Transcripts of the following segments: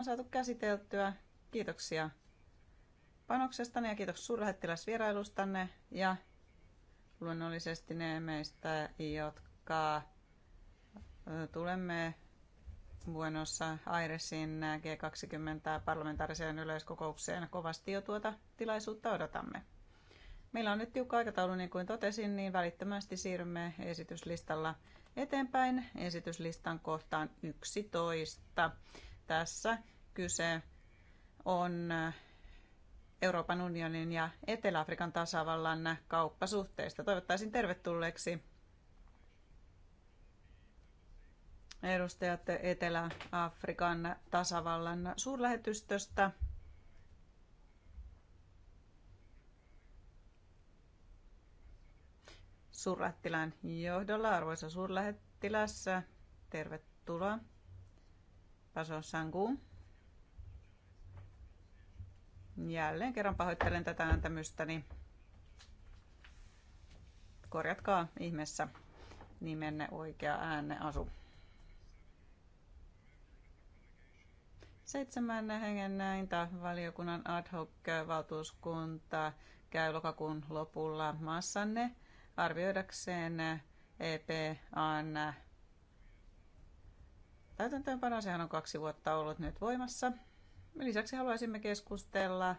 on saatu käsiteltyä. Kiitoksia panoksestanne ja kiitos suurlähettiläsvierailustanne ja luonnollisesti ne meistä, jotka tulemme Buenossa Airesin G20 parlamentaariseen yleiskokoukseen kovasti jo tuota tilaisuutta odotamme. Meillä on nyt tiukka aikataulu, niin kuin totesin, niin välittömästi siirrymme esityslistalla eteenpäin esityslistan kohtaan 11. Tässä kyse on Euroopan unionin ja Etelä-Afrikan tasavallan kauppasuhteista. Toivottaisin tervetulleeksi edustajat Etelä-Afrikan tasavallan suurlähetystöstä. Suurlähettilään johdolla, arvoisa suurlähettilässä, tervetuloa. Faso Sangu. Jälleen kerran pahoittelen tätä ääntämystäni. Korjatkaa ihmeessä nimenne oikea äänne asu. Seitsemän hengen näintä valiokunnan ad hoc valtuuskunta käy lokakuun lopulla maassanne arvioidakseen EPAn täytäntöönpano, Sehän on kaksi vuotta ollut nyt voimassa. Lisäksi haluaisimme keskustella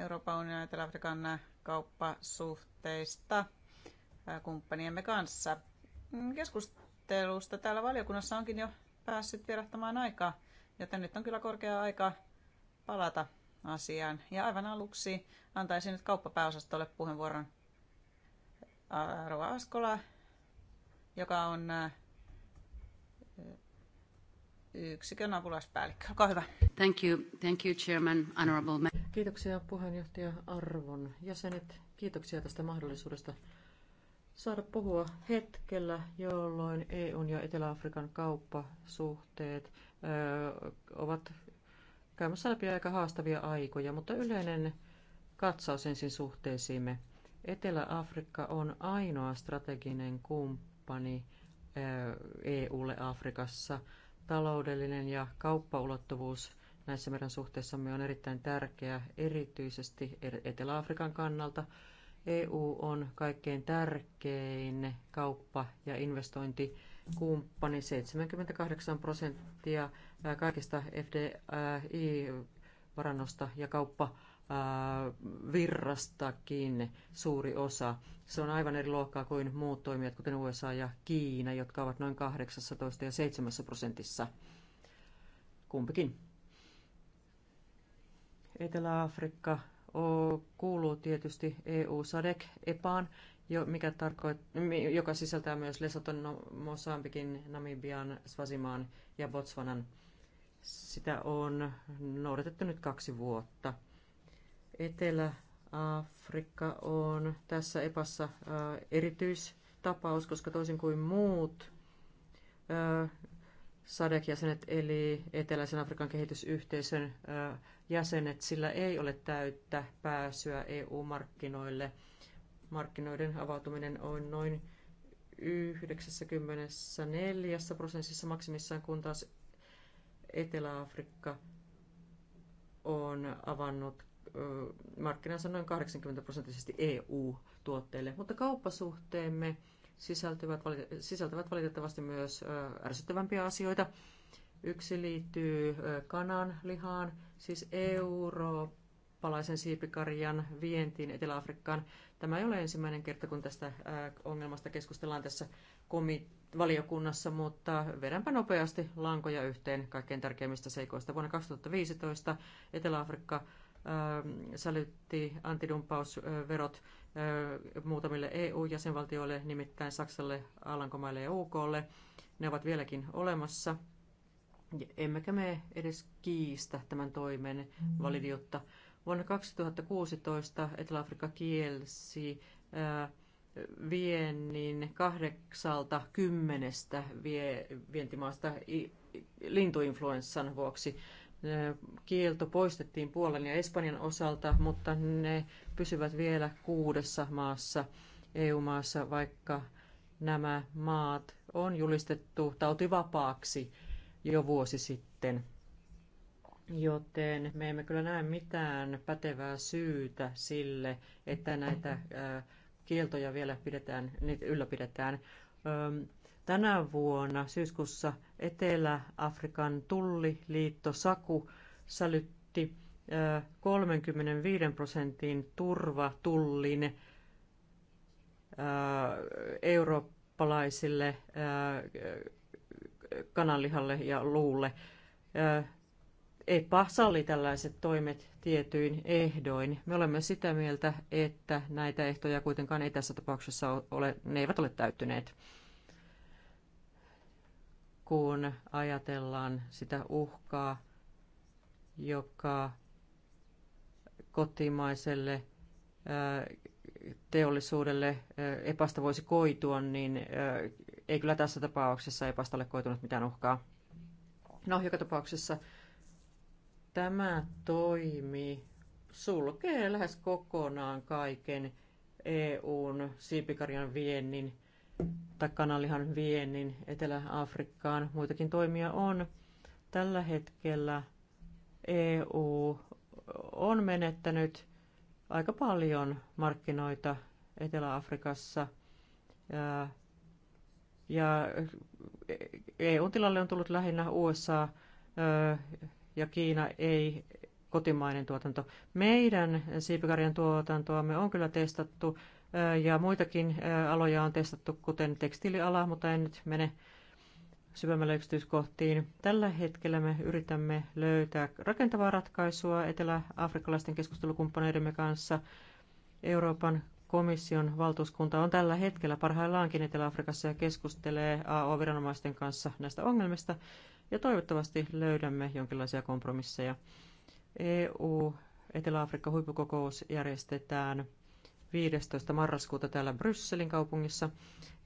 Euroopan unionin ja Etelä-Afrikan kauppasuhteista kumppaniemme kanssa. Keskustelusta täällä valiokunnassa onkin jo päässyt vierahtamaan aikaa, joten nyt on kyllä korkea aika palata asiaan. Ja aivan aluksi antaisin nyt kauppapääosastolle puheenvuoron Rova Askola joka on äh, yksikön apulaispäällikkö. Olkaa hyvä. Thank you, thank you chairman, honorable man. Kiitoksia puheenjohtaja Arvon jäsenet. Kiitoksia tästä mahdollisuudesta saada puhua hetkellä, jolloin EUn ja Etelä-Afrikan kauppasuhteet ö, äh, ovat käymässä läpi aika haastavia aikoja, mutta yleinen katsaus ensin suhteisiimme. Etelä-Afrikka on ainoa strateginen kumppani kumppani eh, EUlle Afrikassa. Taloudellinen ja kauppaulottuvuus näissä meidän suhteissamme on erittäin tärkeä, erityisesti er-, Etelä-Afrikan kannalta. EU on kaikkein tärkein kauppa- ja investointikumppani. 78 prosenttia eh, kaikista FDI-varannosta ja kauppa Äh, virrastakin suuri osa. Se on aivan eri luokkaa kuin muut toimijat, kuten USA ja Kiina, jotka ovat noin 18 ja 7 prosentissa. Kumpikin. Etelä-Afrikka kuuluu tietysti EU-SADEC-EPAan, mikä tarkoit- joka sisältää myös Lesoton, no, Mosambikin, Namibian, Svasimaan ja Botswanan. Sitä on noudatettu nyt kaksi vuotta – Etelä-Afrikka on tässä epassa erityistapaus, koska toisin kuin muut SADEC-jäsenet eli Eteläisen Afrikan kehitysyhteisön jäsenet, sillä ei ole täyttä pääsyä EU-markkinoille. Markkinoiden avautuminen on noin 94 prosentissa maksimissaan, kun taas Etelä-Afrikka on avannut markkinansa noin 80 prosenttisesti EU-tuotteille, mutta kauppasuhteemme sisältyvät, sisältävät valitettavasti myös ärsyttävämpiä asioita. Yksi liittyy kanan lihaan, siis eurooppalaisen siipikarjan vientiin Etelä-Afrikkaan. Tämä ei ole ensimmäinen kerta, kun tästä ongelmasta keskustellaan tässä valiokunnassa, mutta vedänpä nopeasti lankoja yhteen kaikkein tärkeimmistä seikoista. Vuonna 2015 Etelä-Afrikka sälytti antidumppausverot öö, muutamille EU-jäsenvaltioille, nimittäin Saksalle, Alankomaille ja UKlle. Ne ovat vieläkin olemassa. Emmekä me edes kiistä tämän toimen validiutta. Vuonna 2016 Etelä-Afrikka kielsi öö, viennin kahdeksalta kymmenestä vientimaasta lintuinfluenssan vuoksi kielto poistettiin Puolan ja Espanjan osalta, mutta ne pysyvät vielä kuudessa maassa, EU-maassa, vaikka nämä maat on julistettu tautivapaaksi jo vuosi sitten. Joten me emme kyllä näe mitään pätevää syytä sille, että näitä kieltoja vielä pidetään, niitä ylläpidetään. Tänä vuonna syyskuussa Etelä-Afrikan tulliliitto Saku sälytti 35 prosentin turvatullin eurooppalaisille kananlihalle ja luulle. EPA salli tällaiset toimet tietyin ehdoin. Me olemme sitä mieltä, että näitä ehtoja kuitenkaan ei tässä tapauksessa ole, ne eivät ole täyttyneet kun ajatellaan sitä uhkaa, joka kotimaiselle teollisuudelle epästä voisi koitua, niin ei kyllä tässä tapauksessa epästä ole koitunut mitään uhkaa. No, joka tapauksessa tämä toimi sulkee lähes kokonaan kaiken EUn siipikarjan viennin tai kananlihan viennin Etelä-Afrikkaan. Muitakin toimia on. Tällä hetkellä EU on menettänyt aika paljon markkinoita Etelä-Afrikassa. Ja, ja EU-tilalle on tullut lähinnä USA ja Kiina ei kotimainen tuotanto. Meidän siipikarjan tuotantoamme on kyllä testattu ja muitakin aloja on testattu, kuten tekstiiliala, mutta en nyt mene syvemmälle yksityiskohtiin. Tällä hetkellä me yritämme löytää rakentavaa ratkaisua etelä-afrikkalaisten keskustelukumppaneidemme kanssa. Euroopan komission valtuuskunta on tällä hetkellä parhaillaankin Etelä-Afrikassa ja keskustelee AO-viranomaisten kanssa näistä ongelmista ja toivottavasti löydämme jonkinlaisia kompromisseja. EU Etelä-Afrikka huippukokous järjestetään 15. marraskuuta täällä Brysselin kaupungissa.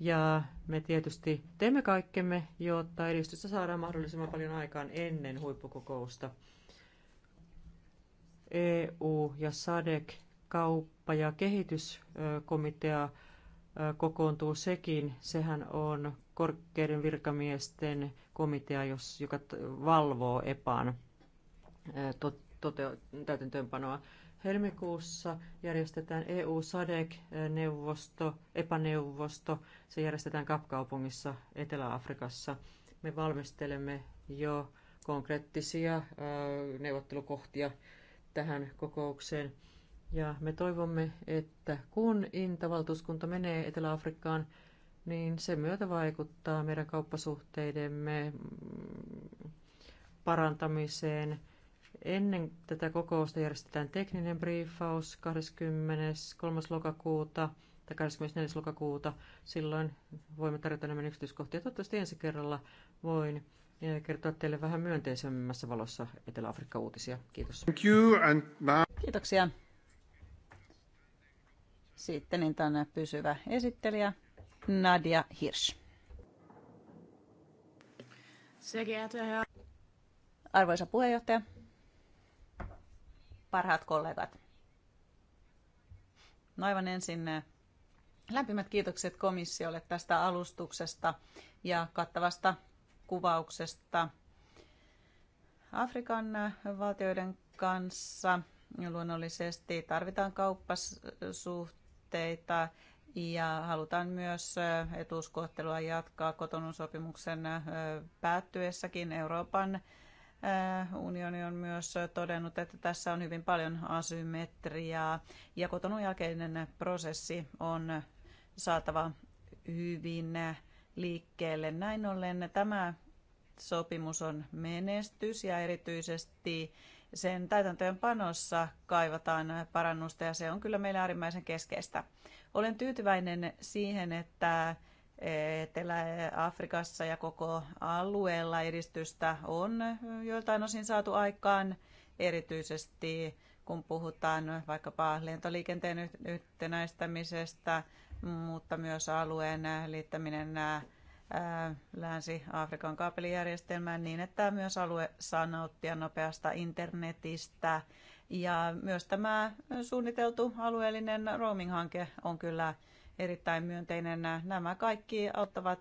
Ja me tietysti teemme kaikkemme, jotta edistystä saadaan mahdollisimman paljon aikaan ennen huippukokousta. EU ja SADEC, kauppa- ja kehityskomitea kokoontuu sekin. Sehän on korkeiden virkamiesten komitea, joka valvoo EPAN tote- täytäntöönpanoa. Helmikuussa järjestetään EU-SADEC-neuvosto, epäneuvosto. Se järjestetään Kapkaupungissa Etelä-Afrikassa. Me valmistelemme jo konkreettisia neuvottelukohtia tähän kokoukseen. Ja me toivomme, että kun Inta-valtuuskunta menee Etelä-Afrikkaan, niin se myötä vaikuttaa meidän kauppasuhteidemme mm, parantamiseen – Ennen tätä kokousta järjestetään tekninen briefaus 23. lokakuuta tai 24. lokakuuta. Silloin voimme tarjota nämä yksityiskohtia. Toivottavasti ensi kerralla voin eh, kertoa teille vähän myönteisemmässä valossa Etelä-Afrikka-uutisia. Kiitos. Thank you and Kiitoksia. Sitten niin tänne pysyvä esittelijä Nadia Hirsch. Arvoisa puheenjohtaja, parhaat kollegat. No aivan ensin eh, lämpimät kiitokset komissiolle tästä alustuksesta ja kattavasta kuvauksesta Afrikan eh, valtioiden kanssa. Luonnollisesti tarvitaan kauppasuhteita ja halutaan myös eh, etuuskohtelua jatkaa kotonun sopimuksen päättyessäkin Euroopan Äh, unioni on myös todennut, että tässä on hyvin paljon asymmetriaa ja kotonun jälkeinen prosessi on saatava hyvin liikkeelle. Näin ollen tämä sopimus on menestys ja erityisesti sen panossa kaivataan parannusta ja se on kyllä meille äärimmäisen keskeistä. Olen tyytyväinen siihen, että Etelä-Afrikassa ja koko alueella edistystä on joiltain osin saatu aikaan, erityisesti kun puhutaan vaikkapa lentoliikenteen yhtenäistämisestä, mutta myös alueen liittäminen Länsi-Afrikan kaapelijärjestelmään niin, että myös alue saa nauttia nopeasta internetistä. Ja myös tämä suunniteltu alueellinen roaming-hanke on kyllä erittäin myönteinen. Nämä kaikki auttavat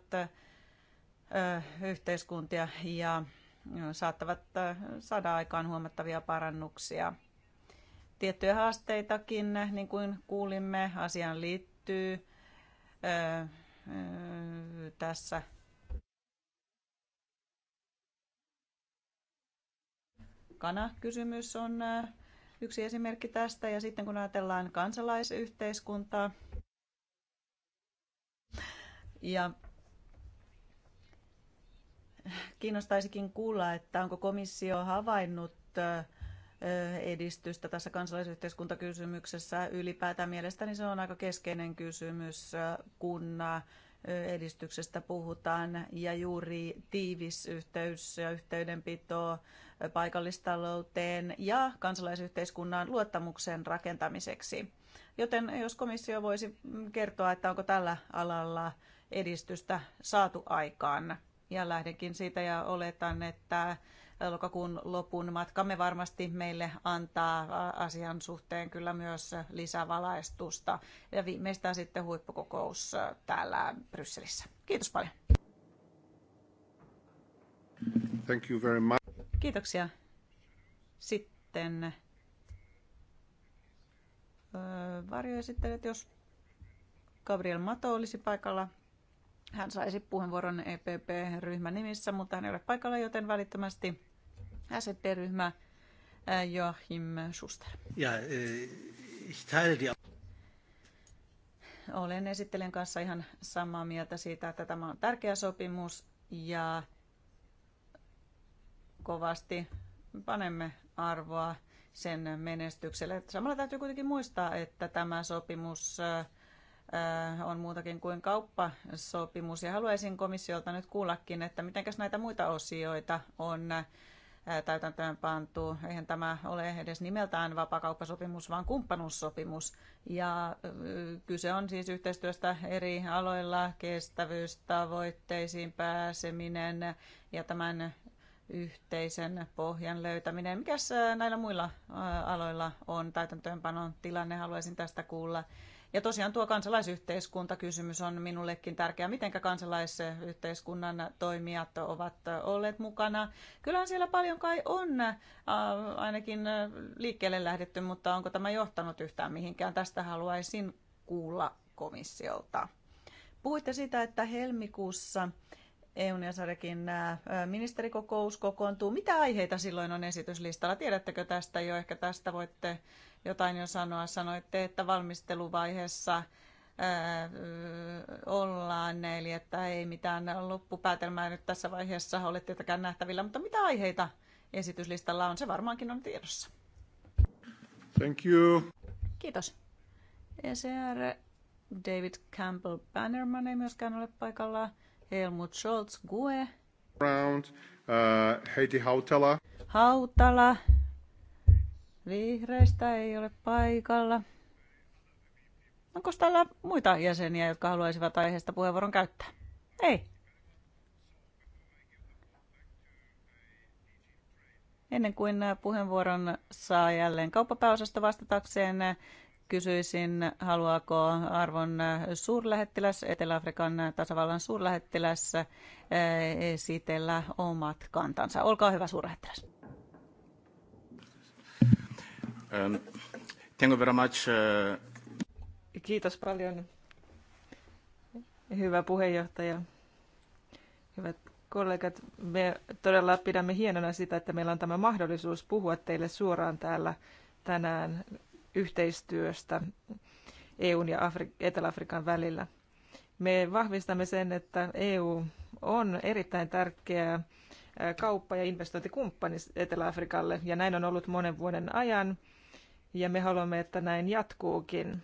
yhteiskuntia ja saattavat saada aikaan huomattavia parannuksia. Tiettyjä haasteitakin, niin kuin kuulimme, asiaan liittyy tässä kana-kysymys on yksi esimerkki tästä. Ja sitten kun ajatellaan kansalaisyhteiskuntaa, ja kiinnostaisikin kuulla, että onko komissio havainnut eh, edistystä tässä kansalaisyhteiskuntakysymyksessä ylipäätään. Mielestäni se on aika keskeinen kysymys, kun eh, edistyksestä puhutaan ja juuri tiivis yhteys ja yhteydenpito eh, paikallistalouteen ja kansalaisyhteiskunnan luottamuksen rakentamiseksi. Joten jos komissio voisi mm, kertoa, että onko tällä alalla edistystä saatu aikaan. Ja lähdenkin siitä ja oletan, että lokakuun lopun matkamme varmasti meille antaa asian suhteen kyllä myös lisävalaistusta. Ja viimeistään sitten huippukokous täällä Brysselissä. Kiitos paljon. Thank you very much. Kiitoksia. Sitten varjoesittelijät, jos Gabriel Mato olisi paikalla. Hän saisi puheenvuoron EPP-ryhmän nimissä, mutta hän ei ole paikalla, joten välittömästi SED-ryhmä Joachim Schuster. Ja, äh, ich teile die... Olen esittelen kanssa ihan samaa mieltä siitä, että tämä on tärkeä sopimus ja kovasti panemme arvoa sen menestykselle. Samalla täytyy kuitenkin muistaa, että tämä sopimus Äh, on muutakin kuin kauppasopimus. Ja haluaisin komissiolta nyt kuullakin, että miten näitä muita osioita on äh, täytäntöön pantu. Eihän tämä ole edes nimeltään vapakauppasopimus, vaan kumppanuussopimus. Ja äh, kyse on siis yhteistyöstä eri aloilla, kestävyystavoitteisiin pääseminen ja tämän yhteisen pohjan löytäminen. Mikäs näillä muilla aloilla on täytäntöönpanon tilanne? Haluaisin tästä kuulla. Ja tosiaan tuo kansalaisyhteiskuntakysymys on minullekin tärkeä. Mitenkä kansalaisyhteiskunnan toimijat ovat olleet mukana? Kyllähän siellä paljon kai on ainakin liikkeelle lähdetty, mutta onko tämä johtanut yhtään mihinkään? Tästä haluaisin kuulla komissiolta. Puhuitte sitä, että helmikuussa EUn ja Sarekin ministerikokous kokoontuu. Mitä aiheita silloin on esityslistalla? Tiedättekö tästä jo? Ehkä tästä voitte jotain jo sanoa. Sanoitte, että valmisteluvaiheessa ollaan, eli että ei mitään loppupäätelmää nyt tässä vaiheessa ole tietenkään nähtävillä, mutta mitä aiheita esityslistalla on, se varmaankin on tiedossa. Thank you. Kiitos. ECR David Campbell Bannerman ei myöskään ole paikalla. Helmut Scholz, GUE. Round, uh, Heidi Hautala. Hautala Vihreistä ei ole paikalla. Onko täällä muita jäseniä, jotka haluaisivat aiheesta puheenvuoron käyttää? Ei. Ennen kuin puheenvuoron saa jälleen kauppapääosasta vastatakseen, kysyisin, haluaako arvon suurlähettiläs, Etelä-Afrikan tasavallan suurlähettiläs, esitellä omat kantansa. Olkaa hyvä suurlähettiläs. Um, thank you very much. Uh, Kiitos paljon. Hyvä puheenjohtaja. Hyvät kollegat, me todella pidämme hienona sitä, että meillä on tämä mahdollisuus puhua teille suoraan täällä tänään yhteistyöstä EUn ja Afri- Etelä-Afrikan välillä. Me vahvistamme sen, että EU on erittäin tärkeä kauppa- ja investointikumppani Etelä-Afrikalle, ja näin on ollut monen vuoden ajan ja me haluamme, että näin jatkuukin.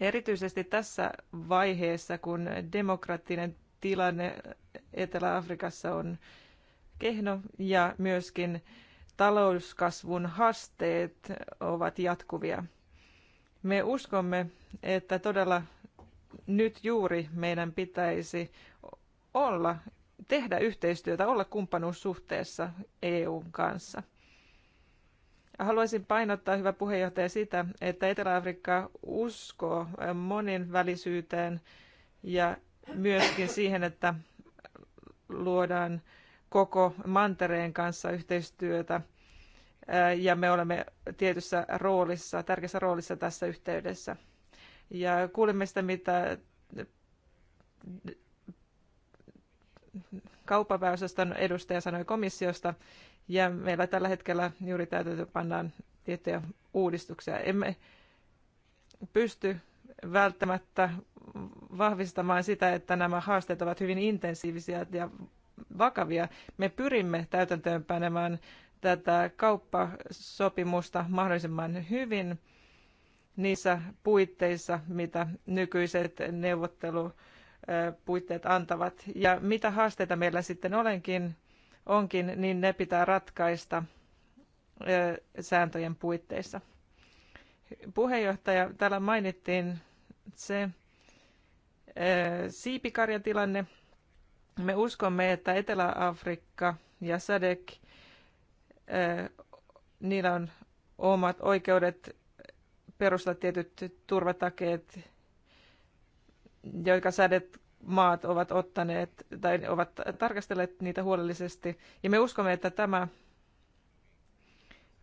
Erityisesti tässä vaiheessa, kun demokraattinen tilanne Etelä-Afrikassa on kehno ja myöskin talouskasvun haasteet ovat jatkuvia. Me uskomme, että todella nyt juuri meidän pitäisi olla, tehdä yhteistyötä, olla kumppanuussuhteessa EUn kanssa – Haluaisin painottaa, hyvä puheenjohtaja, sitä, että Etelä-Afrikka uskoo monenvälisyyteen ja myöskin siihen, että luodaan koko mantereen kanssa yhteistyötä. Ja me olemme tietyssä roolissa, tärkeässä roolissa tässä yhteydessä. Ja kuulimme sitä, mitä kauppapääosaston edustaja sanoi komissiosta, ja meillä tällä hetkellä juuri täytyy pannaan tiettyjä uudistuksia. Emme pysty välttämättä vahvistamaan sitä, että nämä haasteet ovat hyvin intensiivisiä ja vakavia. Me pyrimme täytäntöönpanemaan tätä kauppasopimusta mahdollisimman hyvin niissä puitteissa, mitä nykyiset neuvottelupuitteet antavat. Ja mitä haasteita meillä sitten olenkin, onkin, niin ne pitää ratkaista sääntöjen puitteissa. Puheenjohtaja, täällä mainittiin se siipikarjatilanne. Me uskomme, että Etelä-Afrikka ja SADEC, niillä on omat oikeudet perustaa tietyt turvatakeet, joita SADEC maat ovat ottaneet tai ovat tarkastelleet niitä huolellisesti. Ja me uskomme, että tämä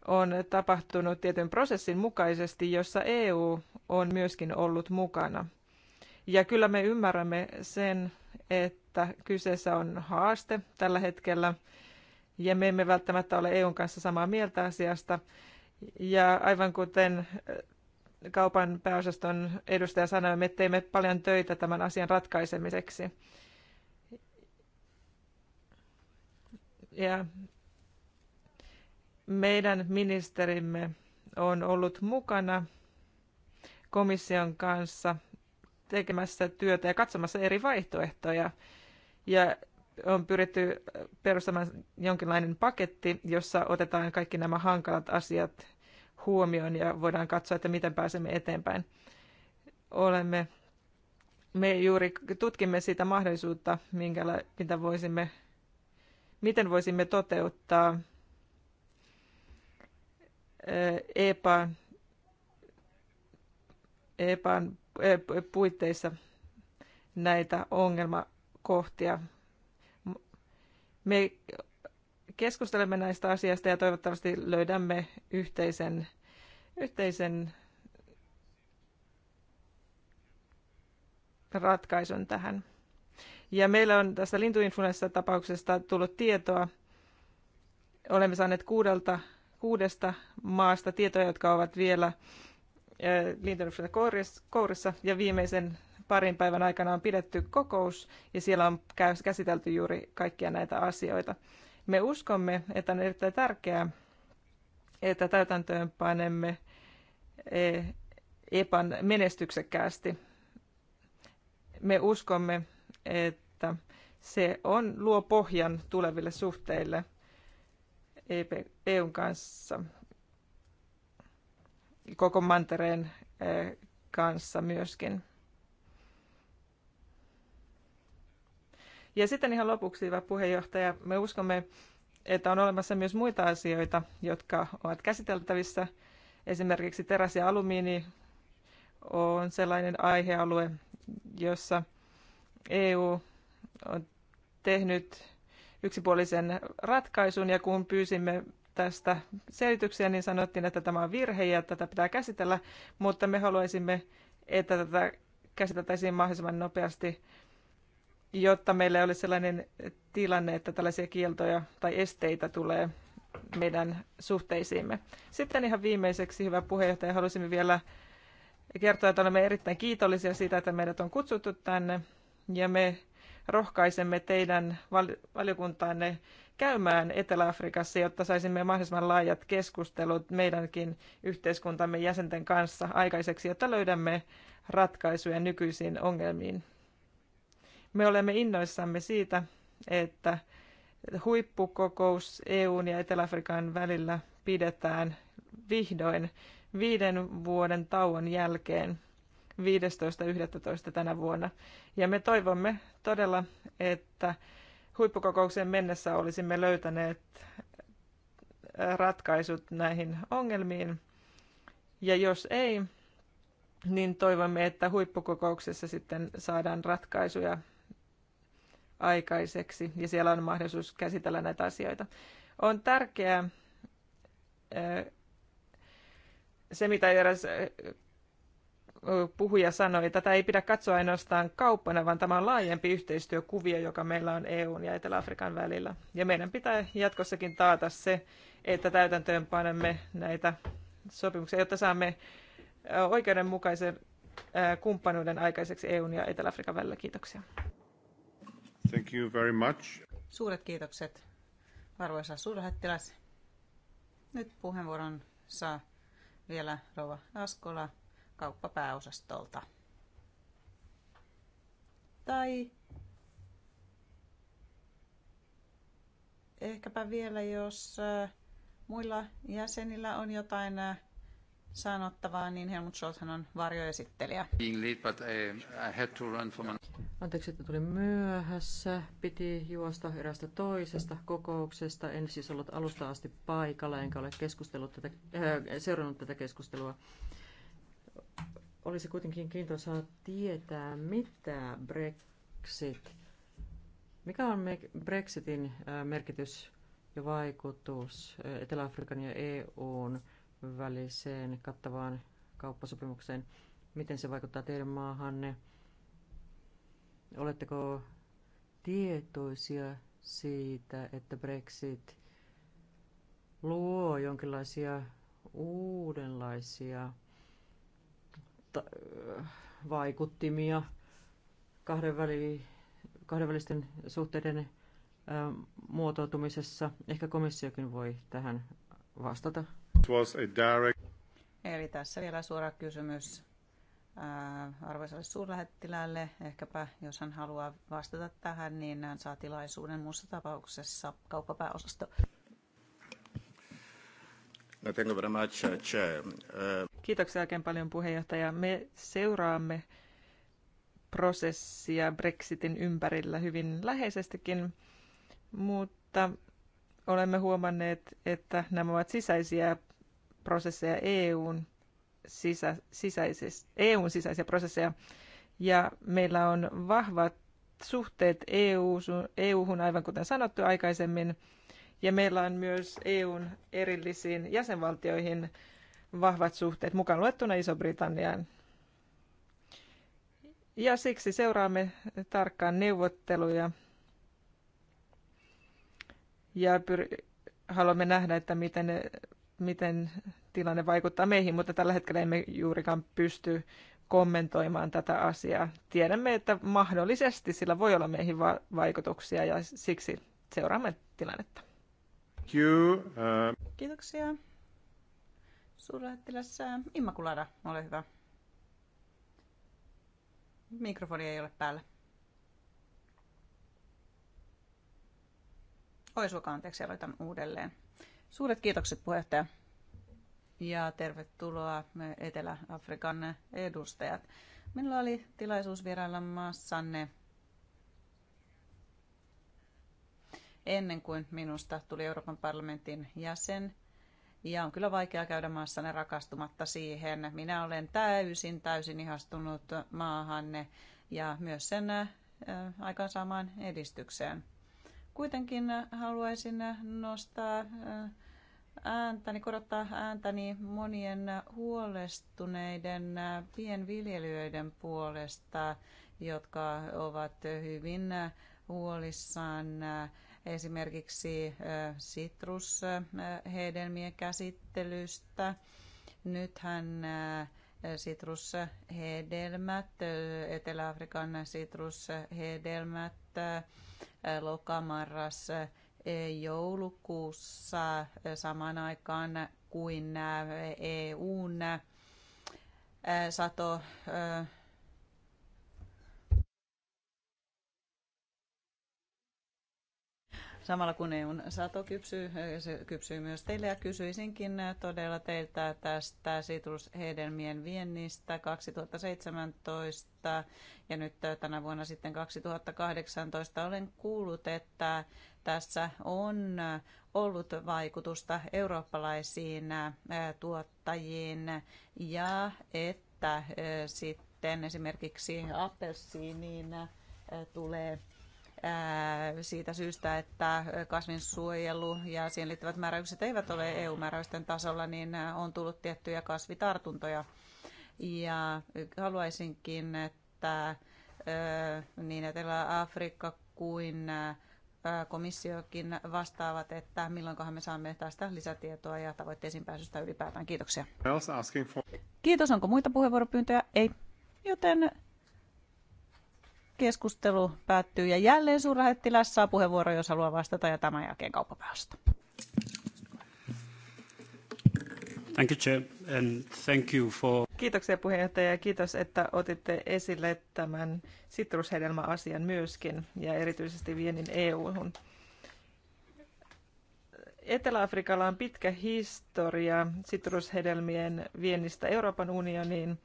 on tapahtunut tietyn prosessin mukaisesti, jossa EU on myöskin ollut mukana. Ja kyllä me ymmärrämme sen, että kyseessä on haaste tällä hetkellä, ja me emme välttämättä ole EUn kanssa samaa mieltä asiasta. Ja aivan kuten kaupan pääosaston edustaja sanoi, että teemme paljon töitä tämän asian ratkaisemiseksi. Ja meidän ministerimme on ollut mukana komission kanssa tekemässä työtä ja katsomassa eri vaihtoehtoja. Ja on pyritty perustamaan jonkinlainen paketti, jossa otetaan kaikki nämä hankalat asiat huomioon ja voidaan katsoa, että miten pääsemme eteenpäin. Olemme, me juuri tutkimme sitä mahdollisuutta, minkä, mitä voisimme, miten voisimme toteuttaa eh, EPAn, EPAn eh, puitteissa näitä ongelmakohtia. Me keskustelemme näistä asioista ja toivottavasti löydämme yhteisen, yhteisen ratkaisun tähän. Ja meillä on tästä lintuinfluenssatapauksesta tullut tietoa. Olemme saaneet kuudelta, kuudesta maasta tietoja, jotka ovat vielä lintuinfluenssakourissa. Ja viimeisen parin päivän aikana on pidetty kokous ja siellä on käsitelty juuri kaikkia näitä asioita. Me uskomme, että on erittäin tärkeää, että täytäntöön panemme e, EPAN menestyksekkäästi. Me uskomme, että se on, luo pohjan tuleville suhteille e EUn kanssa, koko mantereen e, kanssa myöskin. Ja sitten ihan lopuksi, hyvä puheenjohtaja, me uskomme, että on olemassa myös muita asioita, jotka ovat käsiteltävissä. Esimerkiksi teräs ja alumiini on sellainen aihealue, jossa EU on tehnyt yksipuolisen ratkaisun ja kun pyysimme tästä selityksiä, niin sanottiin, että tämä on virhe ja tätä pitää käsitellä, mutta me haluaisimme, että tätä käsiteltäisiin mahdollisimman nopeasti jotta meillä ei ole sellainen tilanne, että tällaisia kieltoja tai esteitä tulee meidän suhteisiimme. Sitten ihan viimeiseksi, hyvä puheenjohtaja, halusimme vielä kertoa, että olemme erittäin kiitollisia siitä, että meidät on kutsuttu tänne ja me rohkaisemme teidän valiokuntaanne käymään Etelä-Afrikassa, jotta saisimme mahdollisimman laajat keskustelut meidänkin yhteiskuntamme jäsenten kanssa aikaiseksi, jotta löydämme ratkaisuja nykyisiin ongelmiin me olemme innoissamme siitä, että huippukokous EUn ja Etelä-Afrikan välillä pidetään vihdoin viiden vuoden tauon jälkeen 15.11. tänä vuonna. Ja me toivomme todella, että huippukokoukseen mennessä olisimme löytäneet ratkaisut näihin ongelmiin. Ja jos ei, niin toivomme, että huippukokouksessa sitten saadaan ratkaisuja aikaiseksi ja siellä on mahdollisuus käsitellä näitä asioita. On tärkeää se, mitä eräs puhuja sanoi, tätä ei pidä katsoa ainoastaan kauppana, vaan tämä on laajempi yhteistyökuvio, joka meillä on EUn ja Etelä-Afrikan välillä. Ja meidän pitää jatkossakin taata se, että täytäntöön panemme näitä sopimuksia, jotta saamme oikeudenmukaisen kumppanuuden aikaiseksi EUn ja Etelä-Afrikan välillä. Kiitoksia. Thank you very much. Suuret kiitokset, arvoisa suurlähettiläs. Nyt puheenvuoron saa vielä Rova Askola kauppapääosastolta. Tai ehkäpä vielä, jos äh, muilla jäsenillä on jotain äh, sanottavaa, niin Helmut Scholzhan on varjoesittelijä. Anteeksi, että tulin myöhässä. Piti juosta erästä toisesta kokouksesta. En siis ollut alusta asti paikalla, enkä ole keskustellut tätä, äh, seurannut tätä keskustelua. Olisi kuitenkin kiintoisaa tietää, mitä Brexit, mikä on Brexitin äh, merkitys ja vaikutus äh, Etelä-Afrikan ja EUn väliseen kattavaan kauppasopimukseen. Miten se vaikuttaa teidän maahanne? Oletteko tietoisia siitä, että Brexit luo jonkinlaisia uudenlaisia vaikuttimia kahdenväli- kahdenvälisten suhteiden muotoutumisessa. Ehkä komissiokin voi tähän vastata was a direct... Eli tässä vielä suora kysymys äh, arvoisalle suurlähettiläälle. Ehkäpä jos hän haluaa vastata tähän, niin hän saa tilaisuuden muussa tapauksessa kauppapääosasto. No, thank you very much, uh, chair. Uh, Kiitoksia oikein paljon puheenjohtaja. Me seuraamme prosessia Brexitin ympärillä hyvin läheisestikin, mutta olemme huomanneet, että nämä ovat sisäisiä prosesseja EUn, sisä, sisäises, EUn sisäisiä prosesseja. Ja meillä on vahvat suhteet EU-hun, aivan kuten sanottu aikaisemmin. Ja meillä on myös EUn erillisiin jäsenvaltioihin vahvat suhteet, mukaan luettuna Iso-Britanniaan. Ja siksi seuraamme tarkkaan neuvotteluja ja pyr- haluamme nähdä, että miten ne miten tilanne vaikuttaa meihin, mutta tällä hetkellä emme juurikaan pysty kommentoimaan tätä asiaa. Tiedämme, että mahdollisesti sillä voi olla meihin va- vaikutuksia ja siksi seuraamme tilannetta. Uh, Kiitoksia. Suurlähettiläs äh, Immakulada, ole hyvä. Mikrofoni ei ole päällä. Oi suoka, anteeksi, aloitan uudelleen. Suuret kiitokset puheenjohtaja ja tervetuloa Etelä-Afrikan edustajat. Minulla oli tilaisuus vierailla maassanne ennen kuin minusta tuli Euroopan parlamentin jäsen. Ja on kyllä vaikea käydä maassanne rakastumatta siihen. Minä olen täysin, täysin ihastunut maahanne ja myös sen äh, aikaansaamaan edistykseen. Kuitenkin haluaisin nostaa äh, ääntäni, korottaa ääntäni monien huolestuneiden äh, pienviljelijöiden puolesta, jotka ovat hyvin äh, huolissaan esimerkiksi sitrushedelmien käsittelystä. Nythän sitrushedelmät, Etelä-Afrikan sitrushedelmät lokamarras eh, joulukuussa eh, samaan aikaan kuin EUn eh, e sato samalla kun EUn sato kypsyy, se kypsyy myös teille ja kysyisinkin todella teiltä tästä sitrushedelmien viennistä 2017 ja nyt tänä vuonna sitten 2018 olen kuullut, että tässä on ollut vaikutusta eurooppalaisiin tuottajiin ja että sitten esimerkiksi appelsiiniin tulee siitä syystä, että kasvinsuojelu ja siihen liittyvät määräykset eivät ole EU-määräysten tasolla, niin on tullut tiettyjä kasvitartuntoja. Ja haluaisinkin, että niin Etelä-Afrikka kuin komissiokin vastaavat, että milloinkohan me saamme tästä lisätietoa ja tavoitteisiin pääsystä ylipäätään. Kiitoksia. Kiitos. Onko muita puheenvuoropyyntöjä? Ei. Joten keskustelu päättyy ja jälleen suurlähettiläs saa puheenvuoro, jos haluaa vastata ja tämän jälkeen kauppapäästä. Thank you, Chair, and thank you for... Kiitoksia puheenjohtaja ja kiitos, että otitte esille tämän sitrushedelmäasian myöskin ja erityisesti vienin EU-hun. Etelä-Afrikalla on pitkä historia sitrushedelmien viennistä Euroopan unioniin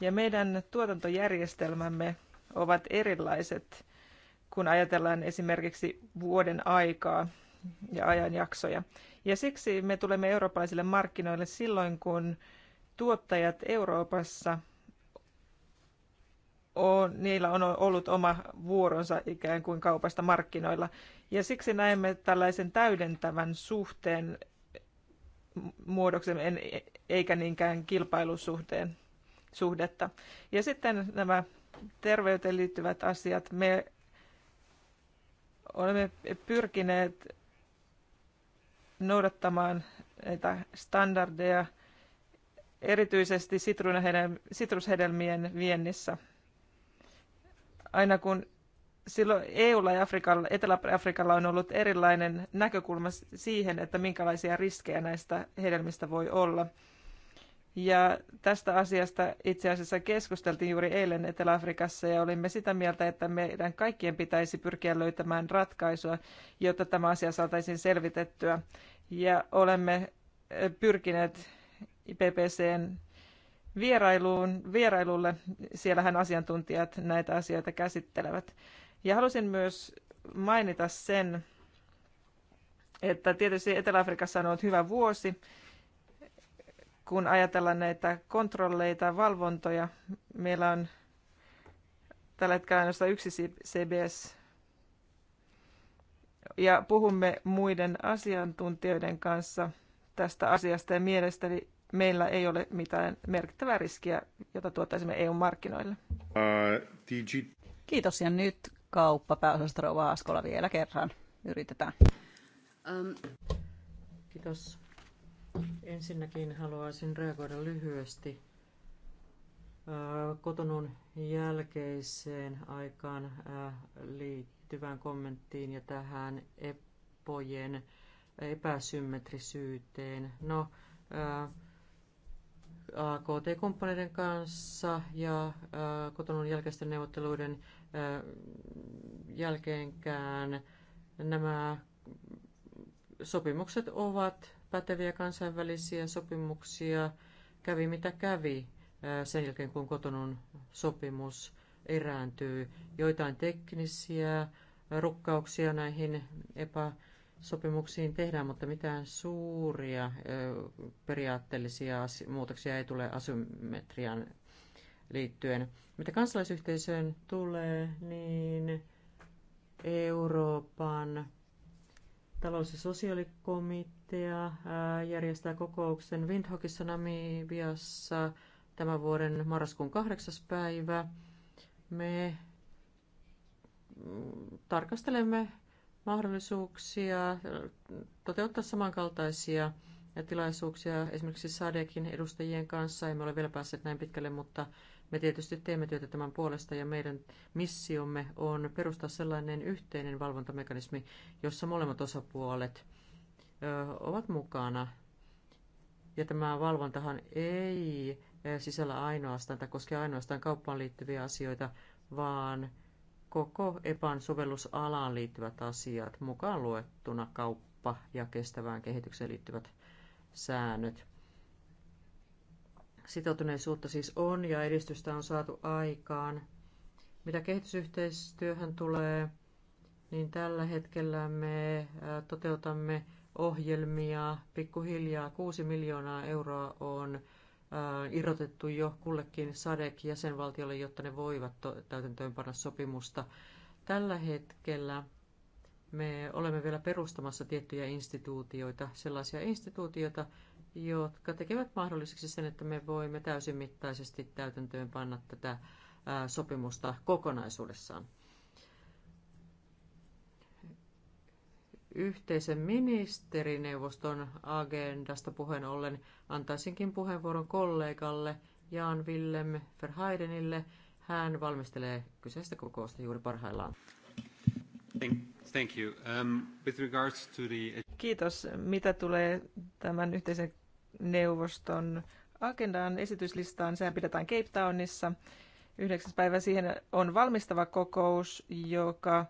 ja meidän tuotantojärjestelmämme ovat erilaiset, kun ajatellaan esimerkiksi vuoden aikaa ja ajanjaksoja. Ja siksi me tulemme eurooppalaisille markkinoille silloin, kun tuottajat Euroopassa on, niillä on ollut oma vuoronsa ikään kuin kaupasta markkinoilla. Ja siksi näemme tällaisen täydentävän suhteen muodoksen, eikä niinkään kilpailusuhteen suhdetta. Ja sitten nämä terveyteen liittyvät asiat. Me olemme pyrkineet noudattamaan näitä standardeja erityisesti sitrushedelmien viennissä. Aina kun silloin EUlla ja Afrikalla, Etelä-Afrikalla on ollut erilainen näkökulma siihen, että minkälaisia riskejä näistä hedelmistä voi olla. Ja tästä asiasta itse asiassa keskusteltiin juuri eilen Etelä-Afrikassa ja olimme sitä mieltä, että meidän kaikkien pitäisi pyrkiä löytämään ratkaisua, jotta tämä asia saataisiin selvitettyä. Ja olemme pyrkineet IPPCn vierailuun, vierailulle. Siellähän asiantuntijat näitä asioita käsittelevät. Ja halusin myös mainita sen, että tietysti Etelä-Afrikassa on ollut hyvä vuosi, kun ajatellaan näitä kontrolleita, valvontoja, meillä on tällä hetkellä ainoastaan yksi CBS. Ja puhumme muiden asiantuntijoiden kanssa tästä asiasta ja mielestäni meillä ei ole mitään merkittävää riskiä, jota tuottaisimme EU-markkinoille. Kiitos ja nyt kauppa Rouva Askola vielä kerran. Yritetään. Um. Kiitos Ensinnäkin haluaisin reagoida lyhyesti äh, kotonun jälkeiseen aikaan äh, liittyvään kommenttiin ja tähän epojen epäsymmetrisyyteen. No, äh, AKT-kumppaneiden kanssa ja kotonun jälkeisten neuvotteluiden jälkeenkään nämä sopimukset ovat päteviä kansainvälisiä sopimuksia. Kävi mitä kävi sen jälkeen, kun kotonun sopimus erääntyy. Joitain teknisiä rukkauksia näihin epäsopimuksiin tehdään, mutta mitään suuria periaatteellisia muutoksia ei tule asymmetrian liittyen. Mitä kansalaisyhteisöön tulee, niin Euroopan talous- ja sosiaalikomitea Komitea järjestää kokouksen Windhoekissa Namibiassa tämän vuoden marraskuun kahdeksas päivä. Me mm, tarkastelemme mahdollisuuksia toteuttaa samankaltaisia tilaisuuksia esimerkiksi SADEKin edustajien kanssa. Emme ole vielä päässeet näin pitkälle, mutta me tietysti teemme työtä tämän puolesta ja meidän missiomme on perustaa sellainen yhteinen valvontamekanismi, jossa molemmat osapuolet – ovat mukana. Ja tämä valvontahan ei sisällä ainoastaan tai koske ainoastaan kauppaan liittyviä asioita, vaan koko EPAN sovellusalaan liittyvät asiat, mukaan luettuna kauppa ja kestävään kehitykseen liittyvät säännöt. Sitoutuneisuutta siis on ja edistystä on saatu aikaan. Mitä kehitysyhteistyöhön tulee, niin tällä hetkellä me toteutamme ohjelmia pikkuhiljaa. 6 miljoonaa euroa on äh, irrotettu jo kullekin SADEC-jäsenvaltiolle, jotta ne voivat täytäntöönpanna sopimusta. Tällä hetkellä me olemme vielä perustamassa tiettyjä instituutioita, sellaisia instituutioita, jotka tekevät mahdolliseksi sen, että me voimme täysimittaisesti täytäntöönpanna tätä äh, sopimusta kokonaisuudessaan. yhteisen ministerineuvoston agendasta puheen ollen antaisinkin puheenvuoron kollegalle Jan Willem Verheidenille. Hän valmistelee kyseistä kokousta juuri parhaillaan. Thank you. Um, with regards to the... Kiitos. Mitä tulee tämän yhteisen neuvoston agendaan esityslistaan, sehän pidetään Cape Townissa. Yhdeksäs päivä siihen on valmistava kokous, joka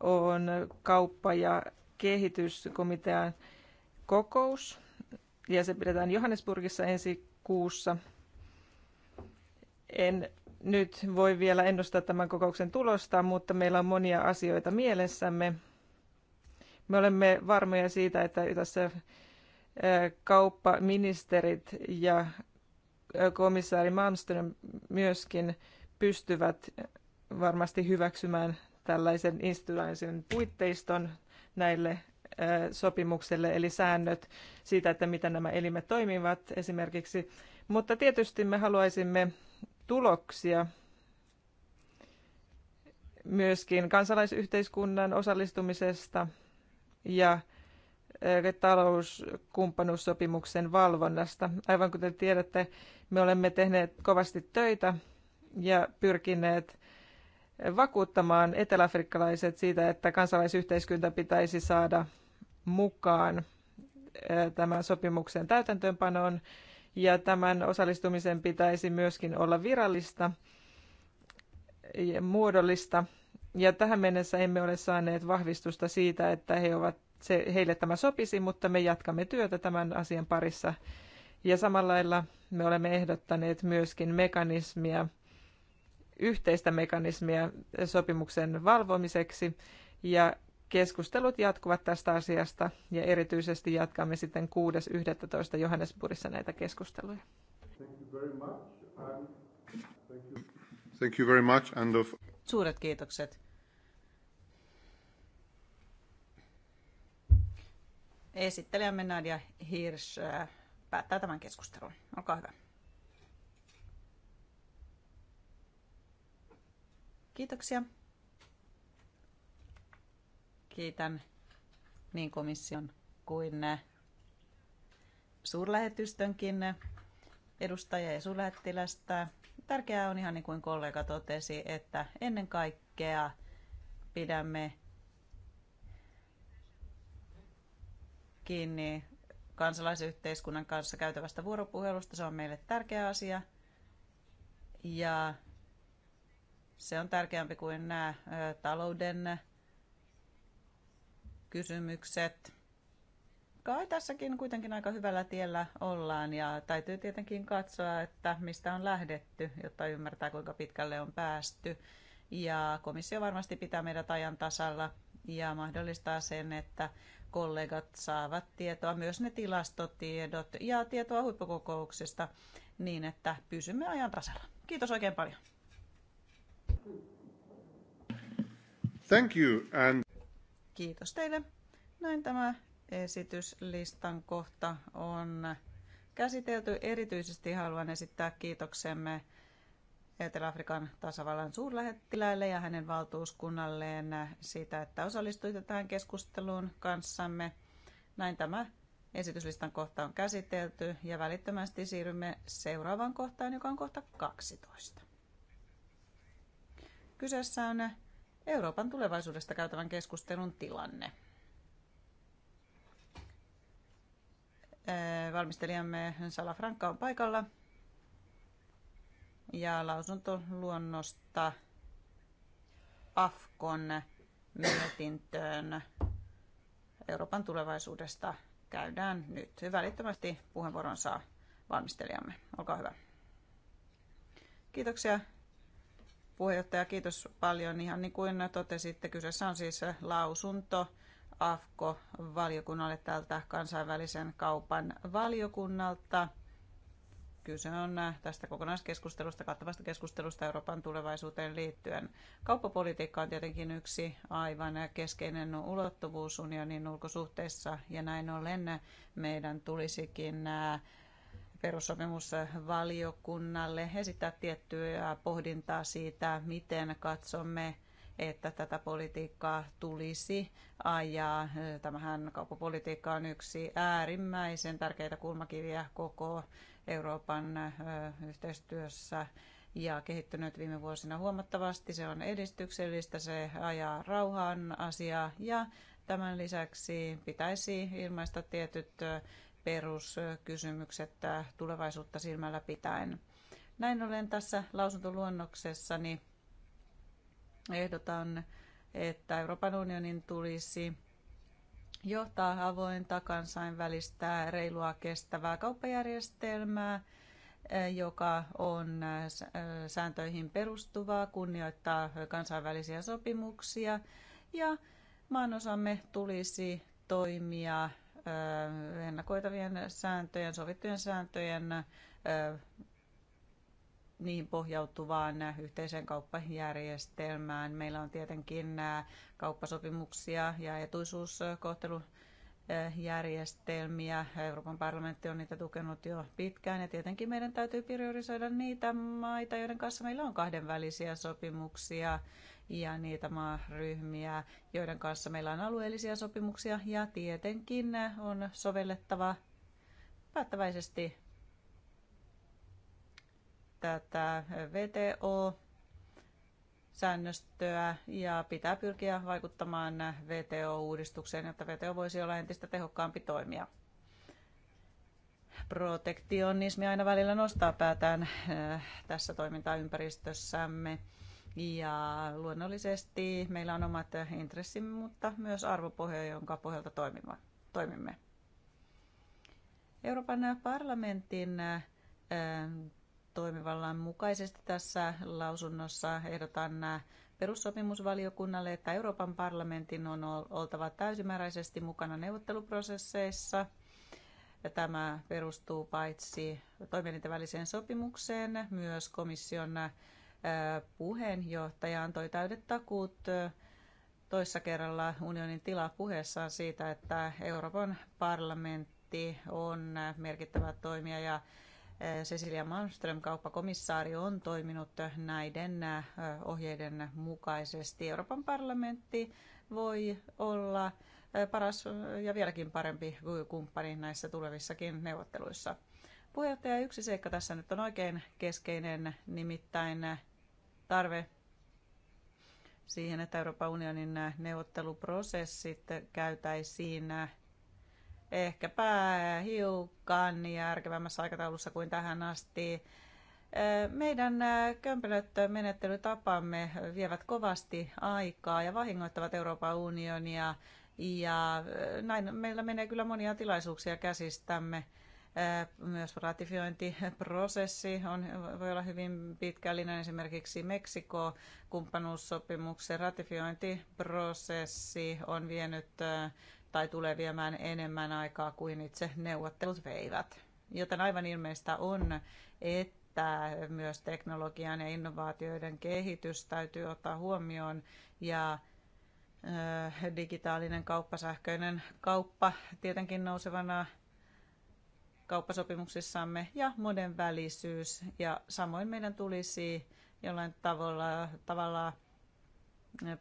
on kauppa- ja kehityskomitean kokous ja se pidetään Johannesburgissa ensi kuussa. En nyt voi vielä ennustaa tämän kokouksen tulosta, mutta meillä on monia asioita mielessämme. Me olemme varmoja siitä, että tässä kauppaministerit ja komissaari Malmström myöskin pystyvät varmasti hyväksymään tällaisen instituutioiden puitteiston näille sopimukselle, eli säännöt siitä, että miten nämä elimet toimivat esimerkiksi. Mutta tietysti me haluaisimme tuloksia myöskin kansalaisyhteiskunnan osallistumisesta ja talouskumppanuussopimuksen valvonnasta. Aivan kuten tiedätte, me olemme tehneet kovasti töitä ja pyrkineet vakuuttamaan eteläafrikkalaiset siitä, että kansalaisyhteiskunta pitäisi saada mukaan tämän sopimuksen täytäntöönpanoon ja tämän osallistumisen pitäisi myöskin olla virallista ja muodollista. Ja tähän mennessä emme ole saaneet vahvistusta siitä, että he ovat, se, heille tämä sopisi, mutta me jatkamme työtä tämän asian parissa. Ja samalla lailla me olemme ehdottaneet myöskin mekanismia yhteistä mekanismia sopimuksen valvomiseksi ja keskustelut jatkuvat tästä asiasta ja erityisesti jatkamme sitten 6.11. Johannesburgissa näitä keskusteluja. Thank you very much. And of... Suuret kiitokset. Esittelijämme Nadia Hirsch äh, päättää tämän keskustelun. Olkaa hyvä. Kiitoksia. Kiitän niin komission kuin suurlähetystönkin edustajia ja suurlähettilästä. Tärkeää on ihan niin kuin kollega totesi, että ennen kaikkea pidämme kiinni kansalaisyhteiskunnan kanssa käytävästä vuoropuhelusta. Se on meille tärkeä asia. Ja se on tärkeämpi kuin nämä talouden kysymykset. Kai tässäkin kuitenkin aika hyvällä tiellä ollaan ja täytyy tietenkin katsoa, että mistä on lähdetty, jotta ymmärtää kuinka pitkälle on päästy. Ja komissio varmasti pitää meidät ajan tasalla ja mahdollistaa sen, että kollegat saavat tietoa, myös ne tilastotiedot ja tietoa huippukokouksista niin, että pysymme ajan tasalla. Kiitos oikein paljon. Thank you and... Kiitos teille. Näin tämä esityslistan kohta on käsitelty. Erityisesti haluan esittää kiitoksemme Etelä-Afrikan tasavallan suurlähettiläille ja hänen valtuuskunnalleen siitä, että osallistuitte tähän keskusteluun kanssamme. Näin tämä esityslistan kohta on käsitelty ja välittömästi siirrymme seuraavaan kohtaan, joka on kohta 12. Kyseessä on Euroopan tulevaisuudesta käytävän keskustelun tilanne. Valmistelijamme Sala Frankka on paikalla ja lausunto luonnosta AFKon mietintöön Euroopan tulevaisuudesta käydään nyt. Välittömästi puheenvuoron saa valmistelijamme. Olkaa hyvä. Kiitoksia Puheenjohtaja, kiitos paljon. Ihan niin kuin totesitte, kyseessä on siis lausunto AFKO-valiokunnalle tältä kansainvälisen kaupan valiokunnalta. Kyse on tästä kokonaiskeskustelusta, kattavasta keskustelusta Euroopan tulevaisuuteen liittyen. Kauppapolitiikka on tietenkin yksi aivan keskeinen ulottuvuus unionin ulkosuhteissa ja näin ollen meidän tulisikin perussopimusvaliokunnalle esittää tiettyä pohdintaa siitä, miten katsomme että tätä politiikkaa tulisi ajaa. Tämähän kauppapolitiikka on yksi äärimmäisen tärkeitä kulmakiviä koko Euroopan yhteistyössä ja kehittynyt viime vuosina huomattavasti. Se on edistyksellistä, se ajaa rauhan asiaa ja tämän lisäksi pitäisi ilmaista tietyt peruskysymykset äh, tulevaisuutta silmällä pitäen. Näin ollen tässä lausuntoluonnoksessani ehdotan, että Euroopan unionin tulisi johtaa avointa kansainvälistä reilua kestävää kauppajärjestelmää, äh, joka on äh, sääntöihin perustuvaa, kunnioittaa kansainvälisiä sopimuksia ja maanosamme tulisi toimia ennakoitavien sääntöjen, sovittujen sääntöjen niihin pohjautuvaan yhteiseen kauppajärjestelmään. Meillä on tietenkin kauppasopimuksia ja etuisuuskohtelujärjestelmiä. Euroopan parlamentti on niitä tukenut jo pitkään ja tietenkin meidän täytyy priorisoida niitä maita, joiden kanssa meillä on kahdenvälisiä sopimuksia ja niitä maaryhmiä, joiden kanssa meillä on alueellisia sopimuksia ja tietenkin on sovellettava päättäväisesti tätä VTO säännöstöä ja pitää pyrkiä vaikuttamaan VTO-uudistukseen, jotta VTO voisi olla entistä tehokkaampi toimija. Protektionismi aina välillä nostaa päätään eh, tässä toimintaympäristössämme. Ja luonnollisesti meillä on omat intressimme, mutta myös arvopohja, jonka pohjalta toimimme. Euroopan parlamentin ähm, toimivallan mukaisesti tässä lausunnossa ehdotan äh, perussopimusvaliokunnalle, että Euroopan parlamentin on oltava täysimääräisesti mukana neuvotteluprosesseissa. Tämä perustuu paitsi toimielinten väliseen sopimukseen, myös komission äh, puheenjohtaja antoi täydet takuut toissa kerralla unionin tila puheessaan siitä, että Euroopan parlamentti on merkittävä toimija ja Cecilia Malmström, kauppakomissaari, on toiminut näiden ohjeiden mukaisesti. Euroopan parlamentti voi olla paras ja vieläkin parempi kumppani näissä tulevissakin neuvotteluissa. Puheenjohtaja, yksi seikka tässä nyt on oikein keskeinen, nimittäin tarve siihen, että Euroopan unionin neuvotteluprosessit käytäisiin ehkäpä hiukan järkevämmässä aikataulussa kuin tähän asti. Meidän kömpelöt menettelytapamme vievät kovasti aikaa ja vahingoittavat Euroopan unionia ja näin meillä menee kyllä monia tilaisuuksia käsistämme. Myös ratifiointiprosessi on, voi olla hyvin pitkällinen. Esimerkiksi Meksiko kumppanuussopimuksen ratifiointiprosessi on vienyt tai tulee viemään enemmän aikaa kuin itse neuvottelut veivät. Joten aivan ilmeistä on, että myös teknologian ja innovaatioiden kehitys täytyy ottaa huomioon ja digitaalinen kauppa, sähköinen kauppa tietenkin nousevana kauppasopimuksissamme ja monenvälisyys. Ja samoin meidän tulisi jollain tavalla, tavalla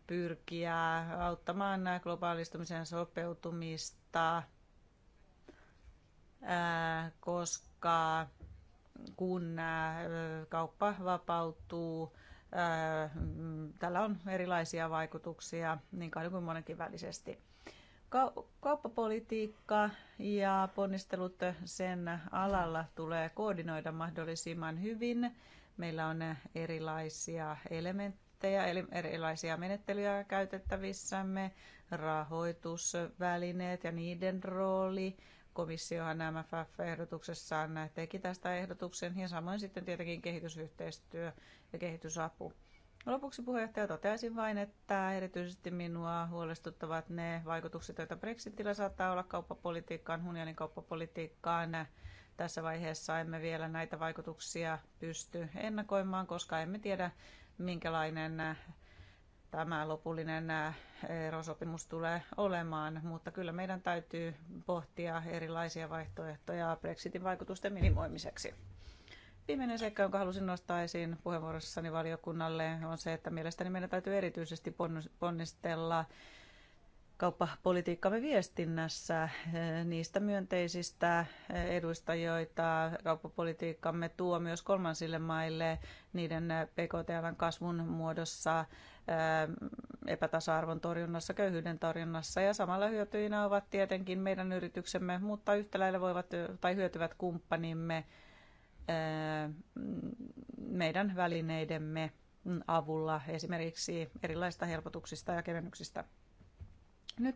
pyrkiä auttamaan globaalistumisen sopeutumista, koska kun kauppa vapautuu, tällä on erilaisia vaikutuksia niin kauan kuin monenkin välisesti kauppapolitiikka ja ponnistelut sen alalla tulee koordinoida mahdollisimman hyvin. Meillä on erilaisia elementtejä, erilaisia menettelyjä käytettävissämme, rahoitusvälineet ja niiden rooli. Komissiohan MFF-ehdotuksessaan teki tästä ehdotuksen ja samoin sitten tietenkin kehitysyhteistyö ja kehitysapu. Lopuksi puheenjohtaja totesi vain, että erityisesti minua huolestuttavat ne vaikutukset, joita Brexitillä saattaa olla kauppapolitiikkaan, unionin kauppapolitiikkaan. Tässä vaiheessa emme vielä näitä vaikutuksia pysty ennakoimaan, koska emme tiedä, minkälainen tämä lopullinen erosopimus tulee olemaan, mutta kyllä meidän täytyy pohtia erilaisia vaihtoehtoja Brexitin vaikutusten minimoimiseksi. Viimeinen seikka, jonka halusin nostaa esiin puheenvuorossani valiokunnalle, on se, että mielestäni meidän täytyy erityisesti ponnistella kauppapolitiikkamme viestinnässä eh, niistä myönteisistä eh, eduista, joita kauppapolitiikkamme tuo myös kolmansille maille niiden eh, pkt kasvun muodossa, epätasa-arvon torjunnassa, köyhyyden torjunnassa ja samalla hyötyinä ovat tietenkin meidän yrityksemme, mutta yhtä lailla voivat tai hyötyvät kumppanimme meidän välineidemme avulla, esimerkiksi erilaisista helpotuksista ja kevennyksistä. Nyt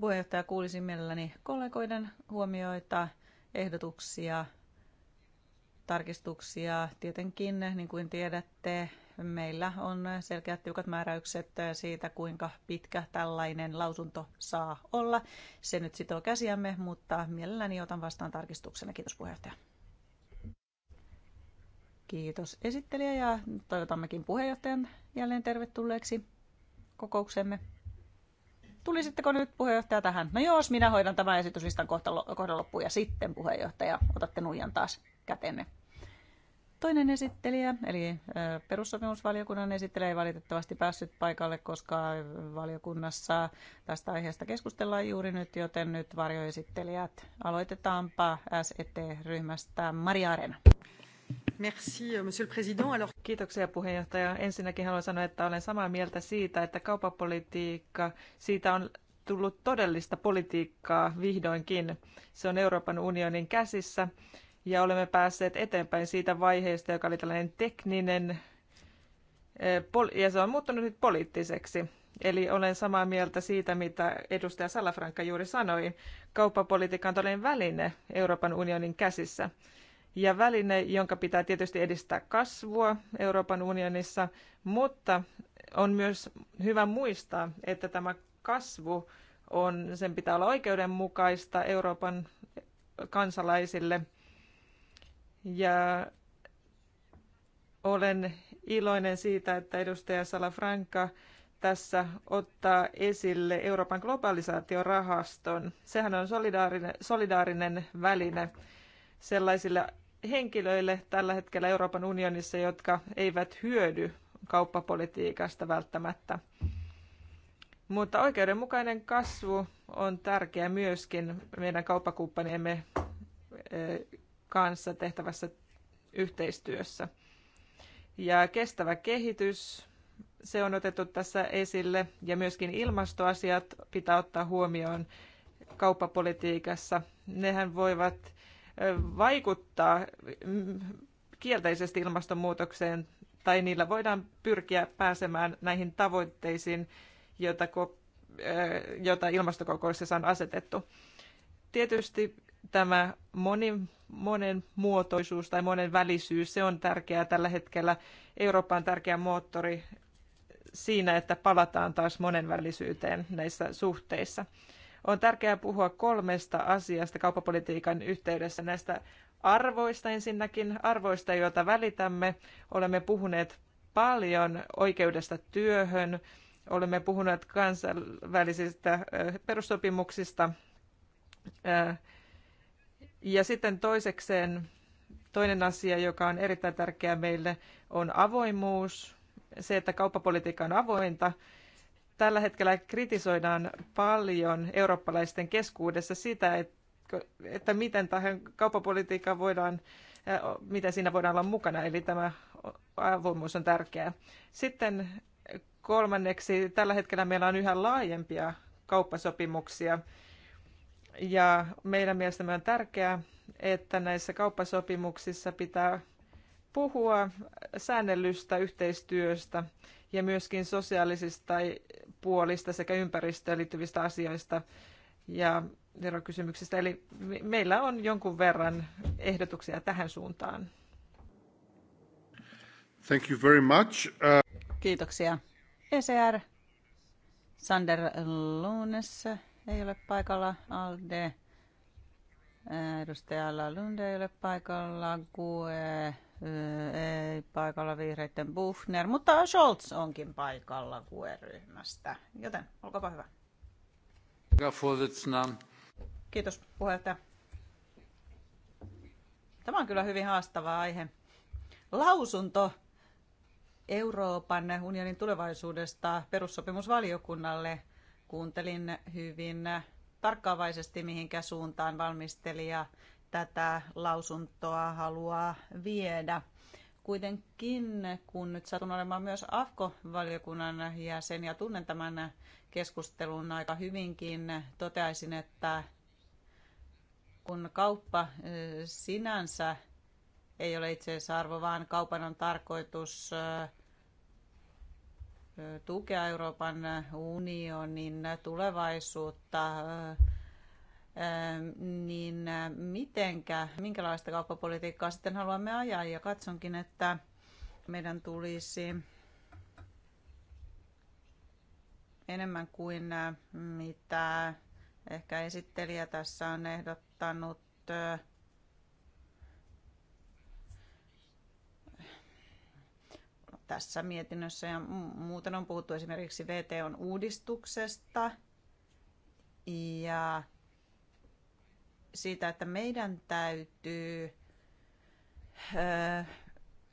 puheenjohtaja kuulisi mielelläni kollegoiden huomioita, ehdotuksia, tarkistuksia. Tietenkin, niin kuin tiedätte, meillä on selkeät tiukat määräykset siitä, kuinka pitkä tällainen lausunto saa olla. Se nyt sitoo käsiämme, mutta mielelläni otan vastaan tarkistuksena. Kiitos puheenjohtaja. Kiitos esittelijä ja toivotammekin puheenjohtajan jälleen tervetulleeksi kokouksemme. Tulisitteko nyt puheenjohtaja tähän? No jos minä hoidan tämän esityslistan kohta, kohdan loppuun ja sitten puheenjohtaja, otatte nuijan taas kätenne. Toinen esittelijä, eli perussopimusvaliokunnan esittelijä ei valitettavasti päässyt paikalle, koska valiokunnassa tästä aiheesta keskustellaan juuri nyt, joten nyt varjoesittelijät aloitetaanpa SET-ryhmästä Maria Arena. Merci, euh, monsieur le président. Alors... Kiitoksia puheenjohtaja. Ensinnäkin haluan sanoa, että olen samaa mieltä siitä, että kaupapolitiikka, siitä on tullut todellista politiikkaa vihdoinkin. Se on Euroopan unionin käsissä ja olemme päässeet eteenpäin siitä vaiheesta, joka oli tällainen tekninen eh, ja se on muuttunut nyt poliittiseksi. Eli olen samaa mieltä siitä, mitä edustaja Salafranka juuri sanoi. Kauppapolitiikka on todellinen väline Euroopan unionin käsissä ja väline, jonka pitää tietysti edistää kasvua Euroopan unionissa, mutta on myös hyvä muistaa, että tämä kasvu on, sen pitää olla oikeudenmukaista Euroopan kansalaisille. Ja olen iloinen siitä, että edustaja Salafranca tässä ottaa esille Euroopan globalisaatiorahaston. Sehän on solidaarinen, solidaarinen väline sellaisille henkilöille tällä hetkellä Euroopan unionissa, jotka eivät hyödy kauppapolitiikasta välttämättä. Mutta oikeudenmukainen kasvu on tärkeä myöskin meidän kauppakumppaniemme eh, kanssa tehtävässä yhteistyössä. Ja kestävä kehitys, se on otettu tässä esille, ja myöskin ilmastoasiat pitää ottaa huomioon kauppapolitiikassa. Nehän voivat vaikuttaa kielteisesti ilmastonmuutokseen tai niillä voidaan pyrkiä pääsemään näihin tavoitteisiin, joita, joita ilmastokokouksessa on asetettu. Tietysti tämä moni, monen muotoisuus tai monen välisyys, se on tärkeää tällä hetkellä. Eurooppa on tärkeä moottori siinä, että palataan taas monenvälisyyteen näissä suhteissa. On tärkeää puhua kolmesta asiasta kauppapolitiikan yhteydessä näistä arvoista ensinnäkin, arvoista, joita välitämme. Olemme puhuneet paljon oikeudesta työhön, olemme puhuneet kansainvälisistä perussopimuksista. Ja sitten toisekseen toinen asia, joka on erittäin tärkeä meille, on avoimuus. Se, että kauppapolitiikka on avointa, Tällä hetkellä kritisoidaan paljon eurooppalaisten keskuudessa sitä, että että miten tähän kauppapolitiikkaan voidaan, miten siinä voidaan olla mukana, eli tämä avoimuus on tärkeää. Sitten kolmanneksi, tällä hetkellä meillä on yhä laajempia kauppasopimuksia, ja meidän mielestämme on tärkeää, että näissä kauppasopimuksissa pitää puhua säännellystä yhteistyöstä ja myöskin sosiaalisista puolista sekä ympäristöön liittyvistä asioista ja verokysymyksistä. Eli meillä on jonkun verran ehdotuksia tähän suuntaan. Thank you very much. Uh... Kiitoksia. ECR Sander Lunes ei ole paikalla. Alde. Edustaja Lunde ei ole paikalla. Gue ei paikalla vihreiden Buchner, mutta Scholz onkin paikalla qr ryhmästä Joten, olkaapa hyvä. Kiitos puheenjohtaja. Tämä on kyllä hyvin haastava aihe. Lausunto Euroopan unionin tulevaisuudesta perussopimusvaliokunnalle. Kuuntelin hyvin tarkkaavaisesti, mihinkä suuntaan valmistelija tätä lausuntoa haluaa viedä. Kuitenkin, kun nyt satun olemaan myös AFKO-valiokunnan jäsen ja tunnen tämän keskustelun aika hyvinkin, toteaisin, että kun kauppa sinänsä ei ole itseisarvo, vaan kaupan on tarkoitus tukea Euroopan unionin tulevaisuutta, Ähm, niin äh, mitenkä, minkälaista kauppapolitiikkaa sitten haluamme ajaa ja katsonkin, että meidän tulisi enemmän kuin äh, mitä ehkä esittelijä tässä on ehdottanut äh, tässä mietinnössä ja muuten on puhuttu esimerkiksi VTOn uudistuksesta ja siitä, että meidän täytyy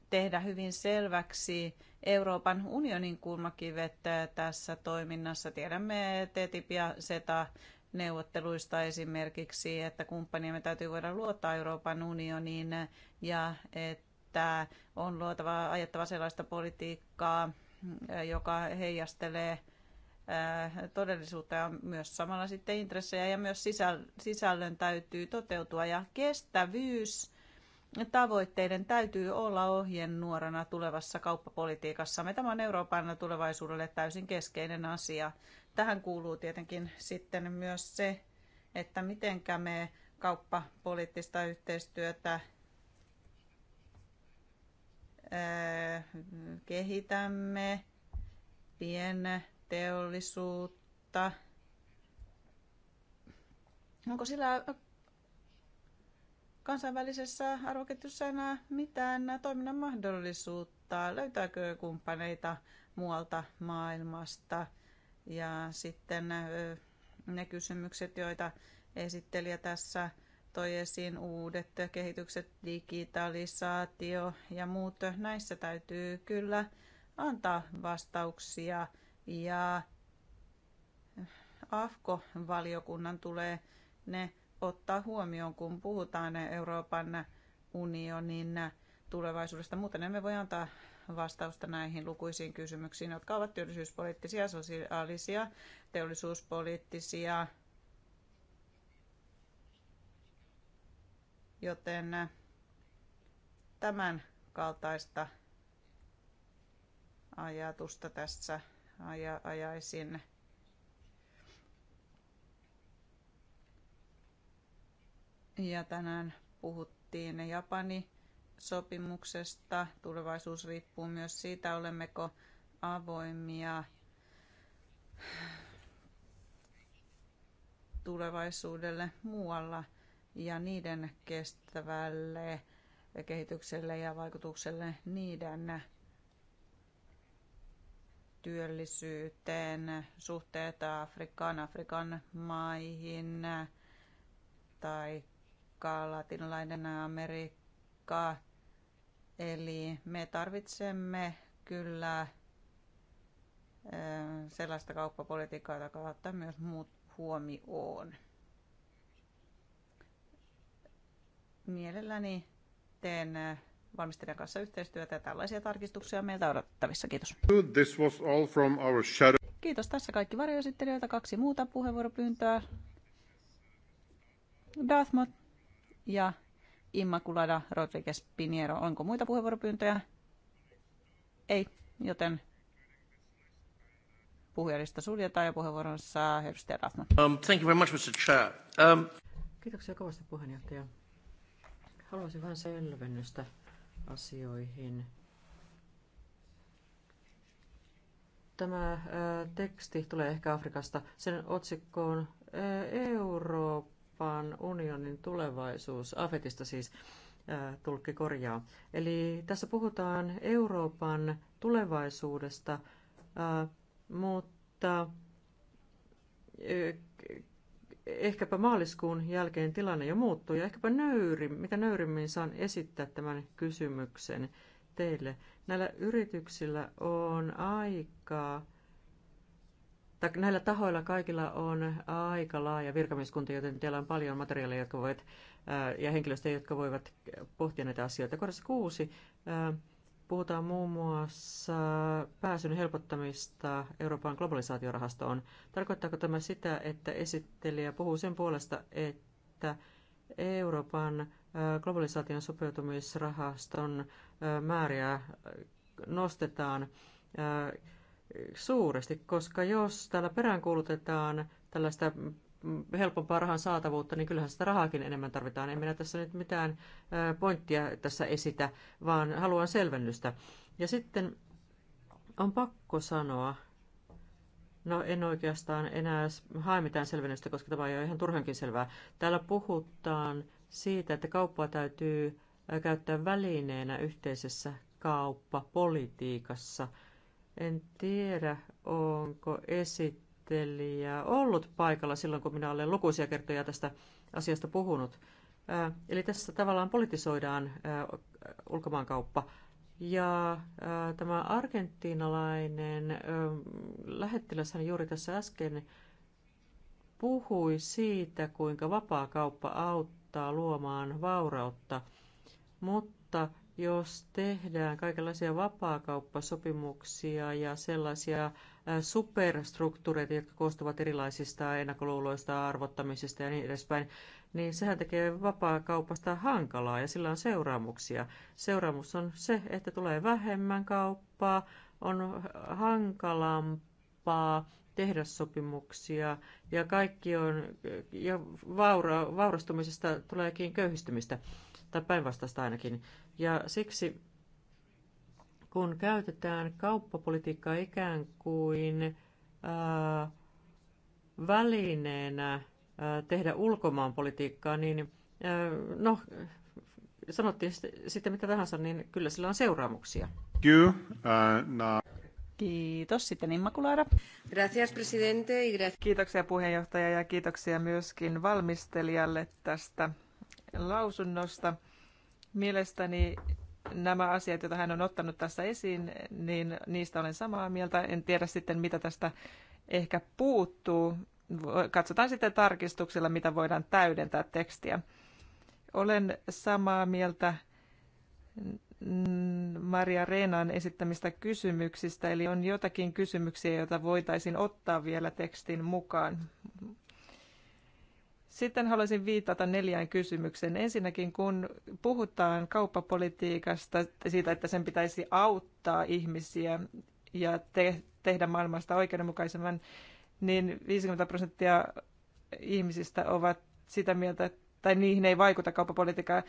tehdä hyvin selväksi Euroopan unionin kulmakivet tässä toiminnassa. Tiedämme TTIP ja SETA neuvotteluista esimerkiksi, että kumppaniamme täytyy voida luottaa Euroopan unioniin ja että on luotava, ajettava sellaista politiikkaa, joka heijastelee – todellisuutta ja myös samalla sitten intressejä ja myös sisällön täytyy toteutua ja kestävyys tavoitteiden täytyy olla ohjenuorana tulevassa kauppapolitiikassa. Tämä on Euroopan tulevaisuudelle täysin keskeinen asia. Tähän kuuluu tietenkin sitten myös se, että mitenkä me kauppapoliittista yhteistyötä kehitämme, pien teollisuutta. Onko sillä kansainvälisessä arvoketjussa enää mitään toiminnan mahdollisuutta? Löytääkö kumppaneita muualta maailmasta? Ja sitten ne kysymykset, joita esittelijä tässä toi esiin, uudet kehitykset, digitalisaatio ja muut, näissä täytyy kyllä antaa vastauksia ja AFKO-valiokunnan tulee ne ottaa huomioon, kun puhutaan Euroopan unionin tulevaisuudesta. Muuten emme voi antaa vastausta näihin lukuisiin kysymyksiin, jotka ovat työllisyyspoliittisia, sosiaalisia, teollisuuspoliittisia, joten tämän kaltaista ajatusta tässä aja, ajaisin. Ja tänään puhuttiin Japani sopimuksesta. Tulevaisuus riippuu myös siitä, olemmeko avoimia tulevaisuudelle muualla ja niiden kestävälle kehitykselle ja vaikutukselle niiden työllisyyteen, suhteet Afrikkaan, Afrikan maihin tai latinalainen Amerikka. Eli me tarvitsemme kyllä sellaista kauppapolitiikkaa, joka ottaa myös muut huomioon. Mielelläni teen valmistelijan kanssa yhteistyötä ja tällaisia tarkistuksia on meiltä odotettavissa. Kiitos. This was all from our shadow. Kiitos. Tässä kaikki varjoesittelijöitä. Kaksi muuta puheenvuoropyyntöä. Dathmot ja Immaculada Rodriguez Piniero. Onko muita puheenvuoropyyntöjä? Ei, joten puhujalista suljetaan ja puheenvuoron saa edustaja Dathmot. Um, thank you very much, Mr. Chair. Um... Kiitoksia kovasti puheenjohtaja. Haluaisin vähän selvennystä asioihin. Tämä ää, teksti tulee ehkä Afrikasta. Sen otsikko on Euroopan unionin tulevaisuus. Afetista siis ää, tulkki korjaa. Eli tässä puhutaan Euroopan tulevaisuudesta, ää, mutta ehkäpä maaliskuun jälkeen tilanne jo muuttuu ja ehkäpä nöyri, mitä nöyrimmin saan esittää tämän kysymyksen teille. Näillä yrityksillä on aikaa, tai näillä tahoilla kaikilla on aika laaja virkamieskunta, joten teillä on paljon materiaaleja jotka voivat, ja henkilöstöjä, jotka voivat pohtia näitä asioita. Kohdassa kuusi Puhutaan muun muassa pääsyn helpottamista Euroopan globalisaatiorahastoon. Tarkoittaako tämä sitä, että esittelijä puhuu sen puolesta, että Euroopan äh, globalisaation sopeutumisrahaston äh, määriä äh, nostetaan suuresti, koska jos täällä peräänkuulutetaan tällaista helpompaa rahan saatavuutta, niin kyllähän sitä rahaakin enemmän tarvitaan. En minä tässä nyt mitään pointtia tässä esitä, vaan haluan selvennystä. Ja sitten on pakko sanoa, no en oikeastaan enää hae mitään selvennystä, koska tämä on jo ihan turhankin selvää. Täällä puhutaan siitä, että kauppaa täytyy käyttää välineenä yhteisessä kauppapolitiikassa. En tiedä, onko esittänyt esittelijää ollut paikalla silloin, kun minä olen lukuisia kertoja tästä asiasta puhunut. Eli tässä tavallaan politisoidaan ulkomaankauppa. Ja tämä argentiinalainen hän juuri tässä äsken puhui siitä, kuinka vapaa kauppa auttaa luomaan vaurautta. Mutta jos tehdään kaikenlaisia vapaakauppasopimuksia ja sellaisia superstruktuureita, jotka koostuvat erilaisista ennakkoluuloista, arvottamisista ja niin edespäin, niin sehän tekee vapaa-kaupasta hankalaa ja sillä on seuraamuksia. Seuraamus on se, että tulee vähemmän kauppaa, on hankalampaa tehdä sopimuksia ja kaikki on, ja vaura, vaurastumisesta tuleekin köyhistymistä, tai päinvastaista ainakin. Ja siksi kun käytetään kauppapolitiikkaa ikään kuin ää, äh, välineenä ää, äh, tehdä ulkomaanpolitiikkaa, niin ää, äh, no, sanottiin sitten mitä tahansa, niin kyllä sillä on seuraamuksia. Kiitos. Sitten Immakulaara. Gracias, presidente. Kiitoksia puheenjohtaja ja kiitoksia myöskin valmistelijalle tästä lausunnosta. Mielestäni nämä asiat, joita hän on ottanut tässä esiin, niin niistä olen samaa mieltä. En tiedä sitten, mitä tästä ehkä puuttuu. Katsotaan sitten tarkistuksilla, mitä voidaan täydentää tekstiä. Olen samaa mieltä Maria Reenan esittämistä kysymyksistä, eli on jotakin kysymyksiä, joita voitaisiin ottaa vielä tekstin mukaan. Sitten haluaisin viitata neljään kysymykseen. Ensinnäkin, kun puhutaan kauppapolitiikasta, siitä, että sen pitäisi auttaa ihmisiä ja te- tehdä maailmasta oikeudenmukaisemman, niin 50 prosenttia ihmisistä ovat sitä mieltä, tai niihin ei vaikuta kauppapolitiikkaa.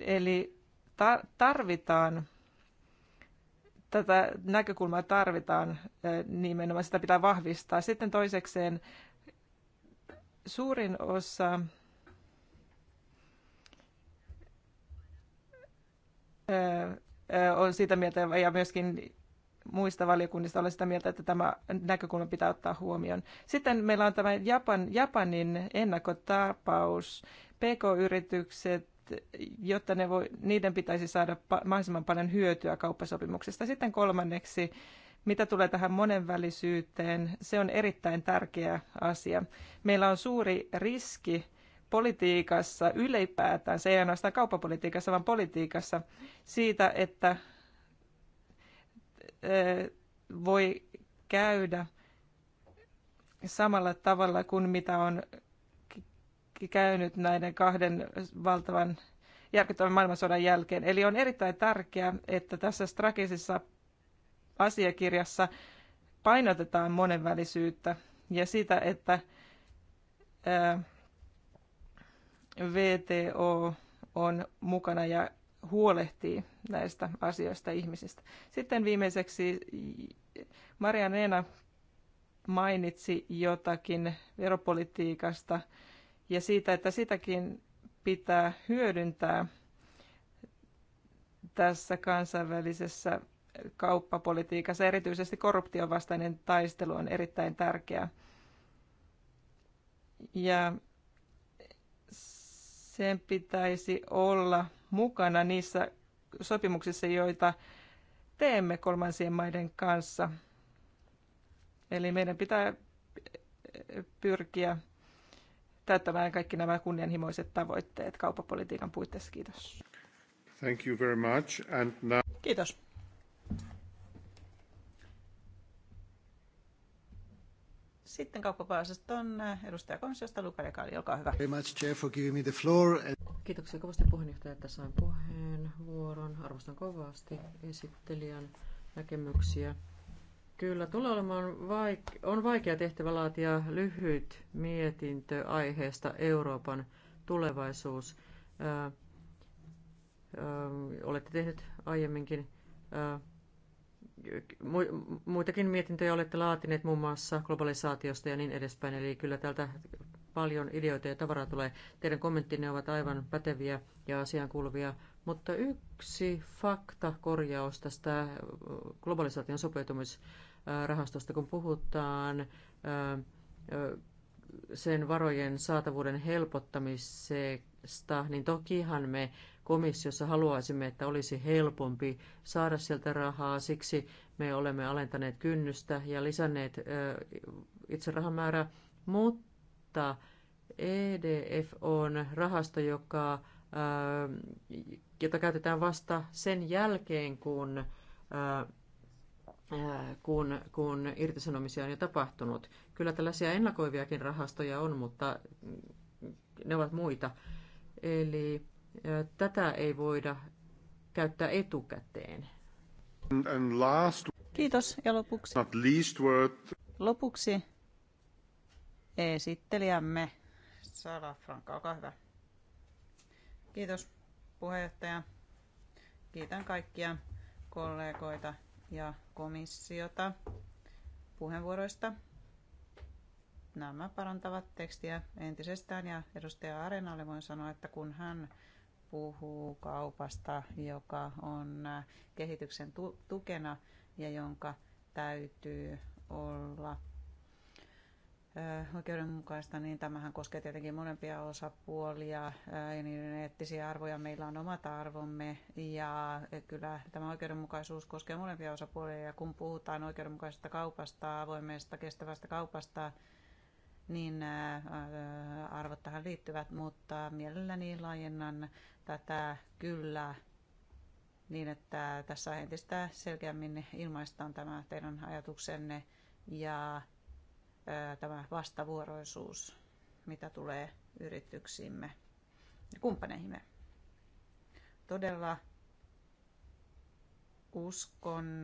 Eli ta- tarvitaan tätä näkökulmaa tarvitaan nimenomaan, sitä pitää vahvistaa. Sitten toisekseen Suurin osa on sitä mieltä, ja myöskin muista valiokunnista olen sitä mieltä, että tämä näkökulma pitää ottaa huomioon. Sitten meillä on tämä Japan, Japanin ennakkotapaus. PK-yritykset, jotta ne voi, niiden pitäisi saada mahdollisimman paljon hyötyä kauppasopimuksesta. Sitten kolmanneksi mitä tulee tähän monenvälisyyteen, se on erittäin tärkeä asia. Meillä on suuri riski politiikassa ylipäätään, se ei ainoastaan kauppapolitiikassa, vaan politiikassa, siitä, että voi käydä samalla tavalla kuin mitä on käynyt näiden kahden valtavan järkyttävän maailmansodan jälkeen. Eli on erittäin tärkeää, että tässä strategisessa asiakirjassa painotetaan monenvälisyyttä ja sitä, että VTO on mukana ja huolehtii näistä asioista ihmisistä. Sitten viimeiseksi Maria Neena mainitsi jotakin veropolitiikasta ja siitä, että sitäkin pitää hyödyntää tässä kansainvälisessä kauppapolitiikassa. Erityisesti korruption vastainen taistelu on erittäin tärkeä, Ja sen pitäisi olla mukana niissä sopimuksissa, joita teemme kolmansien maiden kanssa. Eli meidän pitää pyrkiä täyttämään kaikki nämä kunnianhimoiset tavoitteet kauppapolitiikan puitteissa. Kiitos. Thank you very much. And now... Kiitos. Sitten on äh, edustaja komissiosta Luka Rekali, olkaa hyvä. Very much, Chair, for giving me the floor. Kiitoksia kovasti puheenjohtaja, että sain puheenvuoron. Arvostan kovasti esittelijän näkemyksiä. Kyllä, tulee olemaan vaike- on vaikea tehtävä laatia lyhyt mietintö aiheesta Euroopan tulevaisuus. Öö, öö, olette tehnyt aiemminkin öö, muitakin mietintöjä olette laatineet muun muassa globalisaatiosta ja niin edespäin, eli kyllä täältä paljon ideoita ja tavaraa tulee. Teidän kommenttinne ovat aivan päteviä ja asiaan kuuluvia, mutta yksi fakta korjaus tästä globalisaation sopeutumisrahastosta, kun puhutaan sen varojen saatavuuden helpottamisesta, niin tokihan me komissiossa haluaisimme, että olisi helpompi saada sieltä rahaa. Siksi me olemme alentaneet kynnystä ja lisänneet itse rahamäärää, mutta EDF on rahasto, joka, jota käytetään vasta sen jälkeen, kun kun, kun irtisanomisia on jo tapahtunut. Kyllä tällaisia ennakoiviakin rahastoja on, mutta ne ovat muita. Eli Tätä ei voida käyttää etukäteen. And last, Kiitos ja lopuksi. Not least worth. Lopuksi esittelijämme Sara Franka, olkaa hyvä. Kiitos puheenjohtaja. Kiitän kaikkia kollegoita ja komissiota puheenvuoroista. Nämä parantavat tekstiä entisestään ja edustaja Arenalle voin sanoa, että kun hän puhuu kaupasta, joka on äh, kehityksen tukena ja jonka täytyy olla äh, oikeudenmukaista, niin tämähän koskee tietenkin molempia osapuolia äh, ja niiden eettisiä arvoja. Meillä on omat arvomme ja kyllä tämä oikeudenmukaisuus koskee molempia osapuolia. Ja kun puhutaan oikeudenmukaisesta kaupasta, avoimesta, kestävästä kaupasta, niin arvot tähän liittyvät, mutta mielelläni laajennan tätä kyllä niin, että tässä entistä selkeämmin ilmaistaan tämä teidän ajatuksenne ja tämä vastavuoroisuus, mitä tulee yrityksiimme ja kumppaneihimme. Todella uskon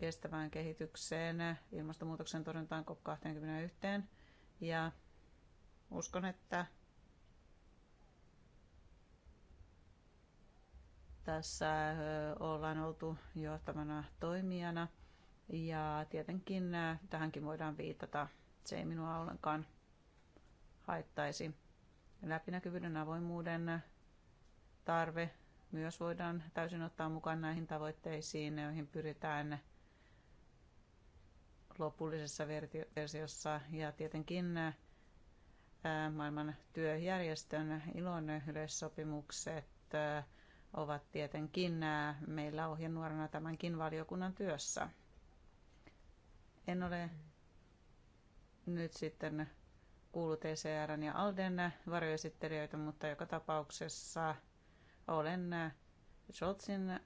kestävään kehitykseen, ilmastonmuutoksen torjuntaan COP21. Ja uskon, että tässä ollaan oltu johtavana toimijana. Ja tietenkin tähänkin voidaan viitata. Se ei minua ollenkaan haittaisi. Läpinäkyvyyden avoimuuden tarve myös voidaan täysin ottaa mukaan näihin tavoitteisiin, joihin pyritään lopullisessa versiossa. Ja tietenkin äh, maailman työjärjestön ilon yleissopimukset äh, ovat tietenkin äh, meillä ohjenuorana tämänkin valiokunnan työssä. En ole nyt sitten kuullut ECRn ja Alden varjoesittelijöitä, mutta joka tapauksessa olen Scholzin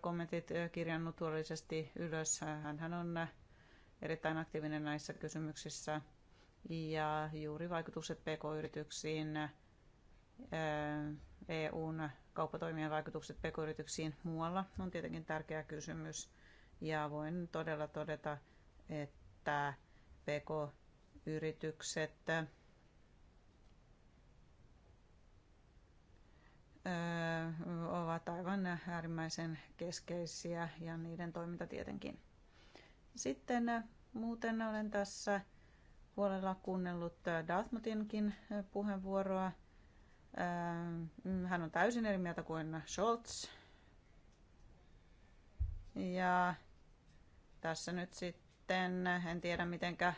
kommentit kirjannut tuollisesti ylös. hän on erittäin aktiivinen näissä kysymyksissä. Ja juuri vaikutukset pk-yrityksiin, eh, EUn kauppatoimien vaikutukset pk-yrityksiin muualla on tietenkin tärkeä kysymys. Ja voin todella todeta, että pk-yritykset eh, ovat aivan äärimmäisen keskeisiä ja niiden toiminta tietenkin sitten äh, muuten olen tässä huolella kuunnellut äh, Dartmouthinkin äh, puheenvuoroa. Ähm, mm, hän on täysin eri mieltä kuin Scholz. Ja tässä nyt sitten, en tiedä mitenkä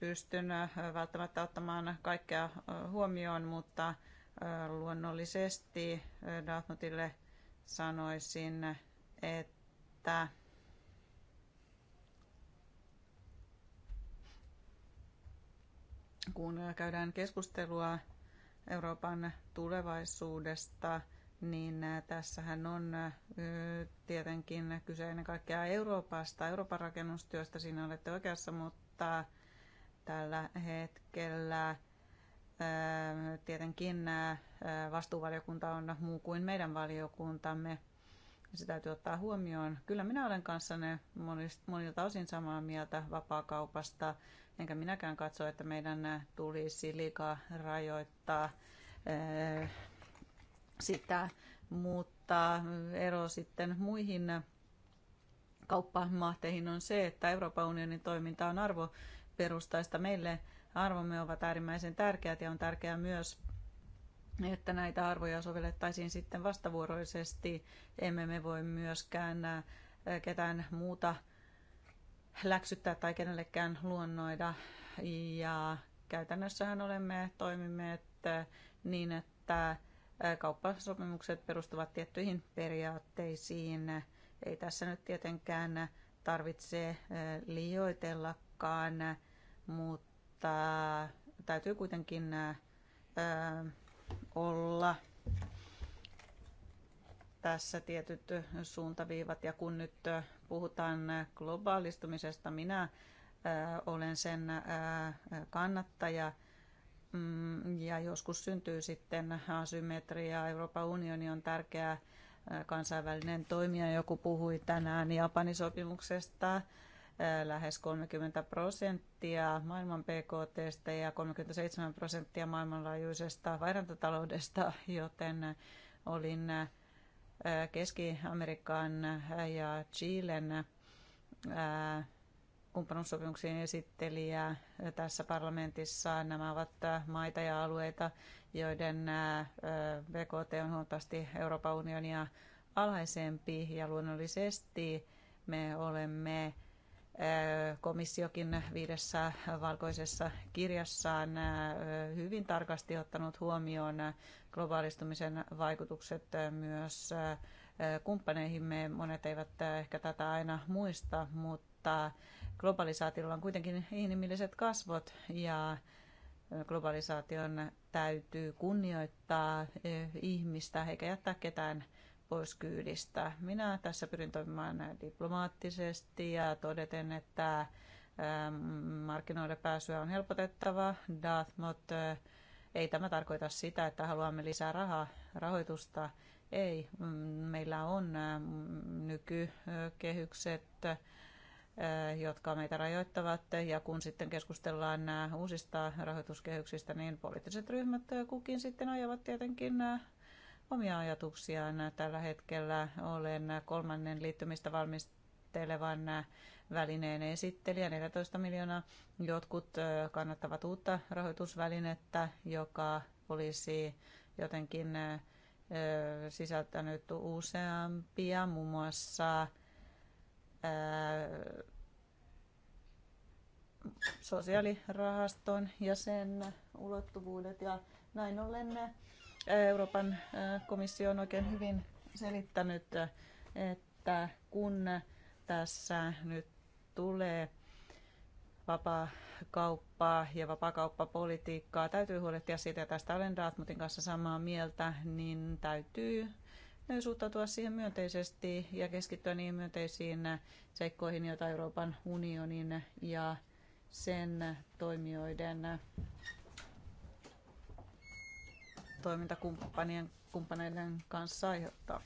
pystyn välttämättä ottamaan kaikkea huomioon, mutta luonnollisesti Dartmouthille sanoisin, että kun käydään keskustelua Euroopan tulevaisuudesta, niin tässähän on tietenkin kyse ennen kaikkea Euroopasta, Euroopan rakennustyöstä, siinä olette oikeassa, mutta tällä hetkellä tietenkin vastuuvaliokunta on muu kuin meidän valiokuntamme, se täytyy ottaa huomioon. Kyllä minä olen kanssanne monilta osin samaa mieltä vapaakaupasta, enkä minäkään katso, että meidän tulisi liikaa rajoittaa eh, sitä, mutta ero sitten muihin kauppamahteihin on se, että Euroopan unionin toiminta on arvoperustaista meille. Arvomme ovat äärimmäisen tärkeät ja on tärkeää myös että näitä arvoja sovellettaisiin sitten vastavuoroisesti. Emme me voi myöskään ketään muuta läksyttää tai kenellekään luonnoida. Ja käytännössähän olemme toimineet niin, että kauppasopimukset perustuvat tiettyihin periaatteisiin. Ei tässä nyt tietenkään tarvitse liioitellakaan, mutta täytyy kuitenkin olla tässä tietyt suuntaviivat. Ja kun nyt puhutaan globaalistumisesta, minä äh, olen sen äh, kannattaja. Mm, ja joskus syntyy sitten asymmetria. Euroopan unioni on tärkeä äh, kansainvälinen toimija. Joku puhui tänään Japanin sopimuksesta lähes 30 prosenttia maailman PKTstä ja 37 prosenttia maailmanlaajuisesta vaihdantataloudesta, joten olin Keski-Amerikan ja Chilen kumppanuussopimuksien esittelijä tässä parlamentissa. Nämä ovat maita ja alueita, joiden BKT on huomattavasti Euroopan unionia alhaisempi ja luonnollisesti me olemme komissiokin viidessä valkoisessa kirjassaan hyvin tarkasti ottanut huomioon globaalistumisen vaikutukset myös kumppaneihimme. Monet eivät ehkä tätä aina muista, mutta globalisaatiolla on kuitenkin inhimilliset kasvot ja globalisaation täytyy kunnioittaa ihmistä eikä jättää ketään pois kyydistä. Minä tässä pyrin toimimaan diplomaattisesti ja todeten, että ähm, markkinoille pääsyä on helpotettava. mutta äh, ei tämä tarkoita sitä, että haluamme lisää rahaa, rahoitusta. Ei, mm, meillä on ähm, nykykehykset, äh, jotka meitä rajoittavat. Ja kun sitten keskustellaan äh, uusista rahoituskehyksistä, niin poliittiset ryhmät kukin sitten ajavat tietenkin omia ajatuksiaan tällä hetkellä. Olen kolmannen liittymistä valmistelevan välineen esittelijä, 14 miljoonaa. Jotkut kannattavat uutta rahoitusvälinettä, joka olisi jotenkin sisältänyt useampia, muun muassa sosiaalirahaston ja sen ulottuvuudet. Ja näin ollen Euroopan äh, komissio on oikein hyvin selittänyt, äh, että kun tässä nyt tulee vapaa kauppaa ja vapaakauppapolitiikkaa, täytyy huolehtia siitä, ja tästä olen Raatmutin kanssa samaa mieltä, niin täytyy suhtautua siihen myönteisesti ja keskittyä niihin myönteisiin seikkoihin, joita Euroopan unionin ja sen toimijoiden toimintakumppanien kumppaneiden kanssa aiheuttaa.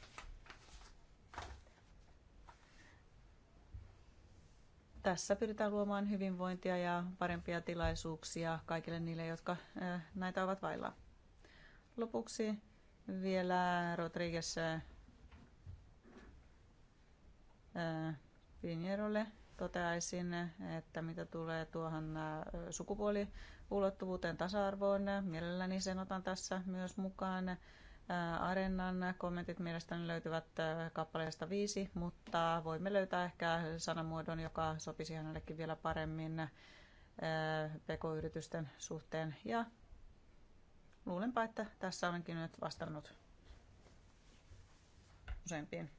Tässä pyritään luomaan hyvinvointia ja parempia tilaisuuksia kaikille niille, jotka eh, näitä ovat vailla. Lopuksi vielä Rodriguez eh, eh, Pinjerolle toteaisin, että mitä tulee tuohon sukupuoli ulottuvuuteen tasa-arvoon. Mielelläni sen otan tässä myös mukaan. Arenan kommentit mielestäni löytyvät kappaleesta viisi, mutta voimme löytää ehkä sanamuodon, joka sopisi hänellekin vielä paremmin pk-yritysten suhteen. Ja luulenpa, että tässä olenkin nyt vastannut useimpiin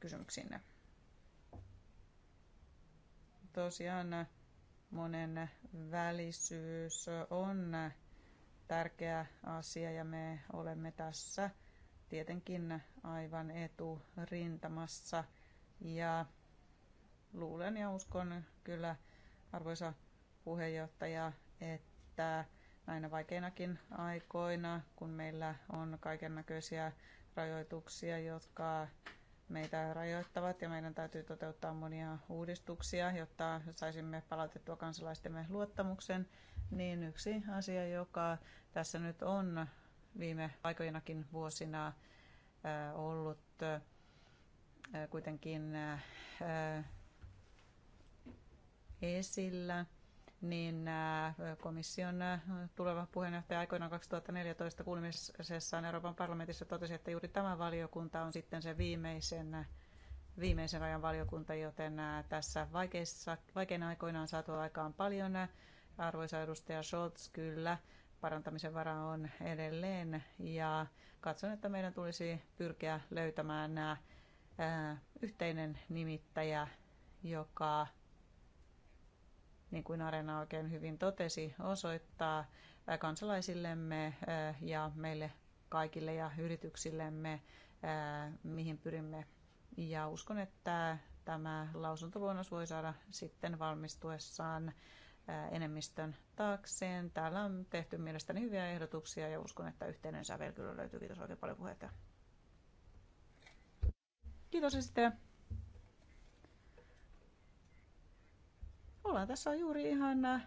kysymyksiinne. Tosiaan monen välisyys on tärkeä asia ja me olemme tässä tietenkin aivan eturintamassa. Ja luulen ja uskon kyllä, arvoisa puheenjohtaja, että näinä vaikeinakin aikoina, kun meillä on kaiken näköisiä rajoituksia, jotka meitä rajoittavat ja meidän täytyy toteuttaa monia uudistuksia, jotta saisimme palautettua kansalaistemme luottamuksen, niin yksi asia, joka tässä nyt on viime aikoinakin vuosina äh, ollut äh, kuitenkin äh, esillä, niin äh, komission äh, tuleva puheenjohtaja aikoinaan 2014 kuulemisessaan Euroopan parlamentissa totesi, että juuri tämä valiokunta on sitten se viimeisen, viimeisen rajan valiokunta, joten äh, tässä vaikeissa, vaikeina aikoina on saatu aikaan paljon. Arvoisa edustaja Scholz, kyllä, parantamisen vara on edelleen ja katson, että meidän tulisi pyrkiä löytämään nämä, yhteinen nimittäjä, joka niin kuin Arena oikein hyvin totesi, osoittaa kansalaisillemme ja meille kaikille ja yrityksillemme, mihin pyrimme. Ja uskon, että tämä lausuntoluonnos voi saada sitten valmistuessaan enemmistön taakseen. Täällä on tehty mielestäni hyviä ehdotuksia ja uskon, että yhteinen sävel kyllä löytyy. Kiitos oikein paljon puheenjohtaja. Kiitos esittäjä. Ollaan tässä juuri ihan äh,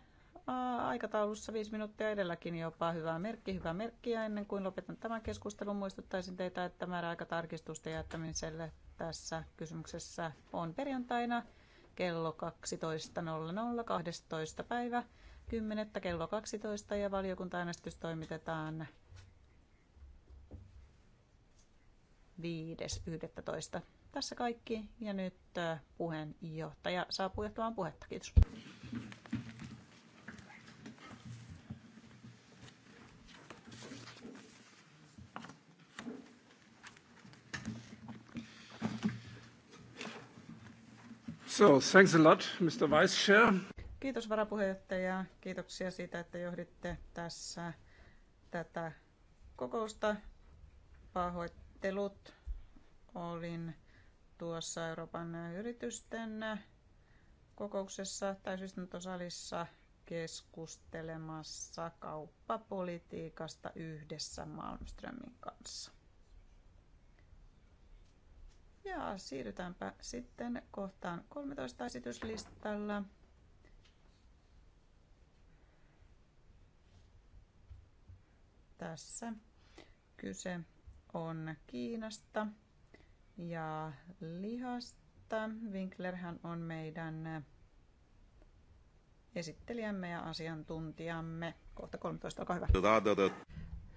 aikataulussa viisi minuuttia edelläkin jopa. Hyvää merkki, hyvää merkkiä. Ennen kuin lopetan tämän keskustelun, muistuttaisin teitä, että määräaikatarkistusten jättämiselle tässä kysymyksessä on perjantaina kello 12.00 12. päivä 10. kello 12 ja valiokuntaäänestys toimitetaan 5.11. Tässä kaikki ja nyt äh, puheenjohtaja saa puhettamaan puhetta. Kiitos. So, thanks a lot, Mr. Vice Chair. Kiitos varapuheenjohtaja. Kiitoksia siitä, että johditte tässä tätä kokousta. Pahoittelut. Olin tuossa Euroopan yritysten kokouksessa täysistuntosalissa keskustelemassa kauppapolitiikasta yhdessä Malmströmin kanssa. Ja siirrytäänpä sitten kohtaan 13 esityslistalla. Tässä kyse on Kiinasta ja lihasta. Winklerhän on meidän esittelijämme ja asiantuntijamme. Kohta 13, olkaa hyvä.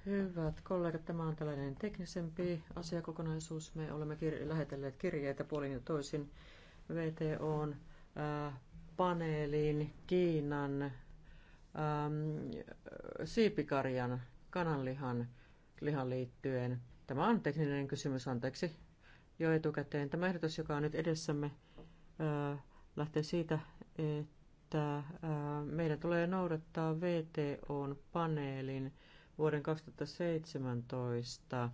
Hyvät kollegat, tämä on tällainen teknisempi asiakokonaisuus. Me olemme kir- lähetelleet kirjeitä puolin ja toisin VTOn äh, paneeliin Kiinan ähm, siipikarjan kananlihan lihan liittyen. Tämä on tekninen kysymys, anteeksi jo etukäteen. Tämä ehdotus, joka on nyt edessämme, lähtee siitä, että meidän tulee noudattaa vto paneelin vuoden 2017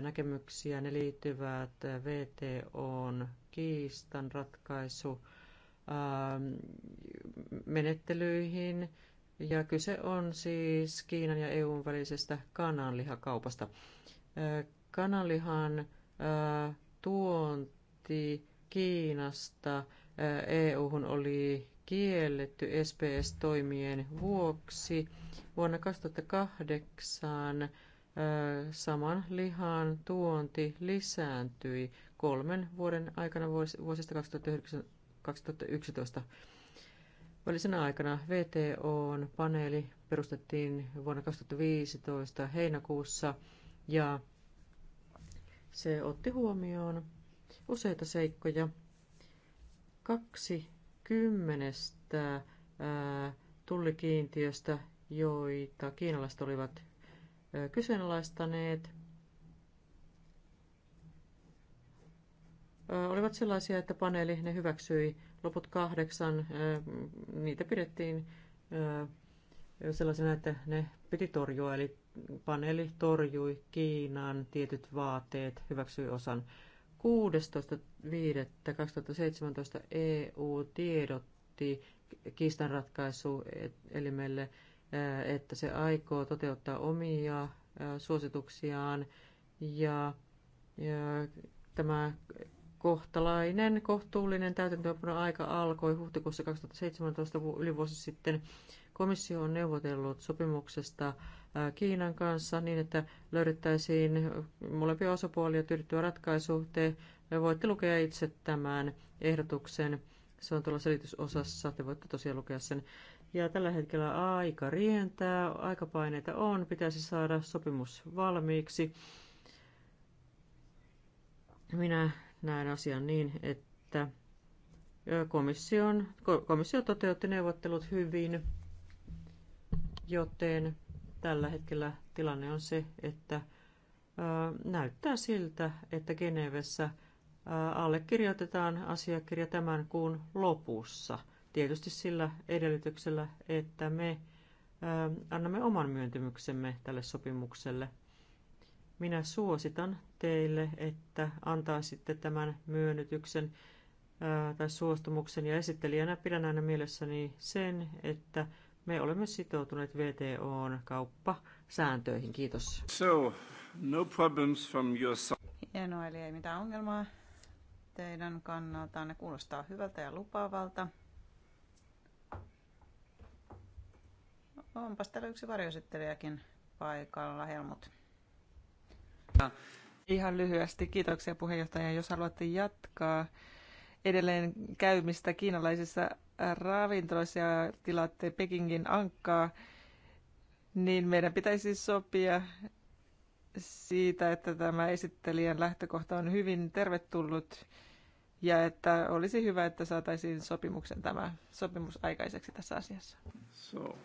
näkemyksiä. Ne liittyvät vto kiistan ratkaisu menettelyihin, ja kyse on siis Kiinan ja EUn välisestä kananlihakaupasta. Kananlihan tuonti Kiinasta EU-hun oli kielletty SPS-toimien vuoksi. Vuonna 2008 saman lihan tuonti lisääntyi kolmen vuoden aikana vuosista 2009, 2011 välisenä aikana VTOn paneeli perustettiin vuonna 2015 heinäkuussa ja se otti huomioon useita seikkoja. Kaksi kymmenestä tullikiintiöstä, joita kiinalaiset olivat kyseenalaistaneet, olivat sellaisia, että paneeli ne hyväksyi loput kahdeksan, niitä pidettiin sellaisena, että ne piti torjua, eli paneeli torjui Kiinan tietyt vaateet, hyväksyi osan. 16.5.2017 EU tiedotti kiistanratkaisuelimelle, eh, että se aikoo toteuttaa omia eh, suosituksiaan ja eh, tämä kohtalainen, kohtuullinen täytäntöönpanon aika alkoi huhtikuussa 2017 yli vuosi sitten. Komissio on neuvotellut sopimuksesta Kiinan kanssa niin, että löydettäisiin molempia osapuolia tyydyttyä ratkaisu. Te voitte lukea itse tämän ehdotuksen. Se on tuolla selitysosassa, te voitte tosiaan lukea sen. Ja tällä hetkellä aika rientää, aikapaineita on, pitäisi saada sopimus valmiiksi. Minä näen asian niin, että komission, komissio toteutti neuvottelut hyvin, joten Tällä hetkellä tilanne on se, että näyttää siltä, että Genevessä allekirjoitetaan asiakirja tämän kuun lopussa. Tietysti sillä edellytyksellä, että me annamme oman myöntymyksemme tälle sopimukselle. Minä suositan teille, että antaisitte tämän myönnytyksen tai suostumuksen ja esittelijänä pidän aina mielessäni sen, että me olemme sitoutuneet VTOn kauppasääntöihin. Kiitos. So, no problems from your side. Hienoa, eli ei mitään ongelmaa teidän kannalta. Ne kuulostaa hyvältä ja lupaavalta. Onpas täällä yksi varjosittelijäkin paikalla, Helmut. Ihan lyhyesti, kiitoksia puheenjohtaja. Jos haluatte jatkaa edelleen käymistä kiinalaisissa ravintoloissa ja tilaatte Pekingin ankkaa, niin meidän pitäisi sopia siitä, että tämä esittelijän lähtökohta on hyvin tervetullut ja että olisi hyvä, että saataisiin sopimuksen tämä sopimus aikaiseksi tässä asiassa. So,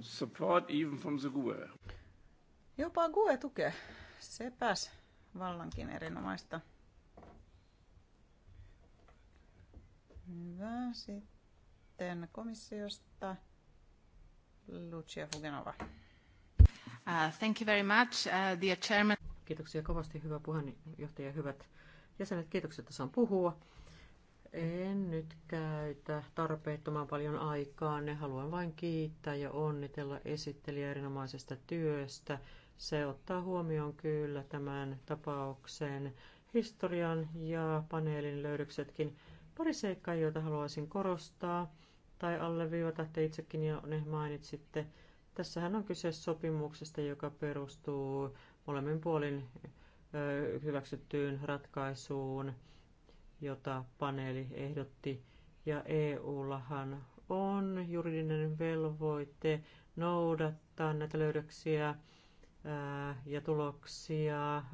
support even from the GUE. Jopa GUE tukee. Sepäs vallankin erinomaista. Hyvä. Sitten sitten komissiosta Lucia Fugenova. Uh, thank you very much, uh, dear chairman. Kiitoksia kovasti, hyvä puheenjohtaja, hyvät jäsenet. Kiitoksia, että saan puhua. En nyt käytä tarpeettoman paljon aikaa. Ne haluan vain kiittää ja onnitella esittelijä erinomaisesta työstä. Se ottaa huomioon kyllä tämän tapauksen historian ja paneelin löydöksetkin. Pari seikkaa, joita haluaisin korostaa tai että itsekin ja ne mainitsitte. Tässähän on kyse sopimuksesta, joka perustuu molemmin puolin hyväksyttyyn ratkaisuun, jota paneeli ehdotti. Ja EUllahan on juridinen velvoite noudattaa näitä löydöksiä ja tuloksia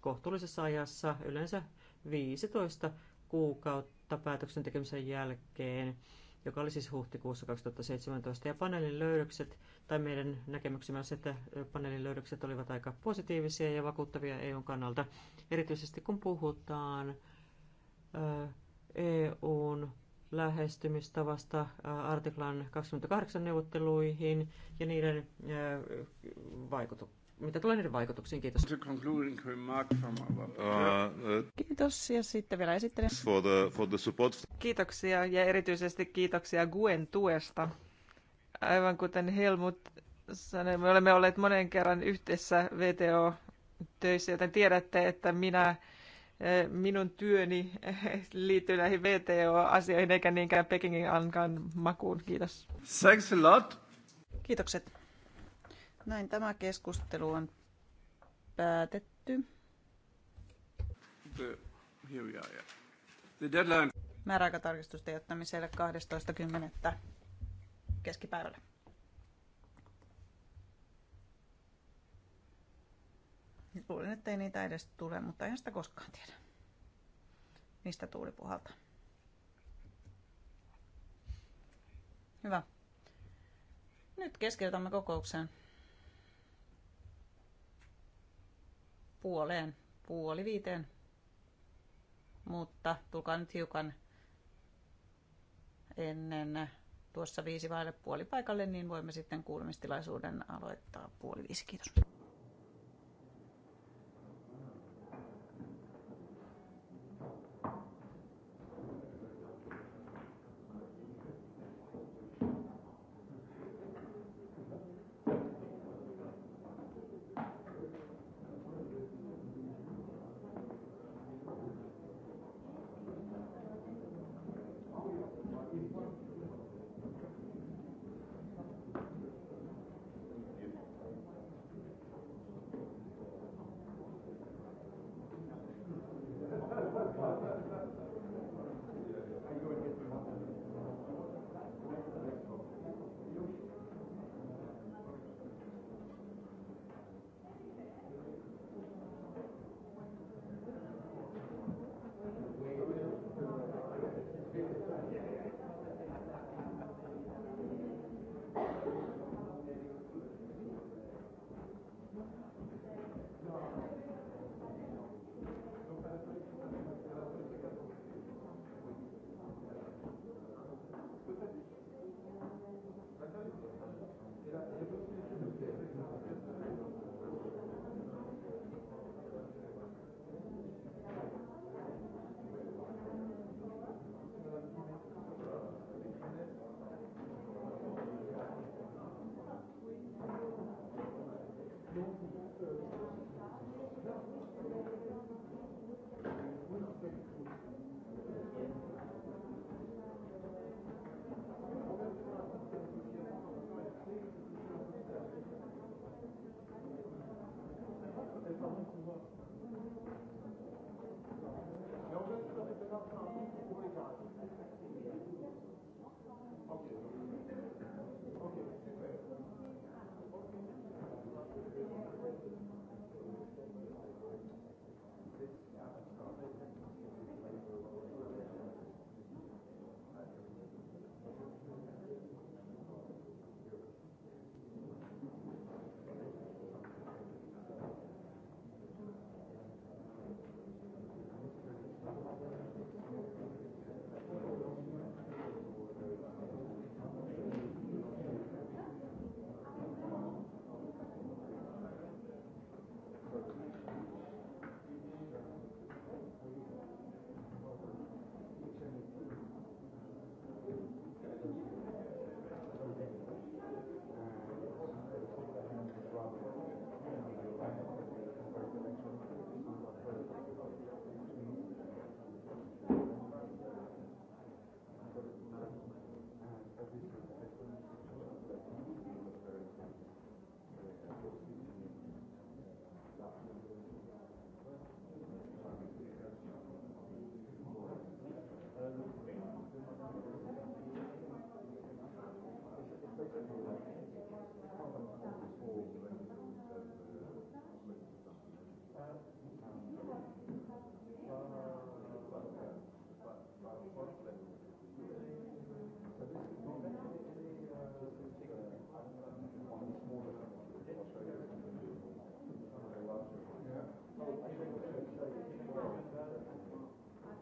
kohtuullisessa ajassa, yleensä 15 kuukautta päätöksen tekemisen jälkeen joka oli siis huhtikuussa 2017. Ja paneelin löydökset, tai meidän näkemyksemme on se, että paneelin löydökset olivat aika positiivisia ja vakuuttavia EUn kannalta. Erityisesti kun puhutaan EUn lähestymistavasta artiklan 28 neuvotteluihin ja niiden vaikutuksiin mitä tulee niiden vaikutuksiin. Kiitos. Uh, uh, Kiitos ja sitten vielä esittelen. For the, for the support. Kiitoksia ja erityisesti kiitoksia Guen tuesta. Aivan kuten Helmut sanoi, me olemme olleet monen kerran yhdessä VTO-töissä, joten tiedätte, että minä e, minun työni liittyy näihin VTO-asioihin eikä niinkään Pekingin ankan makuun. Kiitos. Thanks a lot. Kiitokset. Näin tämä keskustelu on päätetty. The, here we are, yeah. The deadline. Määräaikatarkistusten jättämiselle 12.10. keskipäivällä. Luulen, että ei niitä edes tule, mutta en sitä koskaan tiedä. Mistä tuuli puhaltaa. Hyvä. Nyt keskeytämme kokouksen. puoleen, puoli viiteen. Mutta tulkaa nyt hiukan ennen tuossa viisi vaille puoli paikalle, niin voimme sitten kuulemistilaisuuden aloittaa puoli viisi. Kiitos.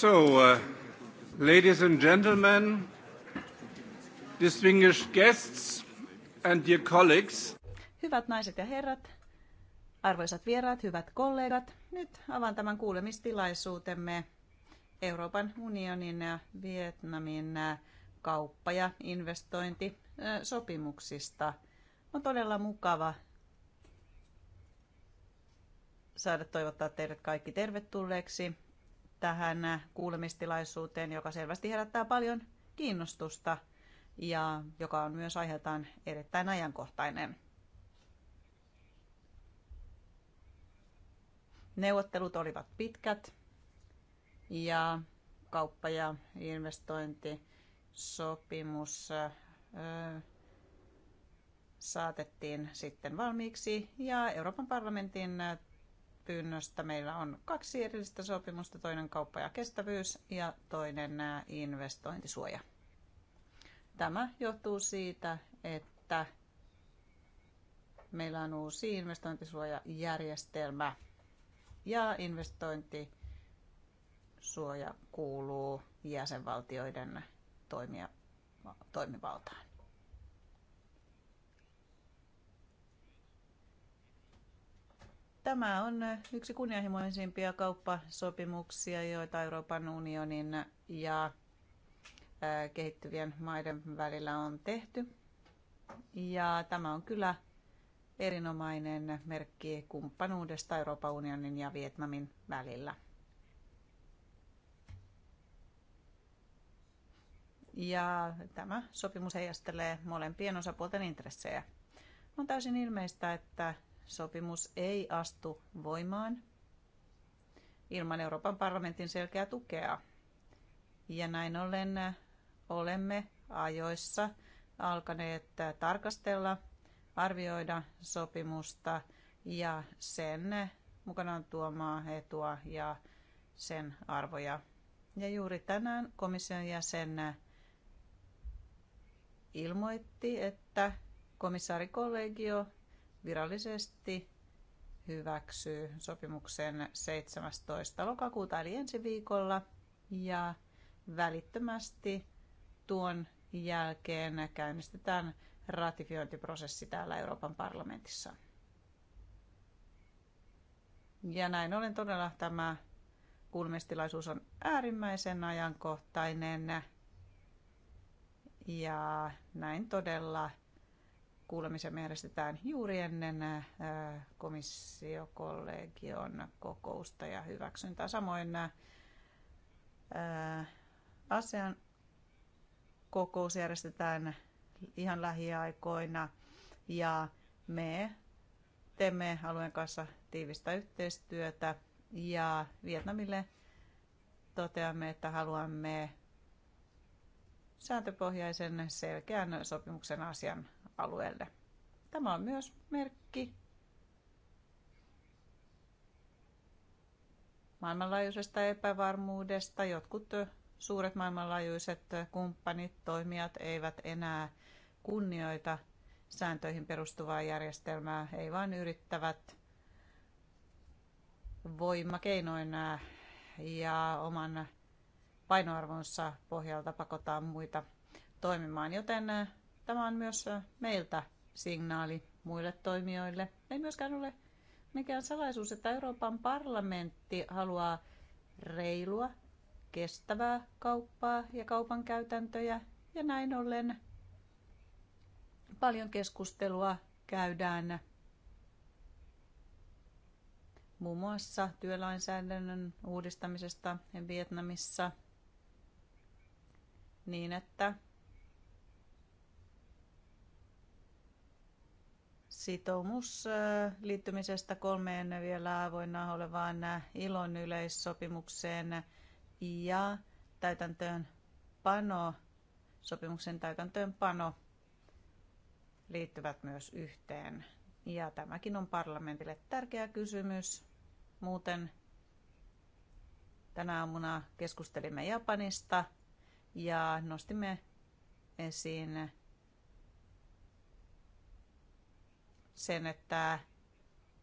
So, uh, ladies and gentlemen, distinguished guests and dear colleagues. Hyvät naiset ja herrat, arvoisat vieraat, hyvät kollegat, nyt avaan tämän kuulemistilaisuutemme Euroopan unionin ja Vietnamin äh, kauppa- ja investointisopimuksista. On todella mukava saada toivottaa teidät kaikki tervetulleeksi tähän kuulemistilaisuuteen, joka selvästi herättää paljon kiinnostusta ja joka on myös aiheeltaan erittäin ajankohtainen. Neuvottelut olivat pitkät ja kauppa- ja investointisopimus saatettiin sitten valmiiksi ja Euroopan parlamentin pyynnöstä. Meillä on kaksi erillistä sopimusta, toinen kauppa ja kestävyys ja toinen investointisuoja. Tämä johtuu siitä, että meillä on uusi investointisuojajärjestelmä ja investointisuoja kuuluu jäsenvaltioiden toimia, toimivaltaan. Tämä on yksi kunnianhimoisimpia kauppasopimuksia, joita Euroopan unionin ja kehittyvien maiden välillä on tehty. Ja tämä on kyllä erinomainen merkki kumppanuudesta Euroopan unionin ja Vietnamin välillä. Ja tämä sopimus heijastelee molempien osapuolten intressejä. On täysin ilmeistä, että sopimus ei astu voimaan ilman Euroopan parlamentin selkeää tukea. Ja näin ollen äh, olemme ajoissa alkaneet äh, tarkastella, arvioida sopimusta ja sen äh, mukanaan tuomaa etua ja sen arvoja. Ja juuri tänään komission jäsen ilmoitti, että komissaarikollegio virallisesti hyväksyy sopimuksen 17. lokakuuta eli ensi viikolla ja välittömästi tuon jälkeen käynnistetään ratifiointiprosessi täällä Euroopan parlamentissa. Ja näin ollen todella tämä kuulemistilaisuus on äärimmäisen ajankohtainen ja näin todella kuulemisemme järjestetään juuri ennen äh, komissiokollegion kokousta ja hyväksyntää. Samoin äh, asian kokous järjestetään ihan lähiaikoina ja me teemme alueen kanssa tiivistä yhteistyötä ja Vietnamille toteamme, että haluamme sääntöpohjaisen selkeän sopimuksen asian alueelle. Tämä on myös merkki maailmanlaajuisesta epävarmuudesta. Jotkut suuret maailmanlaajuiset kumppanit, toimijat eivät enää kunnioita sääntöihin perustuvaa järjestelmää, ei vaan yrittävät voimakeinoin ja oman painoarvonsa pohjalta pakotaan muita toimimaan, joten Tämä on myös meiltä signaali muille toimijoille. Ei myöskään ole mikään salaisuus, että Euroopan parlamentti haluaa reilua, kestävää kauppaa ja kaupan käytäntöjä. Ja näin ollen paljon keskustelua käydään muun muassa työlainsäädännön uudistamisesta Vietnamissa niin, että sitoumus liittymisestä kolmeen vielä avoinna olevaan ilon yleissopimukseen ja täytäntöönpano sopimuksen täytäntöönpano liittyvät myös yhteen. Ja tämäkin on parlamentille tärkeä kysymys. Muuten tänä aamuna keskustelimme Japanista ja nostimme esiin sen, että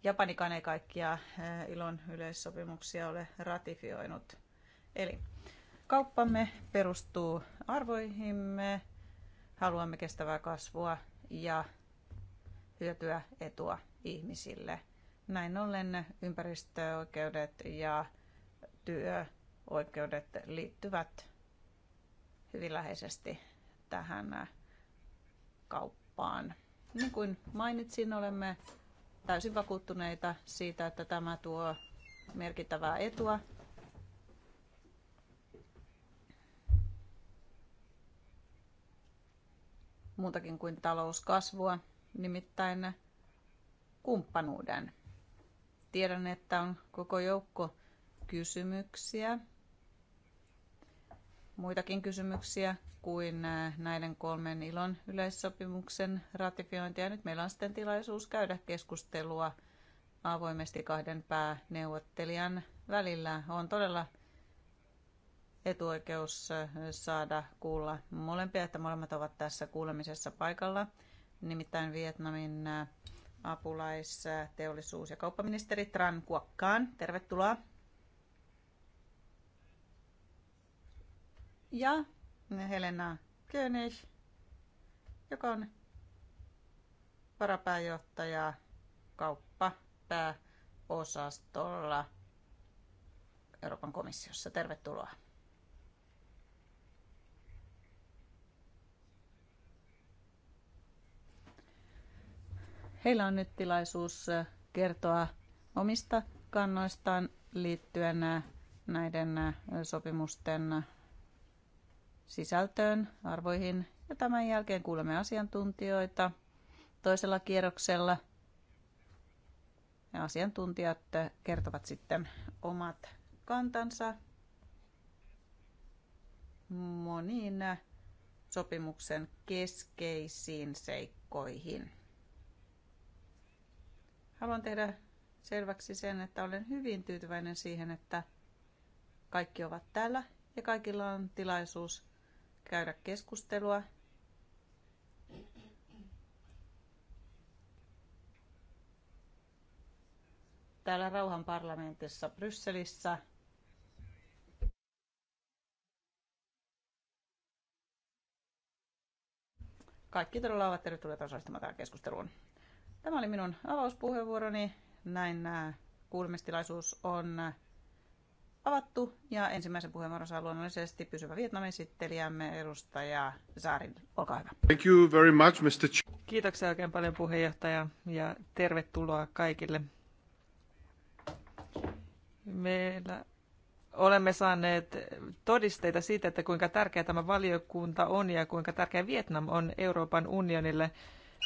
Japanikaan ei kaikkia eh, ilon yleissopimuksia ole ratifioinut. Eli kauppamme perustuu arvoihimme, haluamme kestävää kasvua ja hyötyä etua ihmisille. Näin ollen ympäristöoikeudet ja työoikeudet liittyvät hyvin läheisesti tähän kauppaan. Niin kuin mainitsin, olemme täysin vakuuttuneita siitä, että tämä tuo merkittävää etua muutakin kuin talouskasvua, nimittäin kumppanuuden. Tiedän, että on koko joukko kysymyksiä, muitakin kysymyksiä kuin äh, näiden kolmen ilon yleissopimuksen ratifiointia. Nyt meillä on sitten tilaisuus käydä keskustelua avoimesti kahden pääneuvottelijan välillä. On todella etuoikeus äh, saada kuulla molempia, että molemmat ovat tässä kuulemisessa paikalla. Nimittäin Vietnamin äh, teollisuus ja kauppaministeri Tran Kuokkaan. Tervetuloa. ja Helena König, joka on varapääjohtaja kauppapääosastolla Euroopan komissiossa. Tervetuloa. Heillä on nyt tilaisuus kertoa omista kannoistaan liittyen näiden sopimusten sisältöön, arvoihin ja tämän jälkeen kuulemme asiantuntijoita toisella kierroksella. Ja asiantuntijat kertovat sitten omat kantansa moniin sopimuksen keskeisiin seikkoihin. Haluan tehdä selväksi sen, että olen hyvin tyytyväinen siihen, että kaikki ovat täällä ja kaikilla on tilaisuus käydä keskustelua. Täällä Rauhan parlamentissa Brysselissä. Kaikki todella ovat tervetulleet osallistumaan tähän keskusteluun. Tämä oli minun avauspuheenvuoroni. Näin äh, kuulemistilaisuus on avattu ja ensimmäisen puheenvuoron saa luonnollisesti pysyvä Vietnamin sittelijämme edustaja Saarin. Olkaa hyvä. Thank you very much, Mr. Ch- Kiitoksia oikein paljon puheenjohtaja ja tervetuloa kaikille. Meillä olemme saaneet todisteita siitä, että kuinka tärkeä tämä valiokunta on ja kuinka tärkeä Vietnam on Euroopan unionille –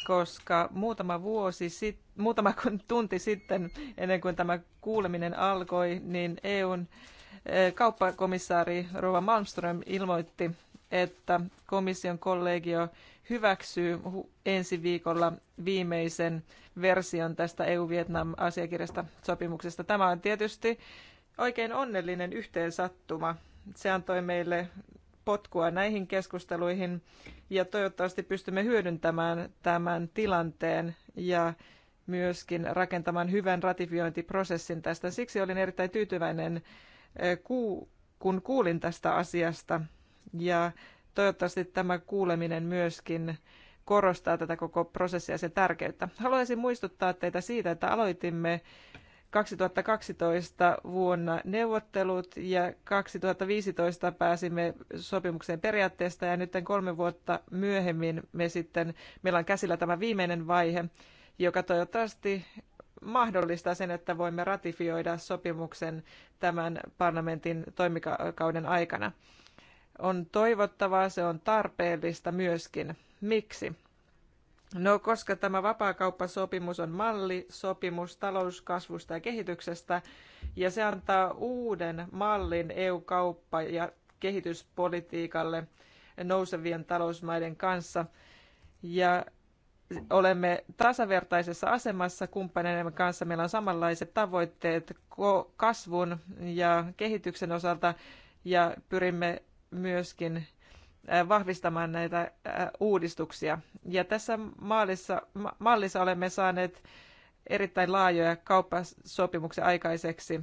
koska muutama vuosi sit, muutama tunti sitten, ennen kuin tämä kuuleminen alkoi, niin EUn eh, kauppakomissaari Rova Malmström ilmoitti, että komission kollegio hyväksyy ensi viikolla viimeisen version tästä EU-Vietnam-asiakirjasta sopimuksesta. Tämä on tietysti oikein onnellinen yhteensattuma. Se antoi meille potkua näihin keskusteluihin ja toivottavasti pystymme hyödyntämään tämän tilanteen ja myöskin rakentamaan hyvän ratifiointiprosessin tästä. Siksi olin erittäin tyytyväinen, eh, kun kuulin tästä asiasta ja toivottavasti tämä kuuleminen myöskin korostaa tätä koko prosessia ja sen tärkeyttä. Haluaisin muistuttaa teitä siitä, että aloitimme 2012 vuonna neuvottelut ja 2015 pääsimme sopimukseen periaatteesta ja nyt kolme vuotta myöhemmin me sitten, meillä on käsillä tämä viimeinen vaihe, joka toivottavasti mahdollistaa sen, että voimme ratifioida sopimuksen tämän parlamentin toimikauden aikana. On toivottavaa, se on tarpeellista myöskin. Miksi? No, koska tämä vapaakauppasopimus on malli, sopimus talouskasvusta ja kehityksestä, ja se antaa uuden mallin EU-kauppa- ja kehityspolitiikalle nousevien talousmaiden kanssa. Ja olemme tasavertaisessa asemassa kumppaneiden kanssa. Meillä on samanlaiset tavoitteet kasvun ja kehityksen osalta ja pyrimme myöskin vahvistamaan näitä uudistuksia. Ja tässä maalissa, ma- mallissa olemme saaneet erittäin laajoja kauppasopimuksia aikaiseksi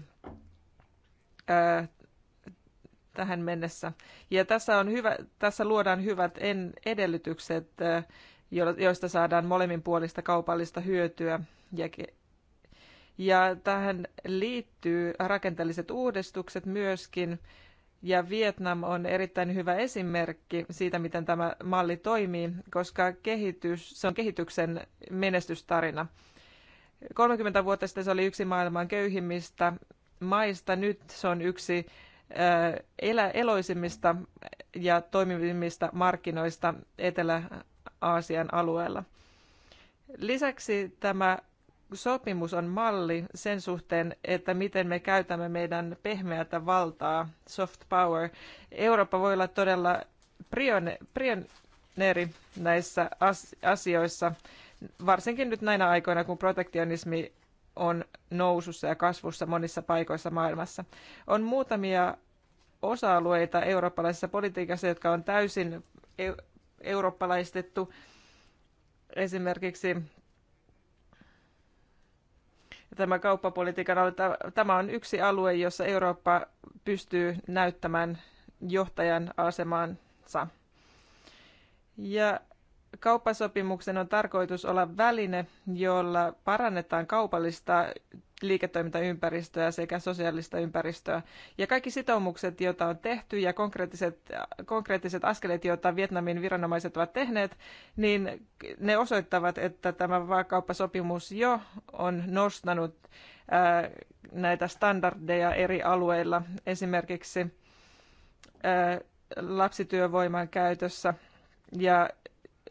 tähän mennessä. Ja tässä, on hyvä, tässä luodaan hyvät en, edellytykset, joista saadaan molemminpuolista kaupallista hyötyä. Ja, ja tähän liittyy rakenteelliset uudistukset myöskin, ja Vietnam on erittäin hyvä esimerkki siitä, miten tämä malli toimii, koska kehitys, se on kehityksen menestystarina. 30 vuotta sitten se oli yksi maailman köyhimmistä maista, nyt se on yksi elä, eloisimmista ja toimivimmista markkinoista Etelä-Aasian alueella. Lisäksi tämä sopimus on malli sen suhteen, että miten me käytämme meidän pehmeätä valtaa, soft power. Eurooppa voi olla todella pioneeri näissä asioissa, varsinkin nyt näinä aikoina, kun protektionismi on nousussa ja kasvussa monissa paikoissa maailmassa. On muutamia osa-alueita eurooppalaisessa politiikassa, jotka on täysin eurooppalaistettu. Esimerkiksi tämä kauppapolitiikan alue. Tämä on yksi alue, jossa Eurooppa pystyy näyttämään johtajan asemansa. Ja kauppasopimuksen on tarkoitus olla väline, jolla parannetaan kaupallista liiketoimintaympäristöä sekä sosiaalista ympäristöä. Ja kaikki sitoumukset, joita on tehty ja konkreettiset, konkreettiset askeleet, joita Vietnamin viranomaiset ovat tehneet, niin ne osoittavat, että tämä vaakauppasopimus jo on nostanut ää, äh, näitä standardeja eri alueilla, esimerkiksi ää, äh, lapsityövoiman käytössä ja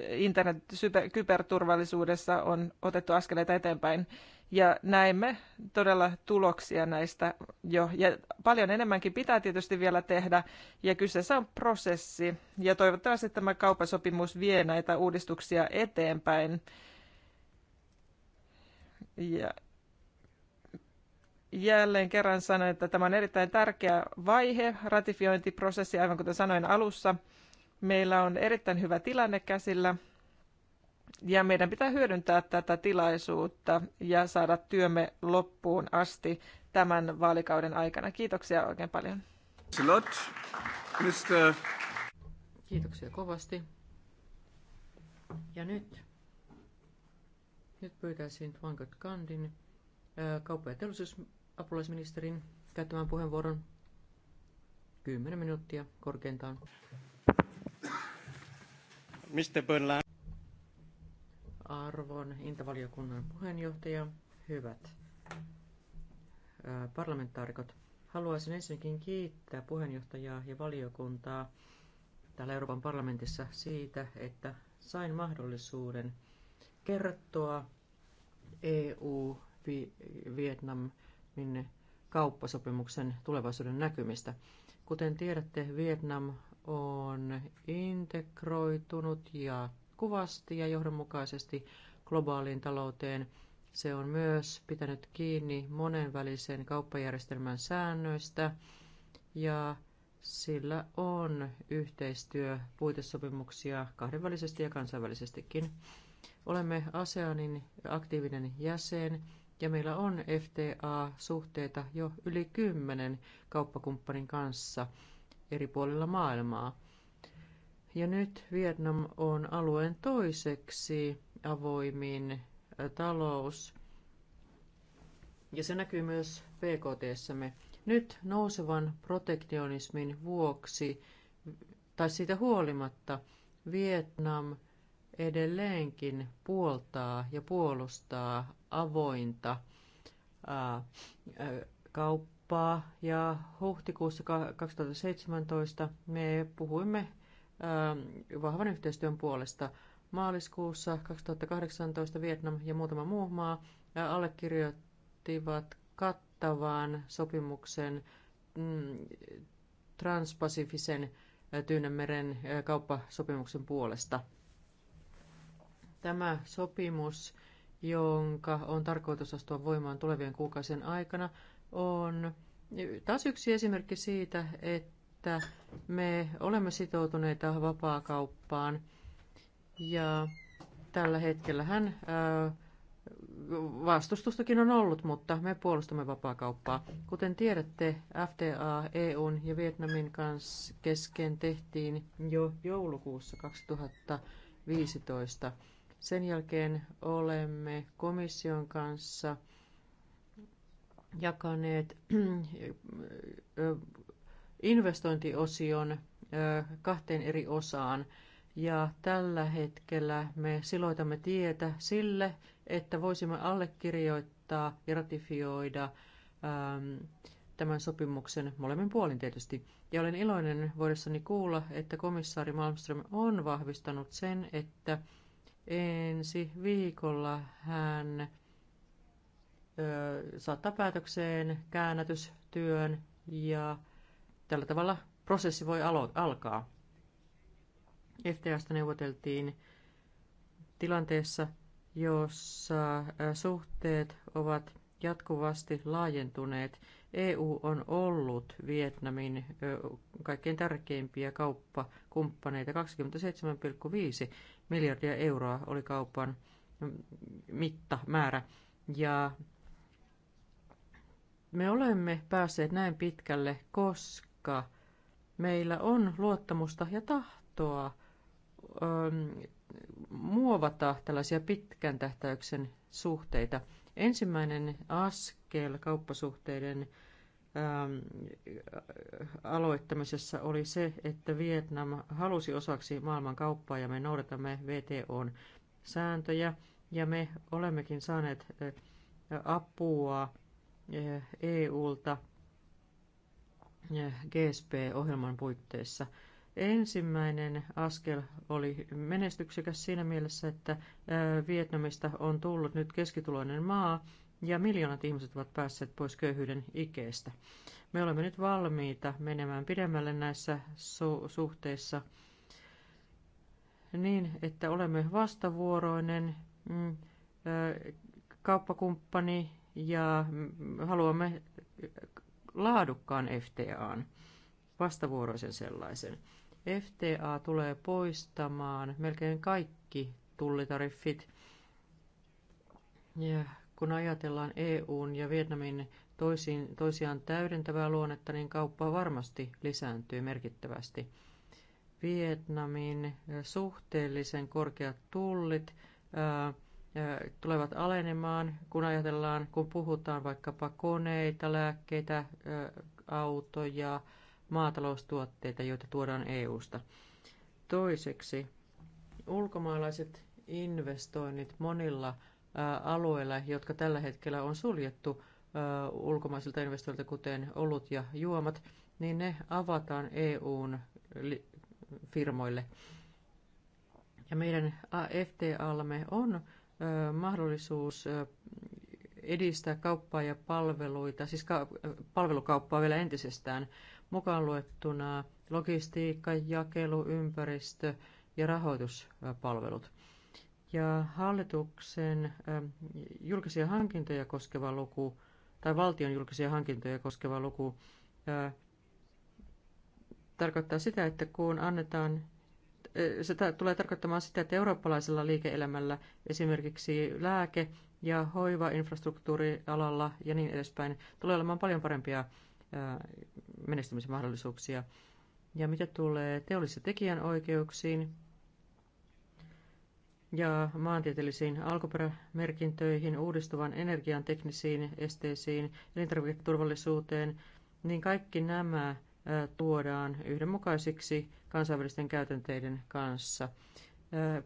internet-kyberturvallisuudessa on otettu askeleita eteenpäin. Ja näemme todella tuloksia näistä jo. Ja paljon enemmänkin pitää tietysti vielä tehdä. Ja kyseessä on prosessi. Ja toivottavasti tämä kauppasopimus vie näitä uudistuksia eteenpäin. Ja jälleen kerran sanon, että tämä on erittäin tärkeä vaihe, ratifiointiprosessi, aivan kuten sanoin alussa. Meillä on erittäin hyvä tilanne käsillä – ja meidän pitää hyödyntää tätä tilaisuutta ja saada työmme loppuun asti tämän vaalikauden aikana. Kiitoksia oikein paljon. Kiitoksia kovasti. Ja nyt, nyt pyytäisin Twangat Kandin, kauppa- ja teollisuusapulaisministerin, käyttämään puheenvuoron 10 minuuttia korkeintaan. Mr. Bönlän arvon intavaliokunnan puheenjohtaja, hyvät parlamentaarikot. Haluaisin ensinnäkin kiittää puheenjohtajaa ja valiokuntaa täällä Euroopan parlamentissa siitä, että sain mahdollisuuden kertoa EU-Vietnamin kauppasopimuksen tulevaisuuden näkymistä. Kuten tiedätte, Vietnam on integroitunut ja jatkuvasti ja johdonmukaisesti globaaliin talouteen. Se on myös pitänyt kiinni monenvälisen kauppajärjestelmän säännöistä ja sillä on yhteistyö puitesopimuksia kahdenvälisesti ja kansainvälisestikin. Olemme ASEANin aktiivinen jäsen ja meillä on FTA-suhteita jo yli kymmenen kauppakumppanin kanssa eri puolilla maailmaa. Ja nyt Vietnam on alueen toiseksi avoimin talous. Ja se näkyy myös pkt Nyt nousevan protektionismin vuoksi, tai siitä huolimatta, Vietnam edelleenkin puoltaa ja puolustaa avointa ää, kauppaa. Ja huhtikuussa 2017 me puhuimme vahvan yhteistyön puolesta. Maaliskuussa 2018 Vietnam ja muutama muu maa allekirjoittivat kattavan sopimuksen mm, transpasifisen Tyynemeren kauppasopimuksen puolesta. Tämä sopimus, jonka on tarkoitus astua voimaan tulevien kuukausien aikana, on taas yksi esimerkki siitä, että että me olemme sitoutuneita vapaakauppaan ja tällä hetkellä hän äh, vastustustakin on ollut, mutta me puolustamme vapaakauppaa. Kuten tiedätte, FTA EUn ja Vietnamin kanssa kesken tehtiin jo joulukuussa 2015. Sen jälkeen olemme komission kanssa jakaneet äh, investointiosion kahteen eri osaan. Ja tällä hetkellä me siloitamme tietä sille, että voisimme allekirjoittaa ja ratifioida tämän sopimuksen molemmin puolin tietysti. Ja olen iloinen voidessani kuulla, että komissaari Malmström on vahvistanut sen, että ensi viikolla hän ö, saattaa päätökseen käännätystyön ja Tällä tavalla prosessi voi alo- alkaa. FTAsta neuvoteltiin tilanteessa, jossa suhteet ovat jatkuvasti laajentuneet. EU on ollut Vietnamin kaikkein tärkeimpiä kauppakumppaneita. 27,5 miljardia euroa oli kaupan mittamäärä. Ja me olemme päässeet näin pitkälle, koska koska meillä on luottamusta ja tahtoa muovata tällaisia pitkän tähtäyksen suhteita. Ensimmäinen askel kauppasuhteiden aloittamisessa oli se, että Vietnam halusi osaksi maailman kauppaa ja me noudatamme VTOn sääntöjä ja me olemmekin saaneet apua EUlta GSP-ohjelman puitteissa. Ensimmäinen askel oli menestyksekäs siinä mielessä, että Vietnamista on tullut nyt keskituloinen maa ja miljoonat ihmiset ovat päässeet pois köyhyyden ikeestä. Me olemme nyt valmiita menemään pidemmälle näissä su- suhteissa niin, että olemme vastavuoroinen mm, kauppakumppani ja mm, haluamme laadukkaan FTAn, vastavuoroisen sellaisen. FTA tulee poistamaan melkein kaikki tullitariffit. Ja kun ajatellaan EUn ja Vietnamin toisiin, toisiaan täydentävää luonnetta, niin kauppa varmasti lisääntyy merkittävästi. Vietnamin suhteellisen korkeat tullit ää, tulevat alenemaan, kun ajatellaan, kun puhutaan vaikkapa koneita, lääkkeitä, autoja, maataloustuotteita, joita tuodaan EUsta. Toiseksi, ulkomaalaiset investoinnit monilla alueilla, jotka tällä hetkellä on suljettu ulkomaisilta investoilta, kuten olut ja juomat, niin ne avataan EUn firmoille. Ja meidän FTA-allamme on mahdollisuus edistää kauppaa ja palveluita, siis palvelukauppaa vielä entisestään, mukaan luettuna logistiikka, jakelu, ympäristö ja rahoituspalvelut. Ja hallituksen julkisia hankintoja koskeva luku, tai valtion julkisia hankintoja koskeva luku, tarkoittaa sitä, että kun annetaan se tulee tarkoittamaan sitä, että eurooppalaisella liike-elämällä esimerkiksi lääke- ja hoivainfrastruktuurialalla ja niin edespäin tulee olemaan paljon parempia menestymisen mahdollisuuksia. Ja mitä tulee teollisiin tekijänoikeuksiin ja maantieteellisiin alkuperämerkintöihin, uudistuvan energian teknisiin esteisiin, elintarviketurvallisuuteen, niin kaikki nämä – tuodaan yhdenmukaisiksi kansainvälisten käytänteiden kanssa.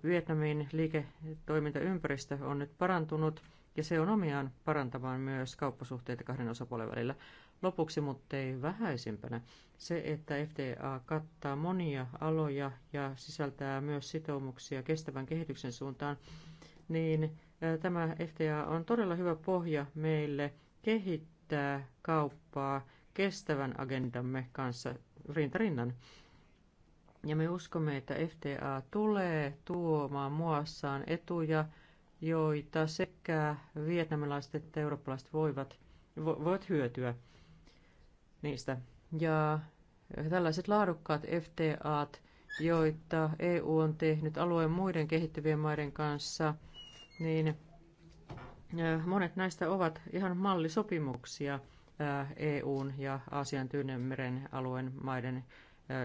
Vietnamin liiketoimintaympäristö on nyt parantunut ja se on omiaan parantamaan myös kauppasuhteita kahden osapuolen välillä. Lopuksi, mutta ei vähäisimpänä, se, että FTA kattaa monia aloja ja sisältää myös sitoumuksia kestävän kehityksen suuntaan, niin tämä FTA on todella hyvä pohja meille kehittää kauppaa kestävän agendamme kanssa rintarinnan. Ja me uskomme, että FTA tulee tuomaan muassaan etuja, joita sekä vietnamilaiset että eurooppalaiset voivat, vo, voivat hyötyä niistä. Ja tällaiset laadukkaat FTAt, joita EU on tehnyt alueen muiden kehittyvien maiden kanssa, niin eh, monet näistä ovat ihan mallisopimuksia – EUn ja Aasian Tyynemeren alueen maiden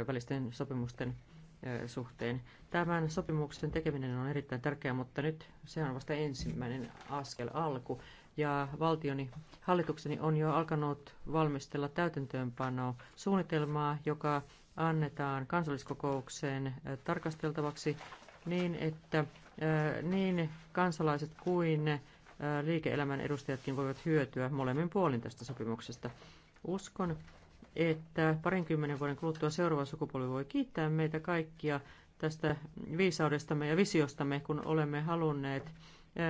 välisten sopimusten suhteen. Tämän sopimuksen tekeminen on erittäin tärkeää, mutta nyt se on vasta ensimmäinen askel alku. Ja valtioni, hallitukseni on jo alkanut valmistella täytäntöönpanoa suunnitelmaa, joka annetaan kansalliskokoukseen tarkasteltavaksi niin, että niin kansalaiset kuin liike-elämän edustajatkin voivat hyötyä molemmin puolin tästä sopimuksesta. Uskon, että parinkymmenen vuoden kuluttua seuraava sukupolvi voi kiittää meitä kaikkia tästä viisaudestamme ja visiostamme, kun olemme halunneet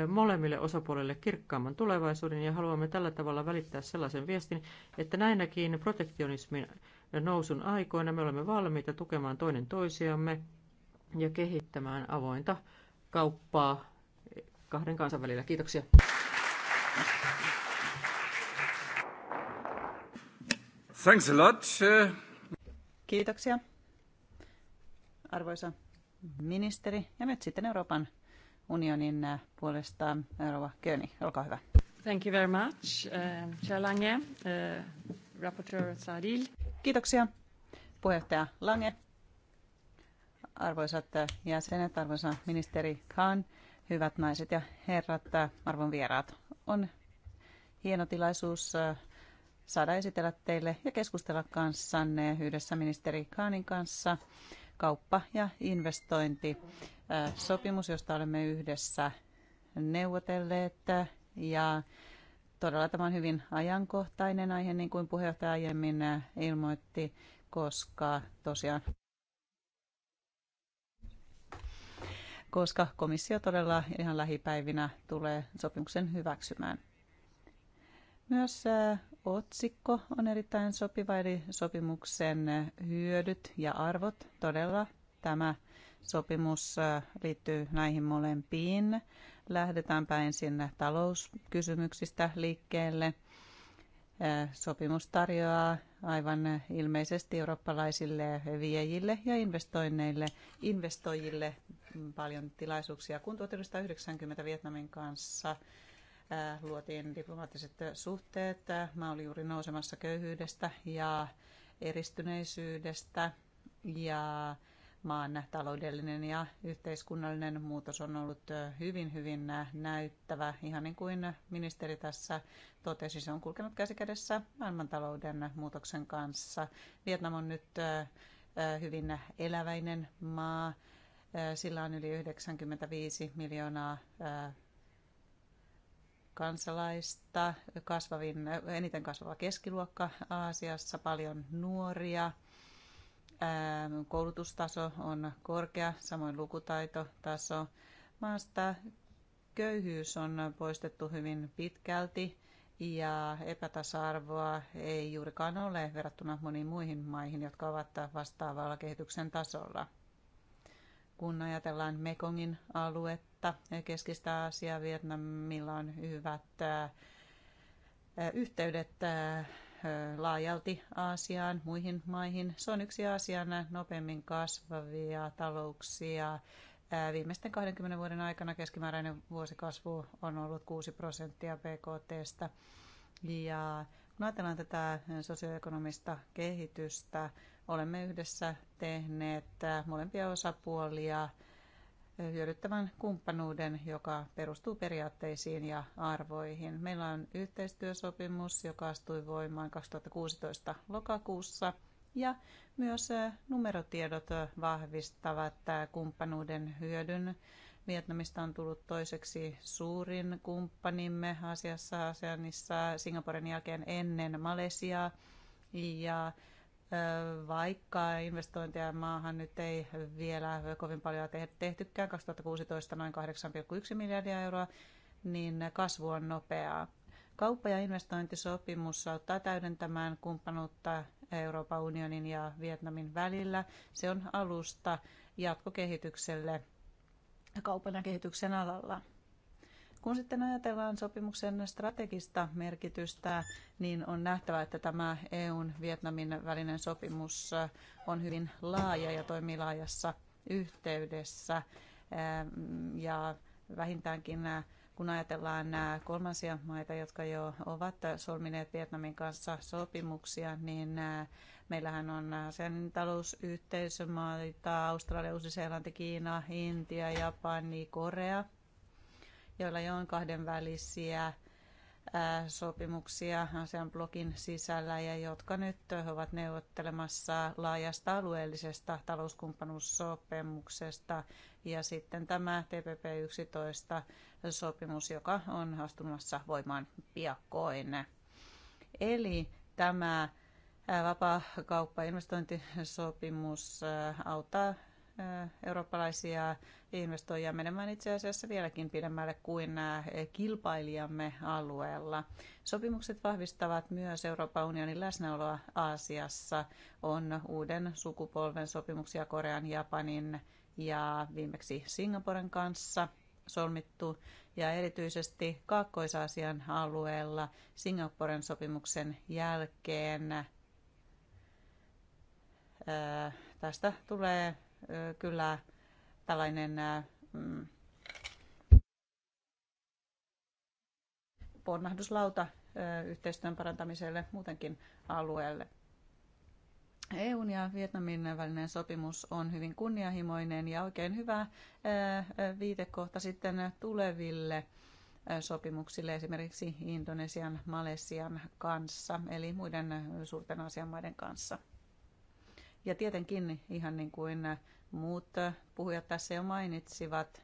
molemmille osapuolille kirkkaamman tulevaisuuden ja haluamme tällä tavalla välittää sellaisen viestin, että näinäkin protektionismin nousun aikoina me olemme valmiita tukemaan toinen toisiamme ja kehittämään avointa kauppaa kahden kansan välillä. Kiitoksia. Thanks a lot. Kiitoksia, arvoisa ministeri. Ja nyt sitten Euroopan unionin äh, puolesta äh, Rova Köni, olkaa hyvä. Thank you very much, uh, Chair Lange, uh, Rapporteur Sadil. Kiitoksia, puheenjohtaja Lange, arvoisat jäsenet, arvoisa ministeri Khan hyvät naiset ja herrat, arvon vieraat. On hieno tilaisuus äh, saada esitellä teille ja keskustella kanssanne yhdessä ministeri Kaanin kanssa kauppa- ja investointisopimus, äh, josta olemme yhdessä neuvotelleet. Ja todella tämä on hyvin ajankohtainen aihe, niin kuin puheenjohtaja aiemmin äh, ilmoitti, koska tosiaan koska komissio todella ihan lähipäivinä tulee sopimuksen hyväksymään. Myös äh, otsikko on erittäin sopiva, eli sopimuksen äh, hyödyt ja arvot. Todella tämä sopimus äh, liittyy näihin molempiin. Lähdetäänpä ensin talouskysymyksistä liikkeelle – Sopimus tarjoaa aivan ilmeisesti eurooppalaisille viejille ja investoinneille, investoijille paljon tilaisuuksia. Kun 1990 Vietnamin kanssa luotiin diplomaattiset suhteet, mä olin juuri nousemassa köyhyydestä ja eristyneisyydestä ja maan taloudellinen ja yhteiskunnallinen muutos on ollut hyvin, hyvin näyttävä. Ihan niin kuin ministeri tässä totesi, se on kulkenut kädessä maailmantalouden muutoksen kanssa. Vietnam on nyt hyvin eläväinen maa. Sillä on yli 95 miljoonaa kansalaista, kasvavin, eniten kasvava keskiluokka Aasiassa, paljon nuoria – Ähm, koulutustaso on korkea, samoin lukutaitotaso. Maasta köyhyys on poistettu hyvin pitkälti ja epätasa-arvoa ei juurikaan ole verrattuna moniin muihin maihin, jotka ovat vastaavalla kehityksen tasolla. Kun ajatellaan Mekongin aluetta, keskistä Aasiaa, Vietnamilla on hyvät äh, yhteydet äh, laajalti Aasiaan, muihin maihin. Se on yksi Aasian nopeimmin kasvavia talouksia. Viimeisten 20 vuoden aikana keskimääräinen vuosikasvu on ollut 6 prosenttia BKTstä. Ja kun ajatellaan tätä sosioekonomista kehitystä, olemme yhdessä tehneet molempia osapuolia – hyödyttävän kumppanuuden, joka perustuu periaatteisiin ja arvoihin. Meillä on yhteistyösopimus, joka astui voimaan 2016 lokakuussa ja myös numerotiedot vahvistavat kumppanuuden hyödyn. Vietnamista on tullut toiseksi suurin kumppanimme asiassa ASEANissa Singaporen jälkeen ennen Malesiaa ja vaikka investointeja maahan nyt ei vielä kovin paljon tehtykään, 2016 noin 8,1 miljardia euroa, niin kasvu on nopeaa. Kauppa- ja investointisopimus auttaa täydentämään kumppanuutta Euroopan unionin ja Vietnamin välillä. Se on alusta jatkokehitykselle kaupan ja kehityksen alalla. Kun sitten ajatellaan sopimuksen strategista merkitystä, niin on nähtävä, että tämä EUn Vietnamin välinen sopimus äh, on hyvin laaja ja toimii laajassa yhteydessä. Äh, ja vähintäänkin äh, kun ajatellaan nämä kolmansia maita, jotka jo ovat solmineet Vietnamin kanssa sopimuksia, niin meillähän on sen talousyhteisömaita, Australia, Uusi-Seelanti, Kiina, Intia, Japani, Korea – joilla jo on kahdenvälisiä sopimuksia asian blogin sisällä ja jotka nyt ovat neuvottelemassa laajasta alueellisesta talouskumppanuussopimuksesta ja sitten tämä TPP-11-sopimus, joka on astumassa voimaan piakkoin. Eli tämä vapaa-kauppa-investointisopimus auttaa eurooppalaisia investoijia menemään itse asiassa vieläkin pidemmälle kuin kilpailijamme alueella. Sopimukset vahvistavat myös Euroopan unionin läsnäoloa Aasiassa. On uuden sukupolven sopimuksia Korean, Japanin ja viimeksi Singaporen kanssa solmittu ja erityisesti Kaakkois-Aasian alueella Singaporen sopimuksen jälkeen ää, tästä tulee kyllä tällainen mm, ponnahduslauta yhteistyön parantamiselle muutenkin alueelle. EUn ja Vietnamin välinen sopimus on hyvin kunnianhimoinen ja oikein hyvä viitekohta sitten tuleville sopimuksille esimerkiksi Indonesian, Malesian kanssa, eli muiden suurten asianmaiden kanssa. Ja tietenkin, ihan niin kuin äh, muut äh, puhujat tässä jo mainitsivat,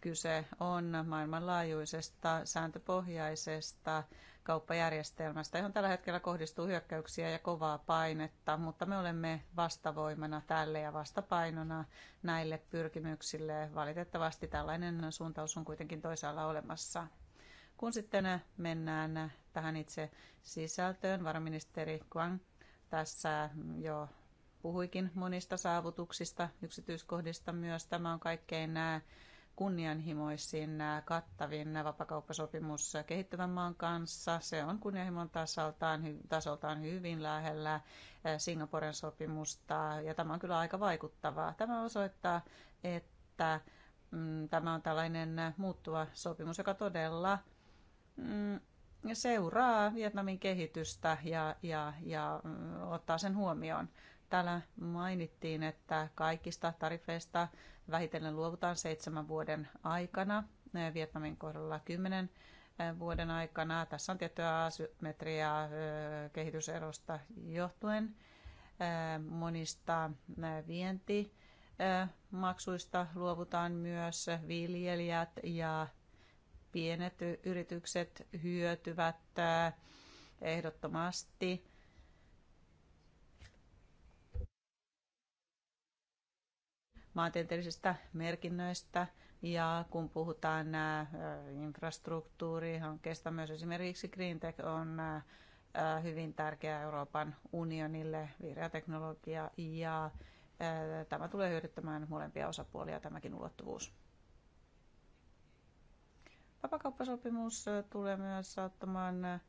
kyse on maailmanlaajuisesta sääntöpohjaisesta kauppajärjestelmästä, johon tällä hetkellä kohdistuu hyökkäyksiä ja kovaa painetta, mutta me olemme vastavoimana tälle ja vastapainona näille pyrkimyksille. Valitettavasti tällainen suuntaus on kuitenkin toisaalla olemassa. Kun sitten mennään tähän itse sisältöön. Varaministeri Kuang tässä jo puhuikin monista saavutuksista, yksityiskohdista myös. Tämä on kaikkein nämä kunnianhimoisin, kattavin vapakauppasopimus kehittyvän maan kanssa. Se on kunnianhimon tasoltaan, tasoltaan hyvin lähellä Singaporen sopimusta ja tämä on kyllä aika vaikuttavaa. Tämä osoittaa, että mm, tämä on tällainen muuttuva sopimus, joka todella mm, seuraa Vietnamin kehitystä ja, ja, ja mm, ottaa sen huomioon. Täällä mainittiin, että kaikista tarifeista vähitellen luovutaan seitsemän vuoden aikana, eh, Vietnamin kohdalla kymmenen eh, vuoden aikana. Tässä on tiettyä asymmetriaa eh, kehityserosta johtuen monista vientimaksuista luovutaan myös viljelijät ja Pienet yritykset hyötyvät äh, ehdottomasti. maantieteellisistä merkinnöistä ja kun puhutaan äh, infrastruktuurihankkeista, myös esimerkiksi Greentech on äh, hyvin tärkeä Euroopan unionille vihreä teknologia ja tämä tulee hyödyttämään molempia osapuolia tämäkin ulottuvuus. Vapakauppasopimus äh, tulee myös saattamaan äh,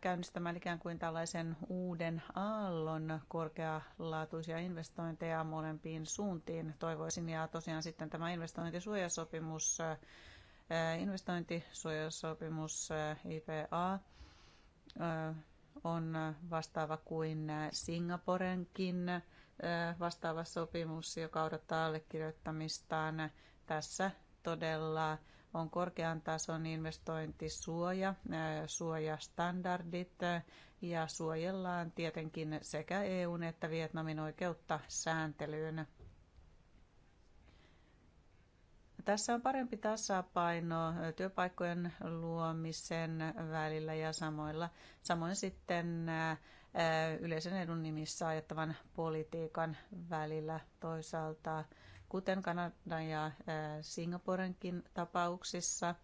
käynnistämään ikään kuin tällaisen uuden aallon korkealaatuisia investointeja molempiin suuntiin, toivoisin. Ja tosiaan sitten tämä investointisuojasopimus, äh, investointisuojasopimus IPA on vastaava kuin Singaporenkin vastaava sopimus, joka odottaa allekirjoittamistaan. Tässä todella on korkean tason investointisuoja, suojastandardit ja suojellaan tietenkin sekä EUn että Vietnamin oikeutta sääntelyyn. Tässä on parempi tasapaino työpaikkojen luomisen välillä ja samoilla, samoin sitten yleisen edun nimissä ajettavan politiikan välillä toisaalta kuten Kanadan ja äh, Singaporenkin tapauksissa. Äh,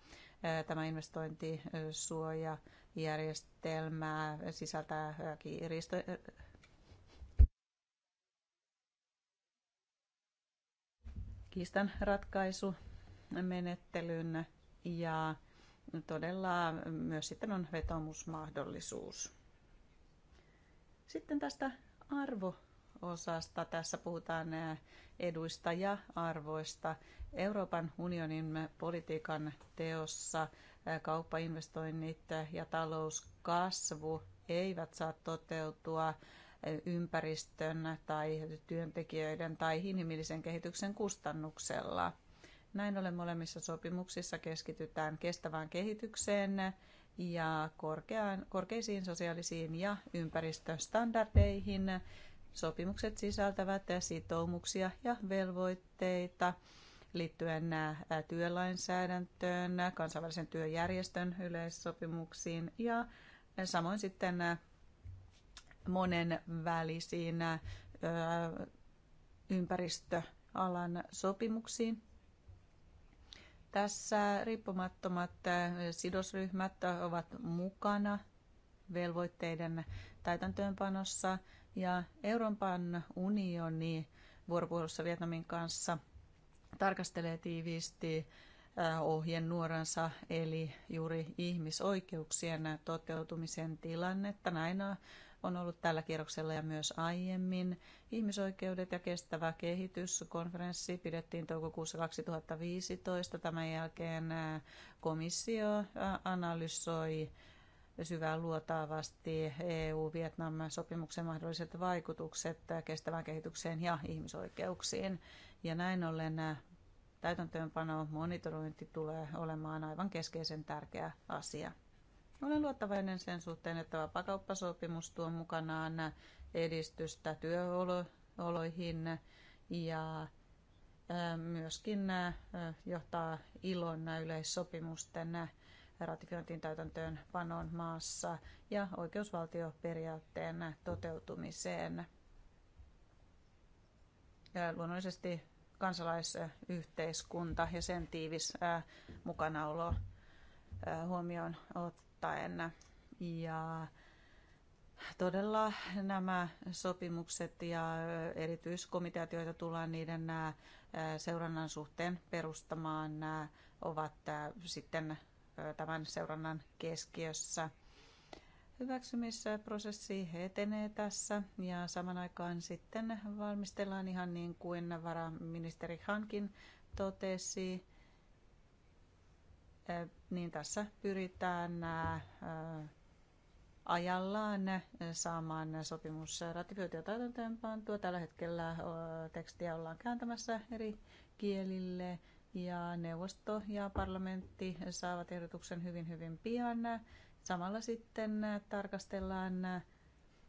tämä investointisuojajärjestelmä sisältää äh, riisto, kiistan ratkaisumenettelyn ja todella myös sitten on vetomusmahdollisuus. Sitten tästä arvo osasta. Tässä puhutaan eduista ja arvoista. Euroopan unionin politiikan teossa kauppainvestoinnit ja talouskasvu eivät saa toteutua ympäristön tai työntekijöiden tai inhimillisen kehityksen kustannuksella. Näin ollen molemmissa sopimuksissa keskitytään kestävään kehitykseen ja korkeisiin sosiaalisiin ja ympäristöstandardeihin Sopimukset sisältävät sitoumuksia ja velvoitteita liittyen työlainsäädäntöön, kansainvälisen työjärjestön yleissopimuksiin ja samoin sitten monenvälisiin ympäristöalan sopimuksiin. Tässä riippumattomat sidosryhmät ovat mukana velvoitteiden täytäntöönpanossa ja Euroopan unioni vuoropuhelussa Vietnamin kanssa tarkastelee tiiviisti äh, ohjenuoransa eli juuri ihmisoikeuksien toteutumisen tilannetta. Näin on ollut tällä kierroksella ja myös aiemmin. Ihmisoikeudet ja kestävä kehitys konferenssi pidettiin toukokuussa 2015. Tämän jälkeen äh, komissio äh, analysoi syvään luotaavasti EU-Vietnam-sopimuksen mahdolliset vaikutukset kestävään kehitykseen ja ihmisoikeuksiin. Ja näin ollen äh, täytäntöönpano monitorointi tulee olemaan aivan keskeisen tärkeä asia. Olen luottavainen sen suhteen, että vapakauppasopimus tuo mukanaan edistystä työoloihin ja äh, myöskin äh, johtaa ilon yleissopimusten ratifiointiin täytäntöön panon maassa ja oikeusvaltioperiaatteen toteutumiseen. Ja luonnollisesti kansalaisyhteiskunta ja sen tiivis mukanaolo huomioon ottaen. Ja todella nämä sopimukset ja erityiskomiteat, joita tullaan niiden seurannan suhteen perustamaan, ovat sitten tämän seurannan keskiössä. Hyväksymisprosessi etenee tässä ja saman aikaan sitten valmistellaan ihan niin kuin varaministeri Hankin totesi, niin tässä pyritään ajallaan saamaan sopimus ratifioitua täytäntöönpantua. Tällä hetkellä tekstiä ollaan kääntämässä eri kielille ja neuvosto ja parlamentti saavat ehdotuksen hyvin hyvin pian. Samalla sitten tarkastellaan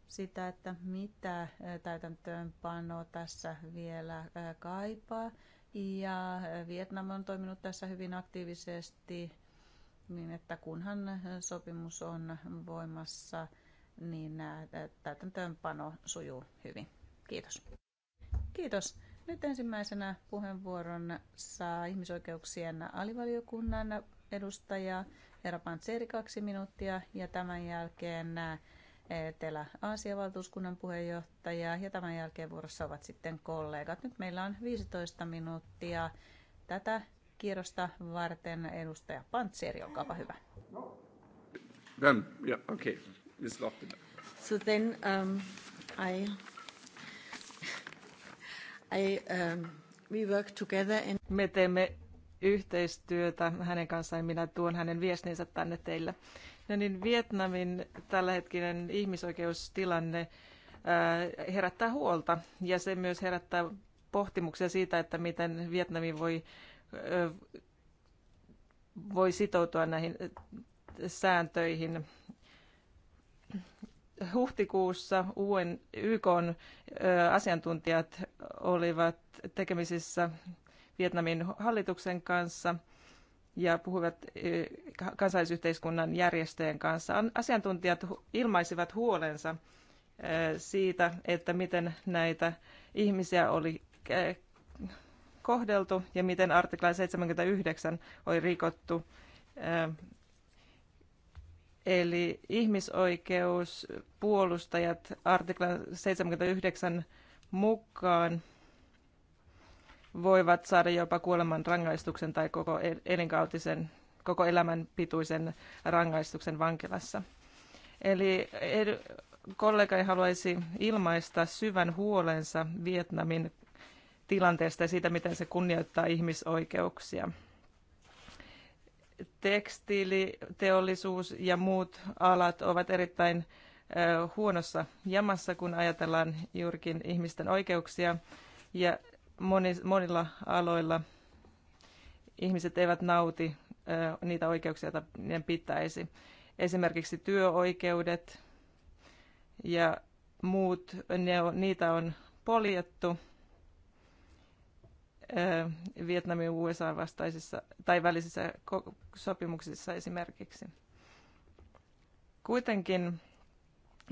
sitä, että mitä täytäntöönpano tässä vielä kaipaa. Ja Vietnam on toiminut tässä hyvin aktiivisesti, niin että kunhan sopimus on voimassa, niin täytäntöönpano sujuu hyvin. Kiitos. Kiitos. Nyt ensimmäisenä puheenvuoron saa ihmisoikeuksien alivaliokunnan edustaja Herra Pantseri kaksi minuuttia ja tämän jälkeen eh, Etelä-Aasian valtuuskunnan puheenjohtaja ja tämän jälkeen vuorossa ovat sitten kollegat. Nyt meillä on 15 minuuttia tätä kierrosta varten edustaja Pantseri, olkaapa hyvä. No. Then, yeah, okay. So then um, I I, um, we work together Me teemme yhteistyötä hänen kanssaan ja minä tuon hänen viestinsä tänne teille. No niin, Vietnamin tällähetkinen ihmisoikeustilanne äh, herättää huolta ja se myös herättää pohtimuksia siitä, että miten Vietnami voi, äh, voi sitoutua näihin äh, sääntöihin huhtikuussa UN, YK asiantuntijat olivat tekemisissä Vietnamin hallituksen kanssa ja puhuivat kansallisyhteiskunnan järjestöjen kanssa. Asiantuntijat ilmaisivat huolensa siitä, että miten näitä ihmisiä oli kohdeltu ja miten artikla 79 oli rikottu Eli ihmisoikeuspuolustajat artikla 79 mukaan voivat saada jopa kuoleman rangaistuksen tai koko e- elinkautisen, koko elämän pituisen rangaistuksen vankilassa. Eli ed- kollega haluaisi ilmaista syvän huolensa Vietnamin tilanteesta ja siitä, miten se kunnioittaa ihmisoikeuksia tekstiiliteollisuus ja muut alat ovat erittäin huonossa jamassa, kun ajatellaan juurikin ihmisten oikeuksia. Ja moni, monilla aloilla ihmiset eivät nauti niitä oikeuksia, joita niiden pitäisi. Esimerkiksi työoikeudet ja muut, ne, niitä on poljettu Vietnamin USA vastaisissa tai välisissä sopimuksissa esimerkiksi. Kuitenkin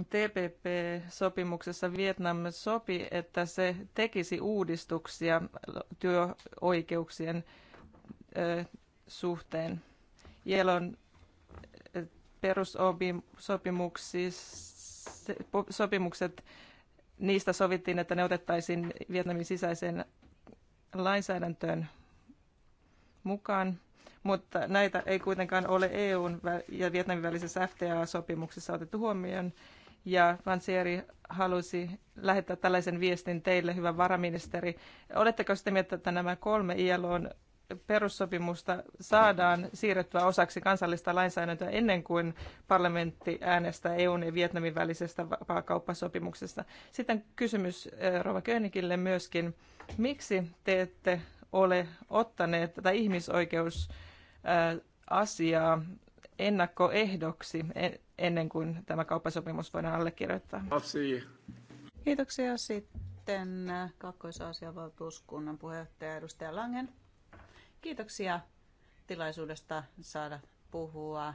TPP-sopimuksessa Vietnam sopi, että se tekisi uudistuksia työoikeuksien suhteen. Jelon perussopimukset, niistä sovittiin, että ne otettaisiin Vietnamin sisäiseen lainsäädäntöön mukaan, mutta näitä ei kuitenkaan ole EUn ja Vietnamin välisessä FTA-sopimuksessa otettu huomioon. Ja Vansieri halusi lähettää tällaisen viestin teille, hyvä varaministeri. Oletteko sitä mieltä, että nämä kolme ILOn perussopimusta saadaan siirrettyä osaksi kansallista lainsäädäntöä ennen kuin parlamentti äänestää EUn ja Vietnamin välisestä vapaakauppasopimuksesta. Sitten kysymys eh, Rova Königille myöskin. Miksi te ette ole ottaneet tätä ihmisoikeusasiaa ennakkoehdoksi ennen kuin tämä kauppasopimus voidaan allekirjoittaa? Kiitoksia sitten valtuuskunnan puheenjohtaja edustaja Langen. Kiitoksia tilaisuudesta saada puhua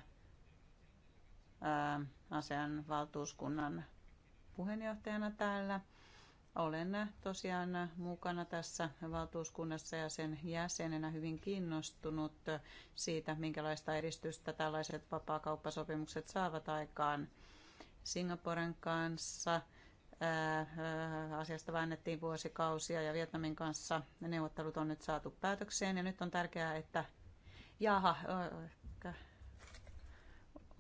asian valtuuskunnan puheenjohtajana täällä. Olen tosiaan mukana tässä valtuuskunnassa ja sen jäsenenä hyvin kiinnostunut siitä, minkälaista edistystä tällaiset vapaakauppasopimukset saavat aikaan Singaporen kanssa. Asiasta väännettiin vuosikausia ja Vietnamin kanssa ne neuvottelut on nyt saatu päätökseen ja nyt on tärkeää, että jaha,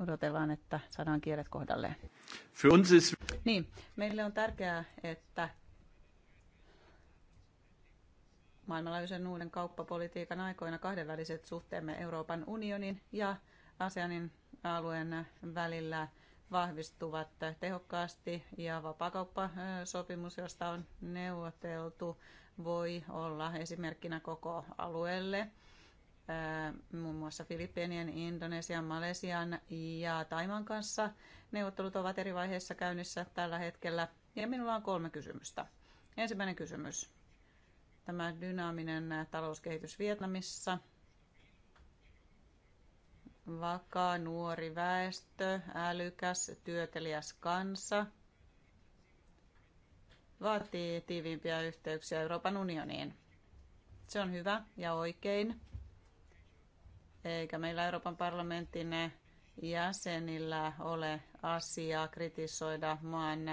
odotellaan, että saadaan kielet kohdalleen. Niin, meille on tärkeää, että maailmanlaajuisen uuden kauppapolitiikan aikoina kahdenväliset suhteemme Euroopan unionin ja ASEANin alueen välillä vahvistuvat tehokkaasti ja vapaakauppasopimus, josta on neuvoteltu, voi olla esimerkkinä koko alueelle. Muun muassa Filippiinien, Indonesian, Malesian ja Taiman kanssa neuvottelut ovat eri vaiheissa käynnissä tällä hetkellä. Ja minulla on kolme kysymystä. Ensimmäinen kysymys tämä dynaaminen talouskehitys Vietnamissa, vakaa nuori väestö, älykäs, työteliäs kansa vaatii tiiviimpiä yhteyksiä Euroopan unioniin. Se on hyvä ja oikein. Eikä meillä Euroopan parlamentin jäsenillä ole asiaa kritisoida maan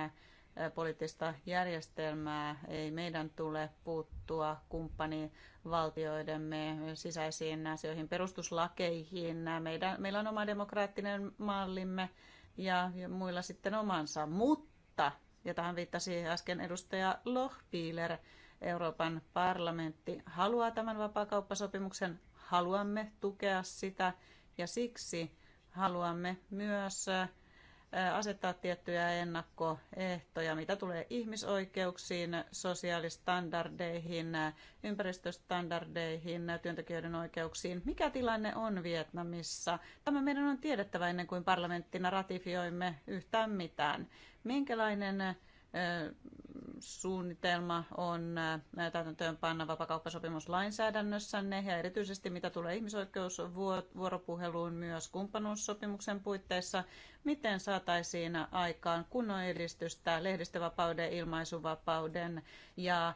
poliittista järjestelmää. Ei meidän tule puuttua kumppanivaltioidemme sisäisiin asioihin, perustuslakeihin. Meidän, meillä on oma demokraattinen mallimme ja, ja muilla sitten omansa, mutta, ja tähän viittasi äsken edustaja Lohpiiler, Euroopan parlamentti haluaa tämän vapaakauppasopimuksen, haluamme tukea sitä ja siksi haluamme myös asettaa tiettyjä ennakkoehtoja, mitä tulee ihmisoikeuksiin, sosiaalistandardeihin, ympäristöstandardeihin, työntekijöiden oikeuksiin. Mikä tilanne on Vietnamissa? Tämä meidän on tiedettävä ennen kuin parlamenttina ratifioimme yhtään mitään. Minkälainen suunnitelma on äh, panna vapakauppasopimus lainsäädännössänne ja erityisesti mitä tulee ihmisoikeusvuoropuheluun myös kumppanuussopimuksen puitteissa, miten saataisiin aikaan kunnon edistystä lehdistövapauden, ilmaisuvapauden ja äh,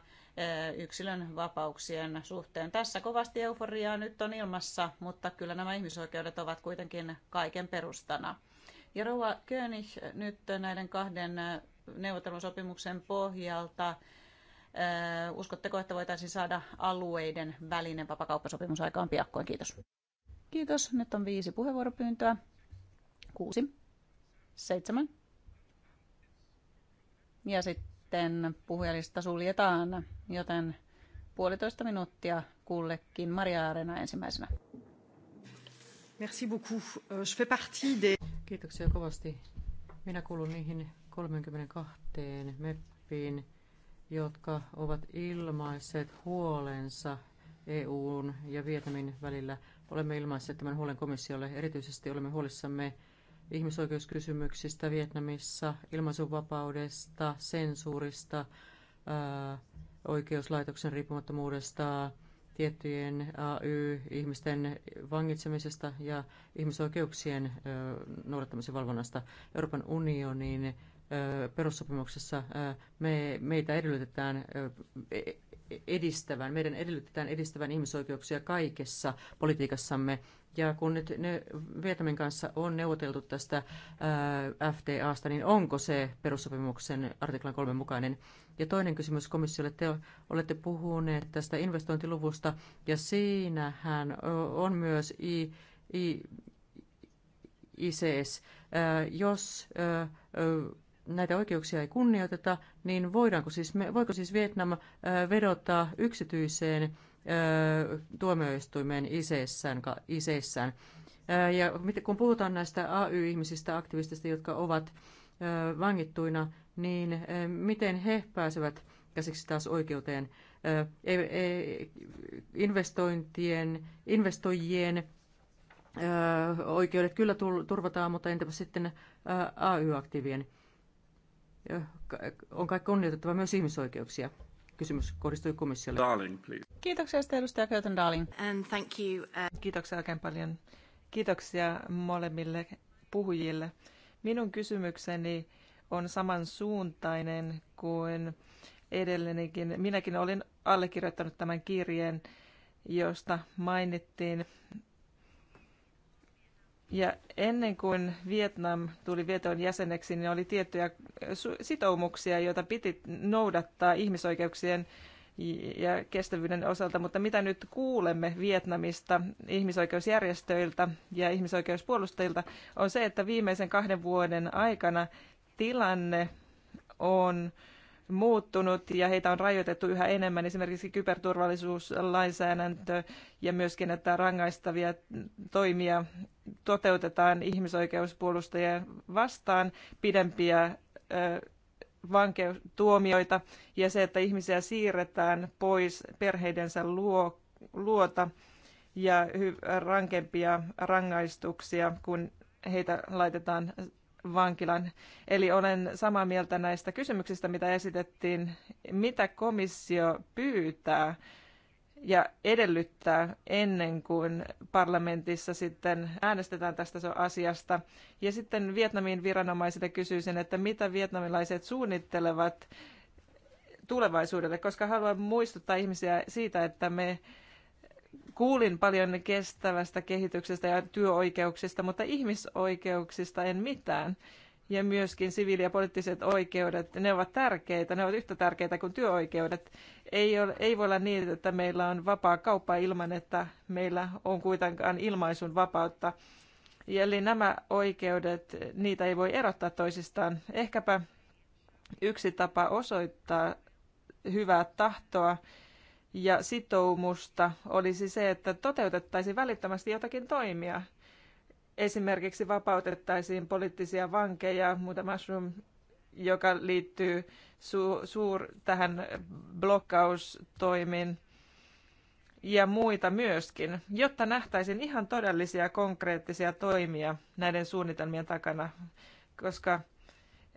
yksilön vapauksien suhteen. Tässä kovasti euforiaa nyt on ilmassa, mutta kyllä nämä ihmisoikeudet ovat kuitenkin kaiken perustana. Ja Rova König nyt näiden kahden sopimuksen pohjalta. Uskotteko, että voitaisiin saada alueiden välinen vapakauppasopimus aikaan piakkoin? Kiitos. Kiitos. Nyt on viisi puheenvuoropyyntöä. Kuusi. Seitsemän. Ja sitten puhujalista suljetaan, joten puolitoista minuuttia kullekin. Maria Arena ensimmäisenä. Merci beaucoup. Euh, je fais partie des... Kiitoksia kovasti. Minä kuulun niihin 32 meppiin, jotka ovat ilmaisseet huolensa EUn ja Vietnamin välillä. Olemme ilmaisseet tämän huolen komissiolle. Erityisesti olemme huolissamme ihmisoikeuskysymyksistä Vietnamissa, ilmaisuvapaudesta, sensuurista, oikeuslaitoksen riippumattomuudesta, tiettyjen AY-ihmisten vangitsemisesta ja ihmisoikeuksien noudattamisen valvonnasta. Euroopan unionin perussopimuksessa me, meitä edellytetään e, e, edistävän, meidän edellytetään edistävän ihmisoikeuksia kaikessa politiikassamme. Ja kun nyt ne Vietnamin kanssa on neuvoteltu tästä FTAsta, niin onko se perussopimuksen artiklan kolmen mukainen? Ja toinen kysymys komissiolle. Te olette puhuneet tästä investointiluvusta, ja siinähän on myös I, I, ICS. jos näitä oikeuksia ei kunnioiteta, niin voidaanko siis, voiko siis Vietnam vedota yksityiseen tuomioistuimeen isessään, isessään? Ja kun puhutaan näistä AY-ihmisistä, aktivistista, jotka ovat vangittuina, niin miten he pääsevät käsiksi taas oikeuteen? E- e- investointien, investoijien oikeudet kyllä turvataan, mutta entäpä sitten AY-aktiivien? Eh, on kai kunnioitettava myös ihmisoikeuksia. Kysymys kohdistui komissiolle. Darling, please. Kiitoksia sitten edustaja Köytön Darling. And thank you. Uh... Kiitoksia oikein paljon. Kiitoksia molemmille puhujille. Minun kysymykseni on samansuuntainen kuin edellinenkin. Minäkin olin allekirjoittanut tämän kirjeen, josta mainittiin ja ennen kuin Vietnam tuli Vietnamin jäseneksi, niin oli tiettyjä sitoumuksia, joita piti noudattaa ihmisoikeuksien ja kestävyyden osalta, mutta mitä nyt kuulemme Vietnamista ihmisoikeusjärjestöiltä ja ihmisoikeuspuolustajilta on se, että viimeisen kahden vuoden aikana tilanne on muuttunut ja heitä on rajoitettu yhä enemmän, esimerkiksi kyberturvallisuuslainsäädäntö ja myöskin, että rangaistavia toimia toteutetaan ihmisoikeuspuolustajia vastaan pidempiä vankeustuomioita ja se, että ihmisiä siirretään pois perheidensä luo, luota ja rankempia rangaistuksia, kun heitä laitetaan vankilan. Eli olen samaa mieltä näistä kysymyksistä, mitä esitettiin. Mitä komissio pyytää ja edellyttää ennen kuin parlamentissa sitten äänestetään tästä asiasta. Ja sitten Vietnamin viranomaisille kysyisin, että mitä vietnamilaiset suunnittelevat tulevaisuudelle, koska haluan muistuttaa ihmisiä siitä, että me kuulin paljon kestävästä kehityksestä ja työoikeuksista, mutta ihmisoikeuksista en mitään. Ja myöskin siviili- ja poliittiset oikeudet, ne ovat tärkeitä, ne ovat yhtä tärkeitä kuin työoikeudet. Ei, ole, ei voi olla niin, että meillä on vapaa kauppa ilman, että meillä on kuitenkaan ilmaisun vapautta. Eli nämä oikeudet, niitä ei voi erottaa toisistaan. Ehkäpä yksi tapa osoittaa hyvää tahtoa ja sitoumusta olisi se, että toteutettaisiin välittömästi jotakin toimia. Esimerkiksi vapautettaisiin poliittisia vankeja, muuta mushroom, joka liittyy su- suur tähän blokkaustoimiin ja muita myöskin, jotta nähtäisiin ihan todellisia konkreettisia toimia näiden suunnitelmien takana, koska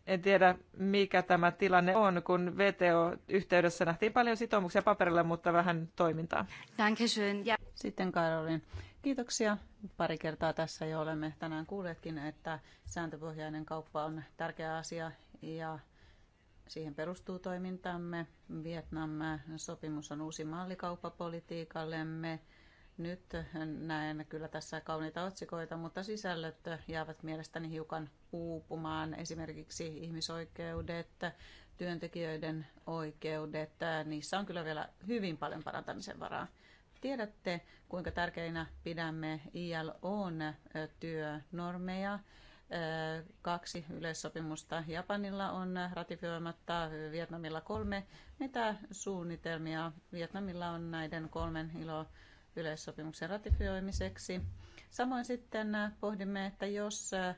en tiedä, mikä tämä tilanne on, kun VTO-yhteydessä nähtiin paljon sitoumuksia paperilla, mutta vähän toimintaa. Dankeschön. Ja. Sitten Karolin. Kiitoksia. Pari kertaa tässä jo olemme tänään kuulleetkin, että sääntöpohjainen kauppa on tärkeä asia ja siihen perustuu toimintamme. Vietnam sopimus on uusi malli kauppapolitiikallemme nyt näen kyllä tässä kauniita otsikoita, mutta sisällöt jäävät mielestäni hiukan uupumaan. Esimerkiksi ihmisoikeudet, työntekijöiden oikeudet, niissä on kyllä vielä hyvin paljon parantamisen varaa. Tiedätte, kuinka tärkeinä pidämme ILOn työnormeja. Kaksi yleissopimusta Japanilla on ratifioimatta, Vietnamilla kolme. Mitä suunnitelmia Vietnamilla on näiden kolmen ilo yleissopimuksen ratifioimiseksi. Samoin sitten äh, pohdimme, että jos äh,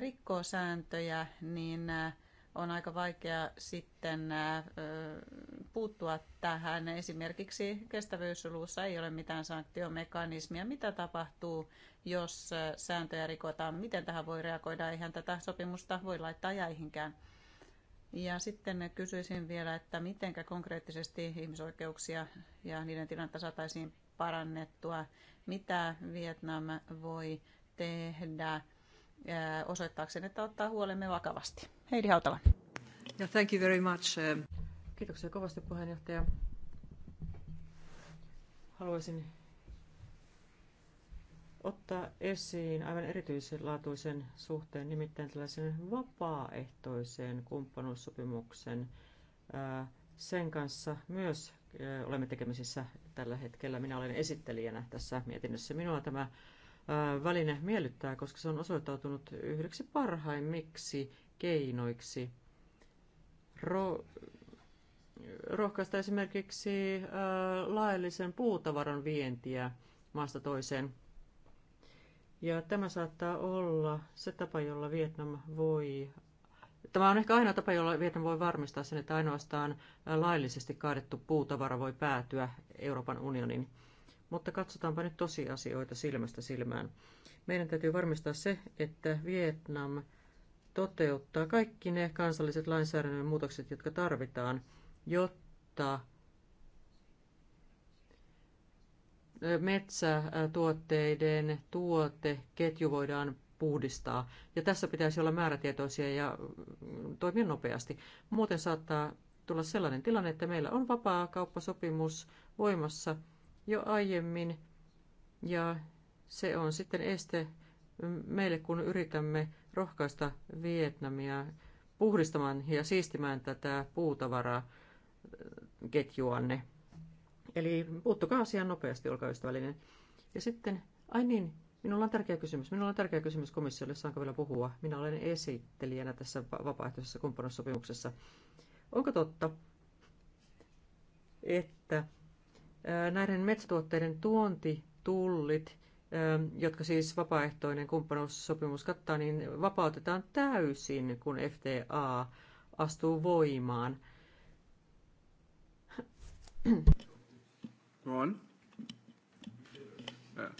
rikkoo sääntöjä, niin äh, on aika vaikea sitten puuttua tähän. Esimerkiksi kestävyysluvussa ei ole mitään sanktiomekanismia. Mitä tapahtuu, jos sääntöjä rikotaan? Miten tähän voi reagoida? Eihän tätä sopimusta voi laittaa jäihinkään. Ja sitten kysyisin vielä, että miten konkreettisesti ihmisoikeuksia ja niiden tilannetta saataisiin parannettua, mitä Vietnam voi tehdä osoittaakseen, että ottaa huolemme vakavasti. Heidi Hautala. Yeah, thank you very much. Uh, Kiitoksia kovasti puheenjohtaja. Haluaisin ottaa esiin aivan erityislaatuisen suhteen, nimittäin tällaisen vapaaehtoisen kumppanuussopimuksen. Sen kanssa myös olemme tekemisissä tällä hetkellä. Minä olen esittelijänä tässä mietinnössä. Minua tämä väline miellyttää, koska se on osoittautunut yhdeksi parhaimmiksi keinoiksi ro- rohkaista esimerkiksi laillisen puutavaran vientiä maasta toiseen. Ja tämä saattaa olla se tapa, jolla Vietnam voi Tämä on ehkä ainoa tapa, jolla Vietnam voi varmistaa sen, että ainoastaan laillisesti kaadettu puutavara voi päätyä Euroopan unionin. Mutta katsotaanpa nyt tosiasioita silmästä silmään. Meidän täytyy varmistaa se, että Vietnam toteuttaa kaikki ne kansalliset lainsäädännön muutokset, jotka tarvitaan, jotta metsätuotteiden tuoteketju voidaan puhdistaa. Ja tässä pitäisi olla määrätietoisia ja toimia nopeasti. Muuten saattaa tulla sellainen tilanne, että meillä on vapaa kauppasopimus voimassa jo aiemmin ja se on sitten este meille, kun yritämme rohkaista Vietnamia puhdistamaan ja siistimään tätä puutavaraa ketjuanne. Eli puuttukaa asiaan nopeasti, olkaa ystävällinen. Ja sitten, ai niin, Minulla on tärkeä kysymys. Minulla on tärkeä kysymys komissiolle, saanko vielä puhua. Minä olen esittelijänä tässä vapaaehtoisessa kumppanuussopimuksessa. Onko totta, että näiden metsätuotteiden tuontitullit, jotka siis vapaaehtoinen kumppanuussopimus kattaa, niin vapautetaan täysin, kun FTA astuu voimaan. On. Yeah.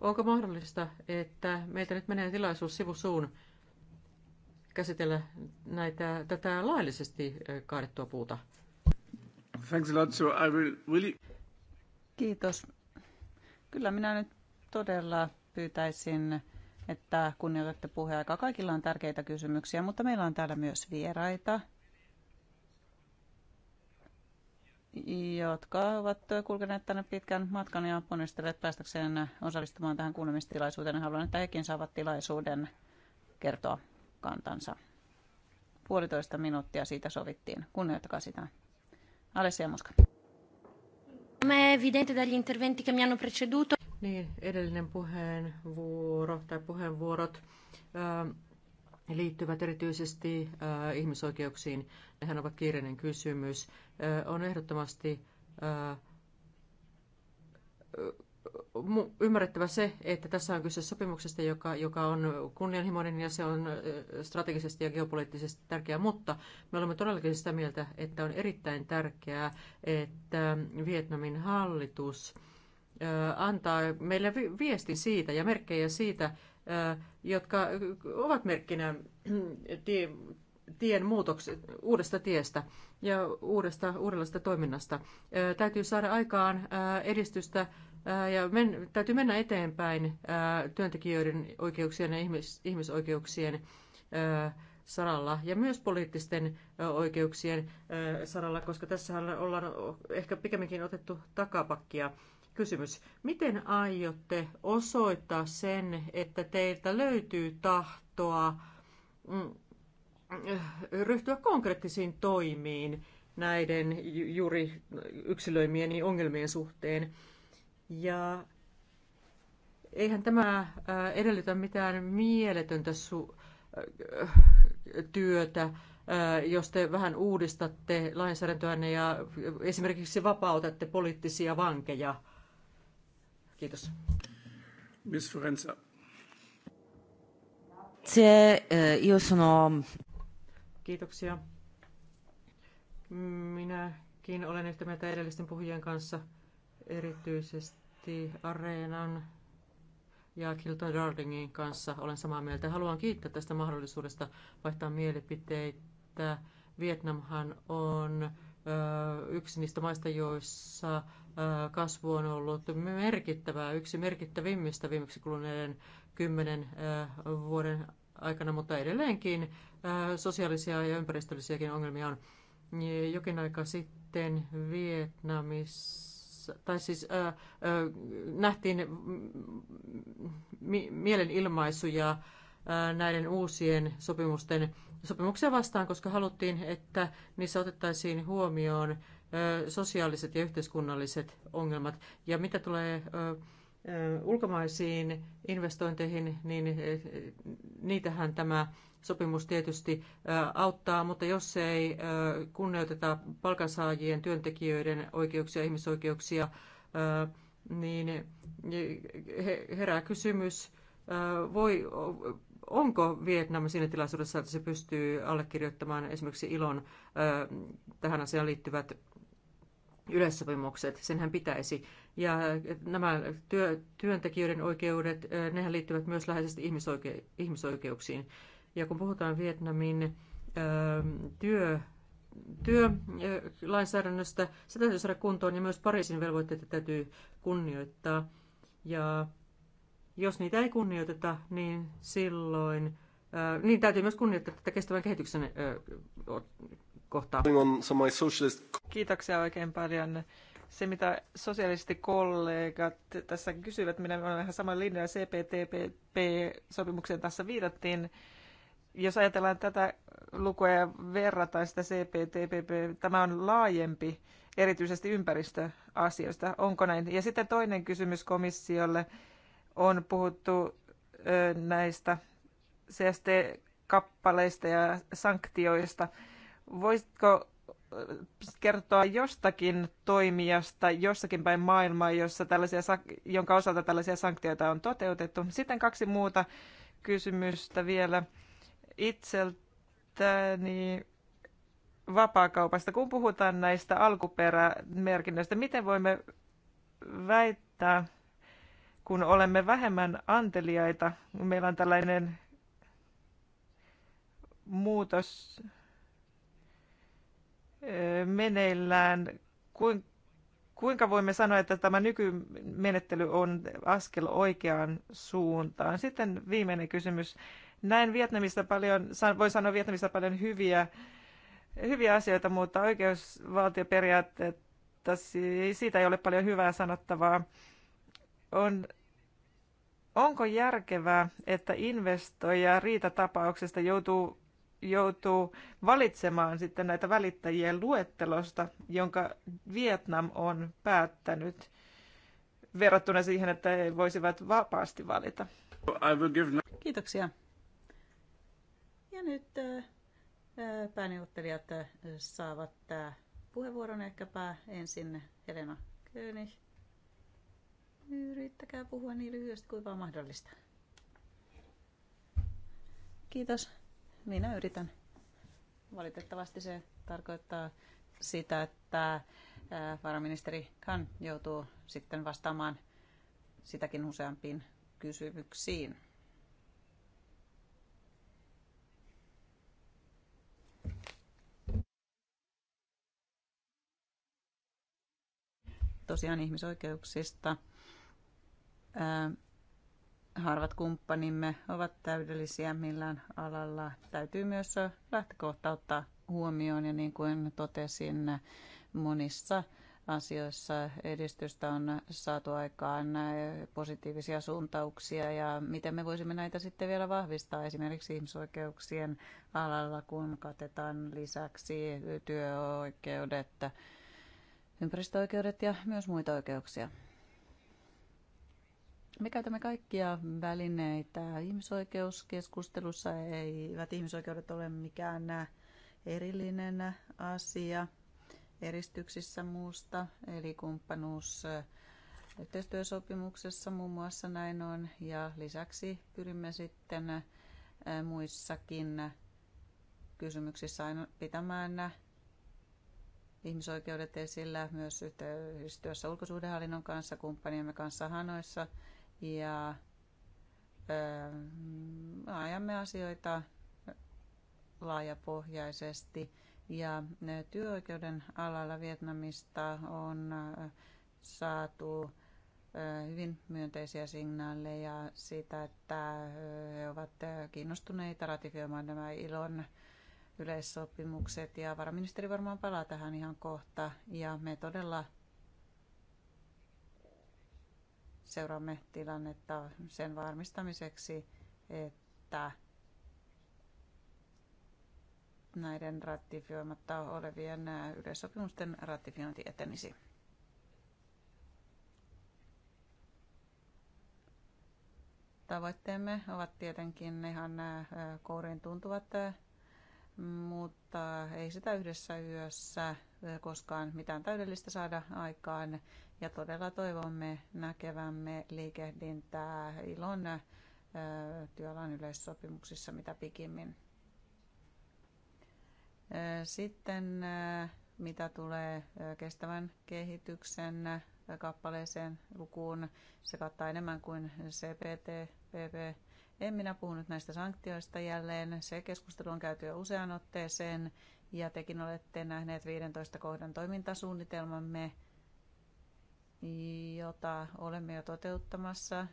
Onko mahdollista, että meiltä nyt menee tilaisuus sivusuun käsitellä näitä, tätä laillisesti kaadettua puuta? Thanks a lot, so I will you... Kiitos. Kyllä minä nyt todella pyytäisin, että kunnioitatte puheaikaa. Kaikilla on tärkeitä kysymyksiä, mutta meillä on täällä myös vieraita. jotka ovat kulkeneet tänne pitkän matkan ja ponnistelleet päästäkseen osallistumaan tähän kuulemistilaisuuteen. Haluan, että hekin saavat tilaisuuden kertoa kantansa. Puolitoista minuuttia siitä sovittiin. Kunnioittakaa sitä. Alessia Muska. Come evidente dagli interventi che mi hanno preceduto. Niin, edellinen puheenvuoro tai puheenvuorot. Öö, liittyvät erityisesti äh, ihmisoikeuksiin. Nehän ovat kiireinen kysymys. Äh, on ehdottomasti äh, ymmärrettävä se, että tässä on kyse sopimuksesta, joka, joka on kunnianhimoinen ja se on strategisesti ja geopoliittisesti tärkeä, mutta me olemme todellakin sitä mieltä, että on erittäin tärkeää, että Vietnamin hallitus antaa meille viestin siitä ja merkkejä siitä, jotka ovat merkkinä tien muutoksesta, uudesta tiestä ja uudesta, uudellaista toiminnasta. Täytyy saada aikaan edistystä ja men, täytyy mennä eteenpäin työntekijöiden oikeuksien ja ihmis, ihmisoikeuksien saralla ja myös poliittisten oikeuksien saralla, koska tässä ollaan ehkä pikemminkin otettu takapakkia kysymys. Miten aiotte osoittaa sen, että teiltä löytyy tahtoa mm, eh, ryhtyä konkreettisiin toimiin näiden juuri yksilöimieni ongelmien suhteen? Ja eihän tämä eh, edellytä mitään mieletöntä su- eh, työtä, jos te vähän uudistatte lainsäädäntöänne ja esimerkiksi vapautatte poliittisia vankeja. Kiitos. Miss Forenza. Se, eh, io sono... Kiitoksia. Minäkin olen yhtä mieltä edellisten puhujien kanssa, erityisesti Areenan ja Kilton Dardingin kanssa olen samaa mieltä. Haluan kiittää tästä mahdollisuudesta vaihtaa mielipiteitä. Vietnamhan on yksi niistä maista, joissa kasvu on ollut merkittävää, yksi merkittävimmistä viimeksi kuluneiden kymmenen vuoden aikana, mutta edelleenkin sosiaalisia ja ympäristöllisiäkin ongelmia on. Jokin aika sitten Vietnamissa, tai siis äh, äh, nähtiin mi- mielenilmaisuja näiden uusien sopimusten sopimuksia vastaan, koska haluttiin, että niissä otettaisiin huomioon sosiaaliset ja yhteiskunnalliset ongelmat. Ja mitä tulee ulkomaisiin investointeihin, niin niitähän tämä sopimus tietysti auttaa, mutta jos ei kunnioiteta palkansaajien, työntekijöiden oikeuksia, ihmisoikeuksia, niin herää kysymys, voi, onko Vietnam siinä tilaisuudessa, että se pystyy allekirjoittamaan esimerkiksi ilon tähän asiaan liittyvät yleissopimukset, senhän pitäisi. Ja nämä työ, työntekijöiden oikeudet, nehän liittyvät myös läheisesti ihmisoike, ihmisoikeuksiin. Ja kun puhutaan Vietnamin työ, työlainsäädännöstä, se täytyy saada kuntoon ja myös Pariisin velvoitteita täytyy kunnioittaa. Ja jos niitä ei kunnioiteta, niin silloin äh, niin täytyy myös kunnioittaa tätä kestävän kehityksen äh, kohtaa. Kiitoksia oikein paljon. Se, mitä kollegat tässä kysyvät, minä olen vähän saman linjan CPTPP-sopimukseen tässä viitattiin. Jos ajatellaan tätä lukua ja verrataan sitä CPTPP, tämä on laajempi erityisesti ympäristöasioista. Onko näin? Ja sitten toinen kysymys komissiolle on puhuttu näistä CST-kappaleista ja sanktioista. Voisitko kertoa jostakin toimijasta jossakin päin maailmaa, jossa tällaisia, jonka osalta tällaisia sanktioita on toteutettu? Sitten kaksi muuta kysymystä vielä itseltäni vapaakaupasta. Kun puhutaan näistä alkuperämerkinnöistä, miten voimme väittää, kun olemme vähemmän anteliaita, meillä on tällainen muutos meneillään. Kuinka voimme sanoa, että tämä nykymenettely on askel oikeaan suuntaan? Sitten viimeinen kysymys. Näin Vietnamista paljon, voi sanoa Vietnamista paljon hyviä, hyviä asioita, mutta oikeusvaltioperiaatteet siitä ei ole paljon hyvää sanottavaa. On Onko järkevää, että investoija riitatapauksesta joutuu, joutuu valitsemaan sitten näitä välittäjien luettelosta, jonka Vietnam on päättänyt verrattuna siihen, että he voisivat vapaasti valita? Give... No- Kiitoksia. Ja nyt äh, äh, pääneuvottelijat äh, saavat puheenvuoron ehkäpä ensin Helena König. Niin, yrittäkää puhua niin lyhyesti kuin vaan mahdollista. Kiitos. Minä yritän. Valitettavasti se tarkoittaa sitä, että varaministeri Khan joutuu sitten vastaamaan sitäkin useampiin kysymyksiin. Tosiaan ihmisoikeuksista harvat kumppanimme ovat täydellisiä millään alalla. Täytyy myös lähtökohta ottaa huomioon ja niin kuin totesin, monissa asioissa edistystä on saatu aikaan positiivisia suuntauksia ja miten me voisimme näitä sitten vielä vahvistaa esimerkiksi ihmisoikeuksien alalla, kun katetaan lisäksi työoikeudet, ympäristöoikeudet ja myös muita oikeuksia. Me käytämme kaikkia välineitä. Ihmisoikeuskeskustelussa eivät ihmisoikeudet ole mikään erillinen asia eristyksissä muusta, eli kumppanuus yhteistyösopimuksessa muun muassa näin on, ja lisäksi pyrimme sitten muissakin kysymyksissä aina pitämään ihmisoikeudet esillä myös yhteistyössä ulkosuhdehallinnon kanssa, kumppaniemme kanssa Hanoissa – ja ajamme asioita laajapohjaisesti. Ja työoikeuden alalla Vietnamista on saatu hyvin myönteisiä signaaleja siitä, että he ovat kiinnostuneita ratifioimaan nämä ilon yleissopimukset. Ja varaministeri varmaan palaa tähän ihan kohta. Ja me todella seuraamme tilannetta sen varmistamiseksi, että näiden ratifioimatta olevien yleissopimusten ratifiointi etenisi. Tavoitteemme ovat tietenkin ihan äh, kouriin tuntuvat, äh, mutta ei sitä yhdessä yössä äh, koskaan mitään täydellistä saada aikaan ja todella toivomme näkevämme liikehdintää ilon työalan yleissopimuksissa mitä pikimmin. Sitten mitä tulee kestävän kehityksen kappaleeseen lukuun, se kattaa enemmän kuin CPTPP. En minä puhunut näistä sanktioista jälleen. Se keskustelu on käyty jo useaan otteeseen ja tekin olette nähneet 15 kohdan toimintasuunnitelmamme jota olemme jo toteuttamassa eh,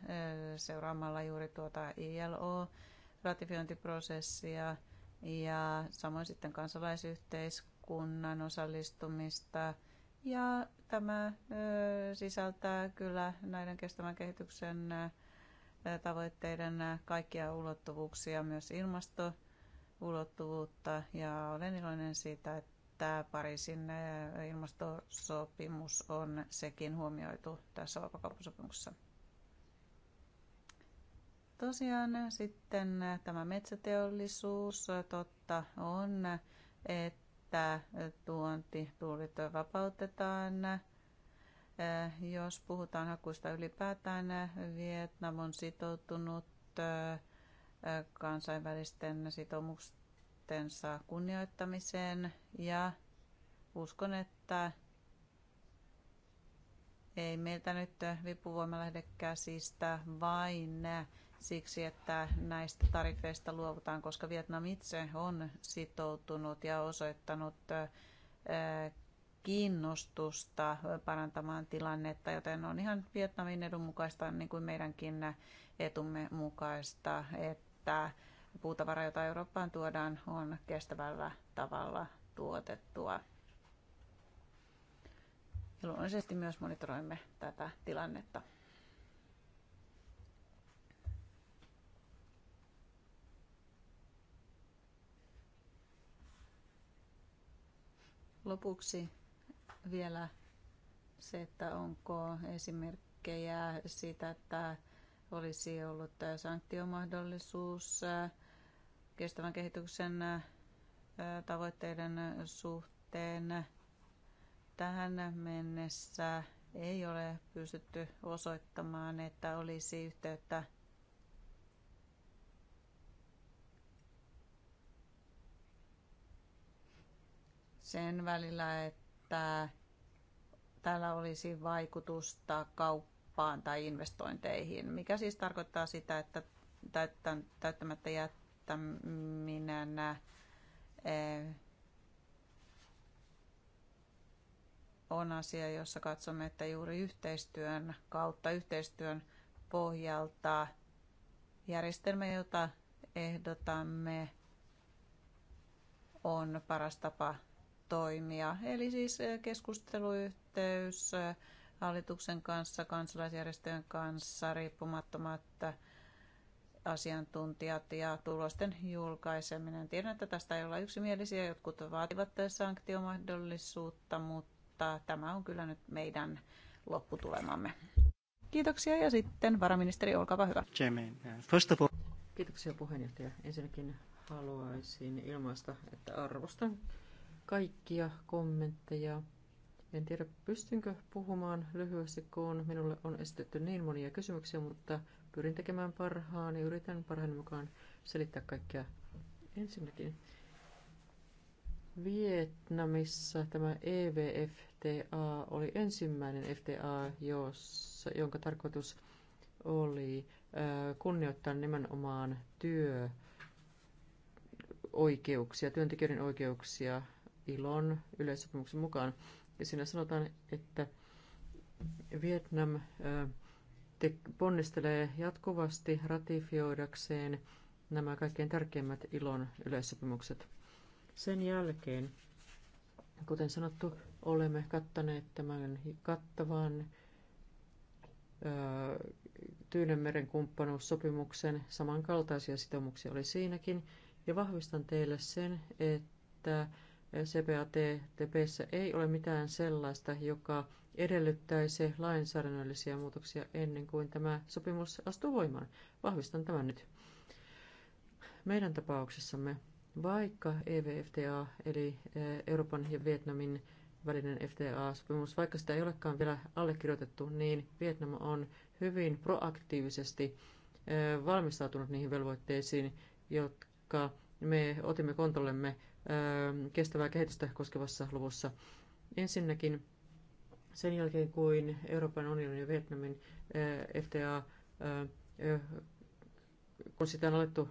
seuraamalla juuri tuota ILO-ratifiointiprosessia ja samoin sitten kansalaisyhteiskunnan osallistumista. Ja tämä eh, sisältää kyllä näiden kestävän kehityksen eh, tavoitteiden kaikkia ulottuvuuksia, myös ilmastoulottuvuutta. Ja olen iloinen siitä, että että Pariisin äh, ilmastosopimus on sekin huomioitu tässä vapakauppasopimuksessa. Tosiaan äh, sitten äh, tämä metsäteollisuus, totta on, että tuonti tuulit vapautetaan. Jos puhutaan hakuista ylipäätään, Vietnam on sitoutunut kansainvälisten sitoumusten toistensa kunnioittamiseen ja uskon, että ei meiltä nyt vipuvoima lähde käsistä vain siksi, että näistä tarifeista luovutaan, koska Vietnam itse on sitoutunut ja osoittanut kiinnostusta parantamaan tilannetta, joten on ihan Vietnamin edun mukaista, niin kuin meidänkin etumme mukaista, että puutavara, jota Eurooppaan tuodaan, on kestävällä tavalla tuotettua. Ja luonnollisesti myös monitoroimme tätä tilannetta. Lopuksi vielä se, että onko esimerkkejä siitä, että olisi ollut äh, sanktiomahdollisuus äh, kestävän kehityksen äh, tavoitteiden suhteen. Tähän mennessä ei ole pystytty osoittamaan, että olisi yhteyttä sen välillä, että täällä olisi vaikutusta kauppaan kauppaan tai investointeihin, mikä siis tarkoittaa sitä, että täyttämättä jättäminen eh, on asia, jossa katsomme, että juuri yhteistyön kautta, yhteistyön pohjalta järjestelmä, jota ehdotamme, on paras tapa toimia. Eli siis eh, keskusteluyhteys, eh, hallituksen kanssa, kansalaisjärjestöjen kanssa, riippumattomat asiantuntijat ja tulosten julkaiseminen. Tiedän, että tästä ei olla yksimielisiä. Jotkut vaativat sanktiomahdollisuutta, mutta tämä on kyllä nyt meidän lopputulemamme. Kiitoksia ja sitten varaministeri, olkaa hyvä. Uh, first of all... Kiitoksia puheenjohtaja. Ensinnäkin haluaisin ilmaista, että arvostan kaikkia kommentteja, en tiedä, pystynkö puhumaan lyhyesti, kun minulle on esitetty niin monia kysymyksiä, mutta pyrin tekemään parhaan ja yritän parhaan mukaan selittää kaikkea. Ensinnäkin Vietnamissa tämä EVFTA oli ensimmäinen FTA, jossa, jonka tarkoitus oli kunnioittaa nimenomaan työ oikeuksia, työntekijöiden oikeuksia ilon yleissopimuksen mukaan. Ja siinä sanotaan, että Vietnam ponnistelee jatkuvasti ratifioidakseen nämä kaikkein tärkeimmät ilon yleissopimukset. Sen jälkeen, kuten sanottu, olemme kattaneet tämän kattavan Tyynenmeren kumppanuussopimuksen. Samankaltaisia sitoumuksia oli siinäkin. Ja vahvistan teille sen, että CPATTPssä ei ole mitään sellaista, joka edellyttäisi lainsäädännöllisiä muutoksia ennen kuin tämä sopimus astuu voimaan. Vahvistan tämän nyt. Meidän tapauksessamme, vaikka EVFTA eli e, Euroopan ja Vietnamin välinen FTA-sopimus, vaikka sitä ei olekaan vielä allekirjoitettu, niin Vietnam on hyvin proaktiivisesti e, valmistautunut niihin velvoitteisiin, jotka me otimme kontollemme Ähm, kestävää kehitystä koskevassa luvussa. Ensinnäkin sen jälkeen, kuin Euroopan unionin ja Vietnamin äh, FTA, äh, äh, kun sitä on alettu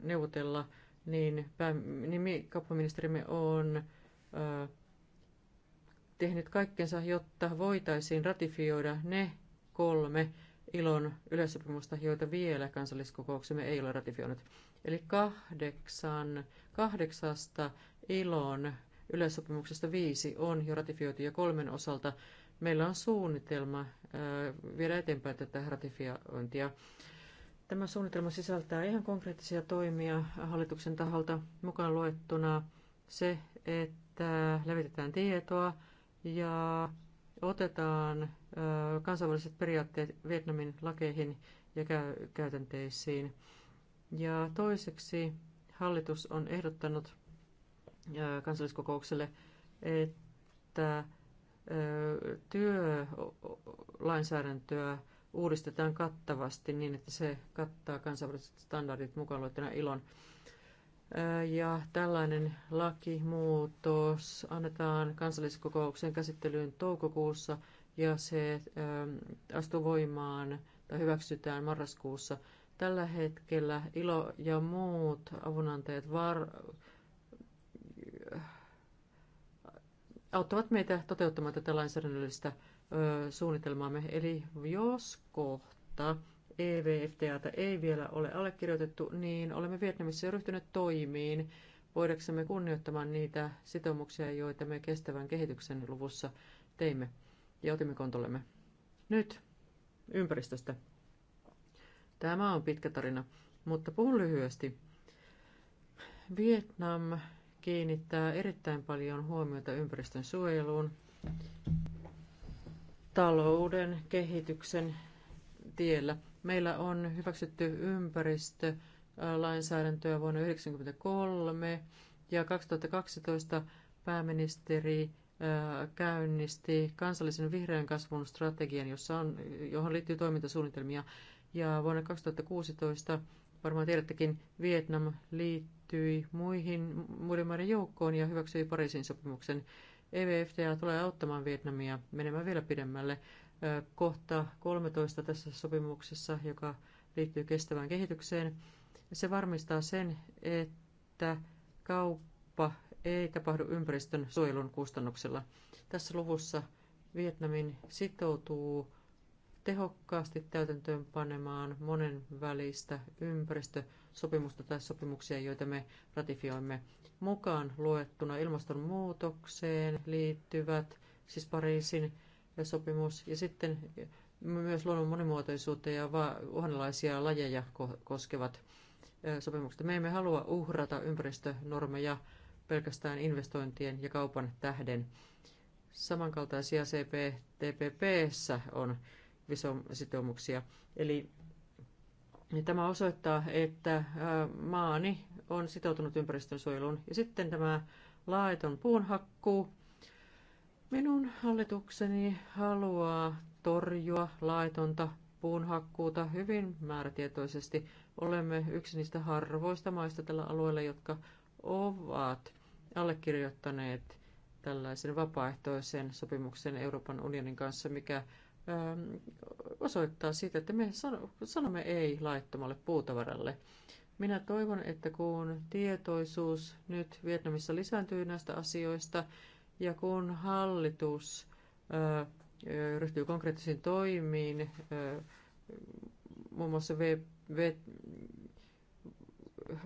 neuvotella, niin, pää, niin kauppaministerimme on tehnyt kaikkensa, jotta voitaisiin ratifioida ne kolme ilon yleissopimusta, joita vielä kansalliskokouksemme ei ole ratifioinut. Eli kahdeksan, kahdeksasta ilon yleissopimuksesta viisi on jo ratifioitu ja kolmen osalta meillä on suunnitelma viedä eteenpäin tätä ratifiointia. Tämä suunnitelma sisältää ihan konkreettisia toimia hallituksen taholta mukaan luettuna se, että levitetään tietoa ja otetaan kansainväliset periaatteet Vietnamin lakeihin ja käytänteisiin. Ja toiseksi hallitus on ehdottanut kansalliskokoukselle, että työlainsäädäntöä uudistetaan kattavasti niin, että se kattaa kansainväliset standardit mukaan luettuna ilon. Ja tällainen lakimuutos annetaan kansalliskokouksen käsittelyyn toukokuussa ja se astuu voimaan tai hyväksytään marraskuussa. Tällä hetkellä ILO ja muut avunantajat var- auttavat meitä toteuttamaan tätä lainsäädännöllistä ö, suunnitelmaamme. Eli jos kohta EVFTAta ei vielä ole allekirjoitettu, niin olemme Vietnamissa jo ryhtyneet toimiin voidaksemme kunnioittamaan niitä sitoumuksia, joita me kestävän kehityksen luvussa teimme ja otimme kontollemme. Nyt ympäristöstä. Tämä on pitkä tarina, mutta puhun lyhyesti. Vietnam kiinnittää erittäin paljon huomiota ympäristön suojeluun, talouden kehityksen tiellä. Meillä on hyväksytty ympäristölainsäädäntöä vuonna 1993 ja 2012 pääministeri käynnisti kansallisen vihreän kasvun strategian, jossa on, johon liittyy toimintasuunnitelmia ja vuonna 2016, varmaan tiedättekin, Vietnam liittyi muihin muiden maiden joukkoon ja hyväksyi Pariisin sopimuksen. EVFTA tulee auttamaan Vietnamia menemään vielä pidemmälle. Kohta 13 tässä sopimuksessa, joka liittyy kestävään kehitykseen, se varmistaa sen, että kauppa ei tapahdu ympäristön suojelun kustannuksella. Tässä luvussa Vietnamin sitoutuu tehokkaasti täytäntöönpanemaan monen välistä ympäristösopimusta tai sopimuksia, joita me ratifioimme mukaan luettuna ilmastonmuutokseen liittyvät, siis Pariisin sopimus ja sitten myös luonnon monimuotoisuutta ja uhanalaisia lajeja koskevat sopimukset. Me emme halua uhrata ympäristönormeja pelkästään investointien ja kaupan tähden. Samankaltaisia CPTPPssä on sitoumuksia Eli niin tämä osoittaa, että maani on sitoutunut ympäristönsuojeluun. Ja sitten tämä laiton puunhakku. Minun hallitukseni haluaa torjua laitonta puunhakkuuta hyvin määrätietoisesti. Olemme yksi niistä harvoista maista tällä alueella, jotka ovat allekirjoittaneet tällaisen vapaaehtoisen sopimuksen Euroopan unionin kanssa, mikä Ähm, osoittaa sitä, että me sanomme ei laittomalle puutavaralle. Minä toivon, että kun tietoisuus nyt Vietnamissa lisääntyy näistä asioista ja kun hallitus ryhtyy konkreettisiin toimiin, muun muassa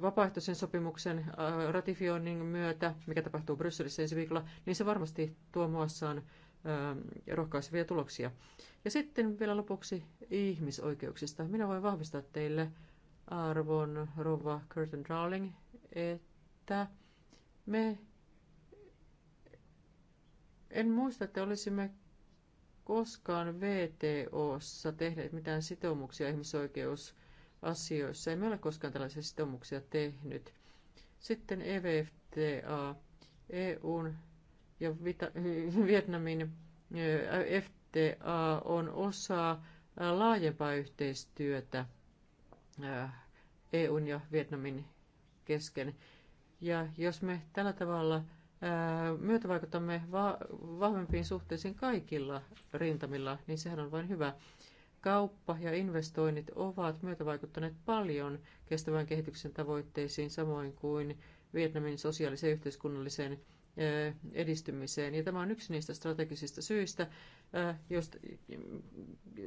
vapaaehtoisen sopimuksen ratifioinnin myötä, mikä tapahtuu Brysselissä ensi viikolla, niin se varmasti tuo muassaan Ähm, rohkaisevia tuloksia. Ja sitten vielä lopuksi ihmisoikeuksista. Minä voin vahvistaa teille arvon rouva Curtin Darling, että me en muista, että olisimme koskaan VTOssa tehneet mitään sitoumuksia ihmisoikeusasioissa. Emme ole koskaan tällaisia sitoumuksia tehnyt. Sitten EVFTA, EUn ja Vietnamin FTA on osa laajempaa yhteistyötä EUn ja Vietnamin kesken. Ja jos me tällä tavalla myötävaikutamme vahvempiin suhteisiin kaikilla rintamilla, niin sehän on vain hyvä. Kauppa ja investoinnit ovat myötävaikuttaneet paljon kestävän kehityksen tavoitteisiin, samoin kuin Vietnamin sosiaaliseen yhteiskunnalliseen edistymiseen. Ja tämä on yksi niistä strategisista syistä, josta,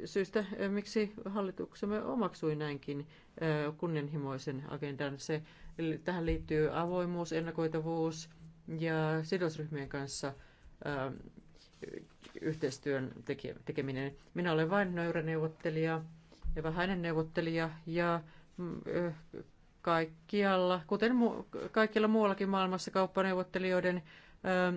syistä miksi hallituksemme omaksui näinkin kunnianhimoisen agendan. Se, tähän liittyy avoimuus, ennakoitavuus ja sidosryhmien kanssa yhteistyön tekeminen. Minä olen vain nöyrä neuvottelija ja vähäinen neuvottelija ja mm, kaikkialla, kuten mu- kaikilla muuallakin maailmassa kauppaneuvottelijoiden ähm,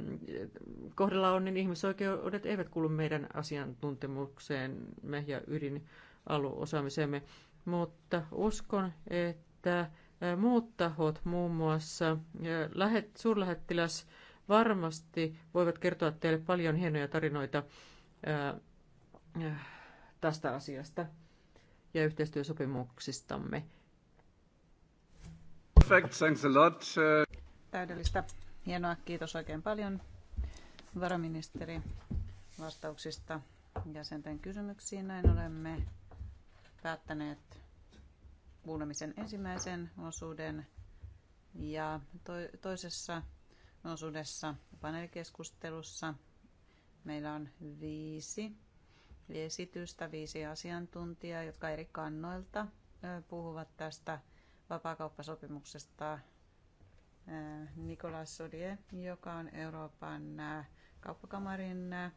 kohdalla on, niin ihmisoikeudet eivät kuulu meidän asiantuntemukseemme ja ydinaluosaamiseemme. Mutta uskon, että äh, muut tahot, muun muassa äh, lähet, suurlähettiläs, varmasti voivat kertoa teille paljon hienoja tarinoita äh, tästä asiasta ja yhteistyösopimuksistamme. Perfect, thanks a lot. Uh, Täydellistä. Hienoa, kiitos oikein paljon varaministeri vastauksista jäsenten kysymyksiin. Näin olemme päättäneet kuulemisen ensimmäisen osuuden ja toisessa osuudessa paneelikeskustelussa meillä on viisi esitystä, viisi asiantuntijaa, jotka eri kannoilta puhuvat tästä vapaakauppasopimuksesta eh, Nicolas Sodier, joka on Euroopan eh, kauppakamarin eh,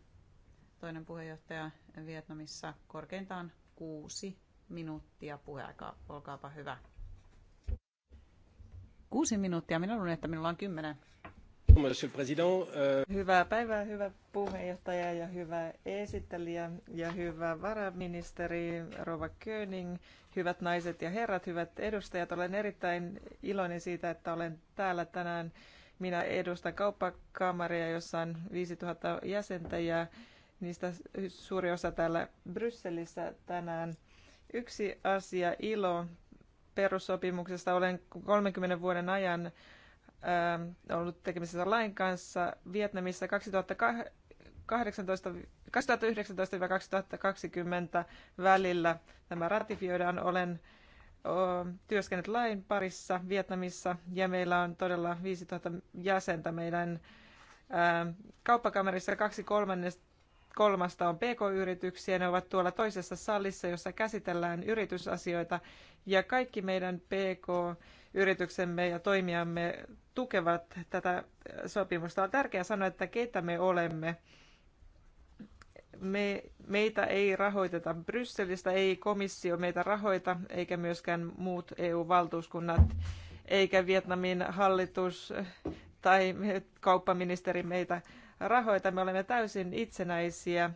toinen puheenjohtaja Vietnamissa. Korkeintaan kuusi minuuttia puheaikaa. Olkaapa hyvä. Kuusi minuuttia. Minä luulen, että minulla on kymmenen. Monsieur euh, Hyvää päivää, hyvä puheenjohtaja ja hyvä esittelijä ja hyvä varaministeri Rova König. Hyvät naiset ja herrat, hyvät edustajat, olen erittäin iloinen siitä, että olen täällä tänään. Minä edustan kauppakamaria, jossa on 5000 jäsentä ja niistä suuri osa täällä Brysselissä tänään. Yksi asia, ilo perussopimuksesta. Olen 30 vuoden ajan Ähm, ollut tekemisissä lain kanssa Vietnamissa 2019-2020 välillä. Tämä ratifioidaan. Olen työskennellyt lain parissa Vietnamissa ja meillä on todella 5000 jäsentä meidän ähm, kauppakamerissa kaksi kolmannesta kolmasta on pk-yrityksiä. Ne ovat tuolla toisessa salissa, jossa käsitellään yritysasioita. Ja kaikki meidän pk yrityksemme ja toimijamme tukevat tätä sopimusta. On tärkeää sanoa, että keitä me olemme. Me, meitä ei rahoiteta Brysselistä, ei komissio meitä rahoita, eikä myöskään muut EU-valtuuskunnat, eikä Vietnamin hallitus tai kauppaministeri meitä rahoita. Me olemme täysin itsenäisiä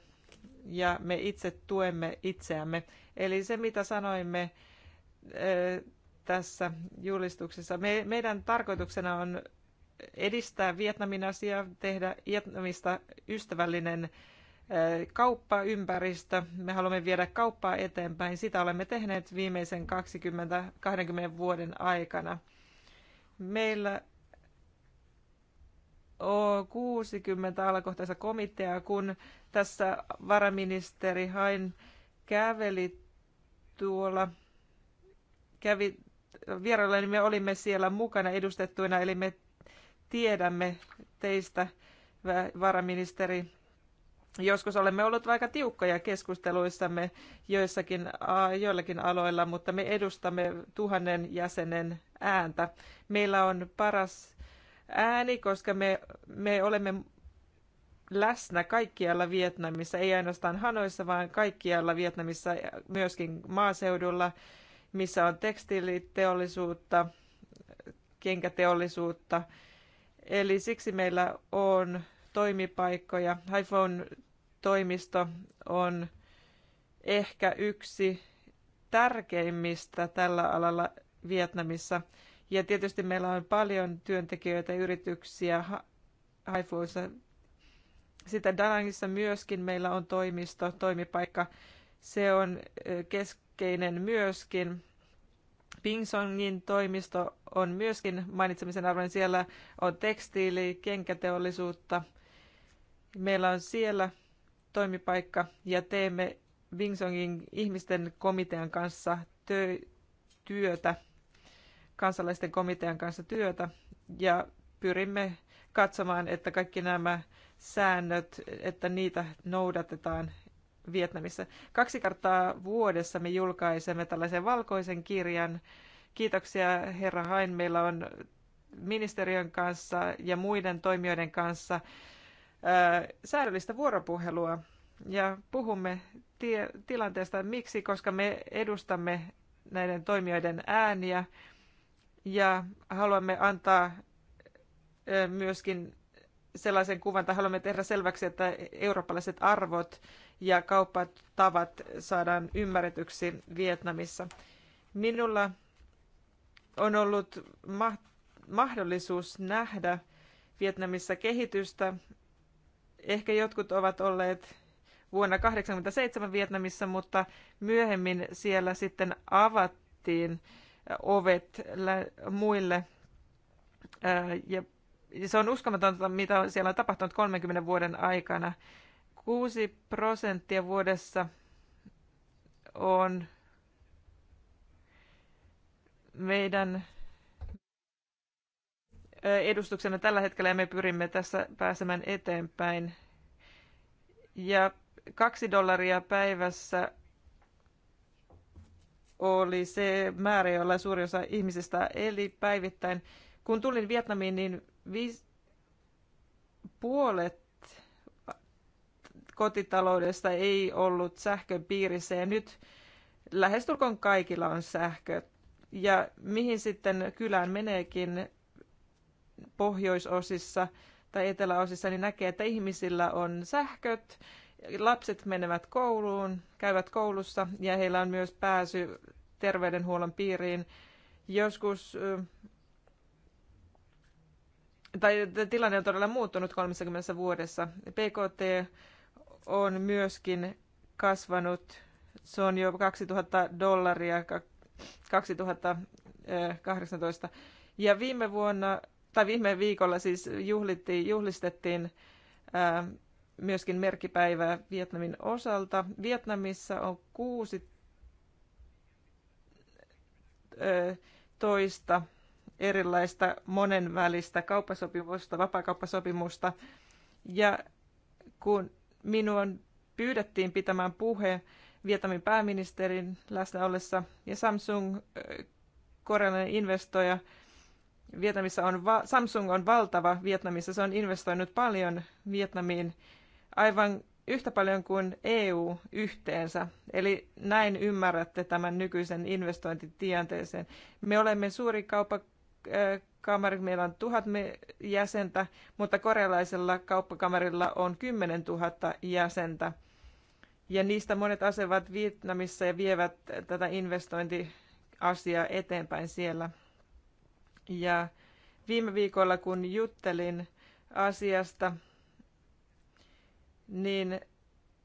ja me itse tuemme itseämme. Eli se, mitä sanoimme tässä julistuksessa. Me, meidän tarkoituksena on edistää Vietnamin asiaa, tehdä Vietnamista ystävällinen kauppaympäristö. Me haluamme viedä kauppaa eteenpäin. Sitä olemme tehneet viimeisen 20, 20 vuoden aikana. Meillä on 60 alakohtaisessa komiteaa, kun tässä varaministeri Hain käveli tuolla, kävi vierailla, niin me olimme siellä mukana edustettuina, eli me tiedämme teistä, varaministeri. Joskus olemme olleet aika tiukkoja keskusteluissamme joissakin, joillakin aloilla, mutta me edustamme tuhannen jäsenen ääntä. Meillä on paras ääni, koska me, me olemme läsnä kaikkialla Vietnamissa, ei ainoastaan Hanoissa, vaan kaikkialla Vietnamissa, myöskin maaseudulla missä on tekstiiliteollisuutta, kenkäteollisuutta. Eli siksi meillä on toimipaikkoja. Haifon toimisto on ehkä yksi tärkeimmistä tällä alalla Vietnamissa. Ja tietysti meillä on paljon työntekijöitä, yrityksiä Haifuissa. Sitten Danangissa myöskin meillä on toimisto, toimipaikka. Se on kes- keskeinen myöskin. Pingsongin toimisto on myöskin mainitsemisen arvoinen. Siellä on tekstiili, kenkäteollisuutta. Meillä on siellä toimipaikka ja teemme Pingsongin ihmisten komitean kanssa työtä, kansalaisten komitean kanssa työtä ja pyrimme katsomaan, että kaikki nämä säännöt, että niitä noudatetaan Vietnamissa. Kaksi kertaa vuodessa me julkaisemme tällaisen valkoisen kirjan. Kiitoksia herra Hain. Meillä on ministeriön kanssa ja muiden toimijoiden kanssa säädöllistä vuoropuhelua ja puhumme tie- tilanteesta. Miksi? Koska me edustamme näiden toimijoiden ääniä ja haluamme antaa myöskin sellaisen kuvan, tai haluamme tehdä selväksi, että eurooppalaiset arvot ja kauppatavat saadaan ymmärretyksi Vietnamissa. Minulla on ollut ma- mahdollisuus nähdä Vietnamissa kehitystä. Ehkä jotkut ovat olleet vuonna 1987 Vietnamissa, mutta myöhemmin siellä sitten avattiin ovet muille. Ja se on uskomatonta, mitä siellä on tapahtunut 30 vuoden aikana. 6 prosenttia vuodessa on meidän edustuksemme tällä hetkellä ja me pyrimme tässä pääsemään eteenpäin. Ja kaksi dollaria päivässä oli se määrä, jolla suuri osa ihmisistä eli päivittäin. Kun tulin Vietnamiin, niin viis, puolet kotitaloudesta ei ollut sähkön piirissä ja nyt lähestulkoon kaikilla on sähkö. Ja mihin sitten kylään meneekin pohjoisosissa tai eteläosissa, niin näkee, että ihmisillä on sähköt, lapset menevät kouluun, käyvät koulussa ja heillä on myös pääsy terveydenhuollon piiriin. Joskus tai tilanne on todella muuttunut 30 vuodessa. PKT on myöskin kasvanut. Se on jo 2000 dollaria 2018. Ja viime vuonna, tai viime viikolla siis juhlittiin, juhlistettiin ää, myöskin merkkipäivää Vietnamin osalta. Vietnamissa on kuusi toista erilaista monenvälistä kauppasopimusta, vapaakauppasopimusta. Ja kun minua pyydettiin pitämään puhe Vietnamin pääministerin läsnä ollessa ja Samsung, korealainen investoija, Vietnamissa on va- Samsung on valtava Vietnamissa, se on investoinut paljon Vietnamiin, aivan yhtä paljon kuin EU yhteensä. Eli näin ymmärrätte tämän nykyisen investointitianteeseen. Me olemme suuri kauppa kamarilla meillä on tuhat jäsentä, mutta korealaisella kauppakamarilla on 10 000 jäsentä. Ja niistä monet asevat Vietnamissa ja vievät tätä investointiasiaa eteenpäin siellä. Ja viime viikolla, kun juttelin asiasta, niin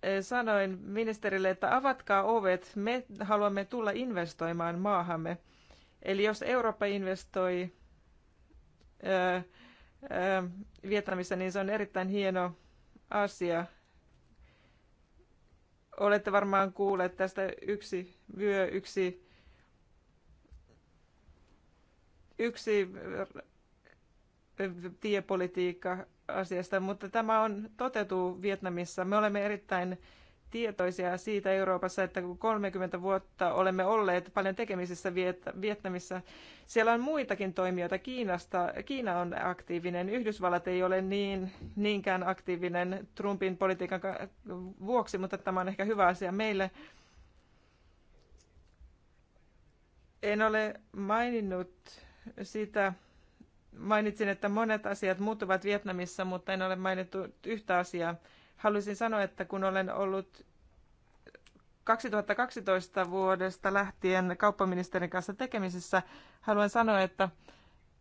eh, sanoin ministerille, että avatkaa ovet, me haluamme tulla investoimaan maahamme – Eli jos Eurooppa investoi öö, öö, Vietnamissa, niin se on erittäin hieno asia. Olette varmaan kuulleet tästä yksi vyö, yksi, yksi tiepolitiikka asiasta, mutta tämä on, toteutuu Vietnamissa. Me olemme erittäin tietoisia siitä Euroopassa, että kun 30 vuotta olemme olleet paljon tekemisissä Vietnamissa, siellä on muitakin toimijoita. Kiinasta, Kiina on aktiivinen, Yhdysvallat ei ole niin, niinkään aktiivinen Trumpin politiikan vuoksi, mutta tämä on ehkä hyvä asia meille. En ole maininnut sitä, mainitsin, että monet asiat muuttuvat Vietnamissa, mutta en ole mainittu yhtä asiaa haluaisin sanoa, että kun olen ollut 2012 vuodesta lähtien kauppaministerin kanssa tekemisissä, haluan sanoa, että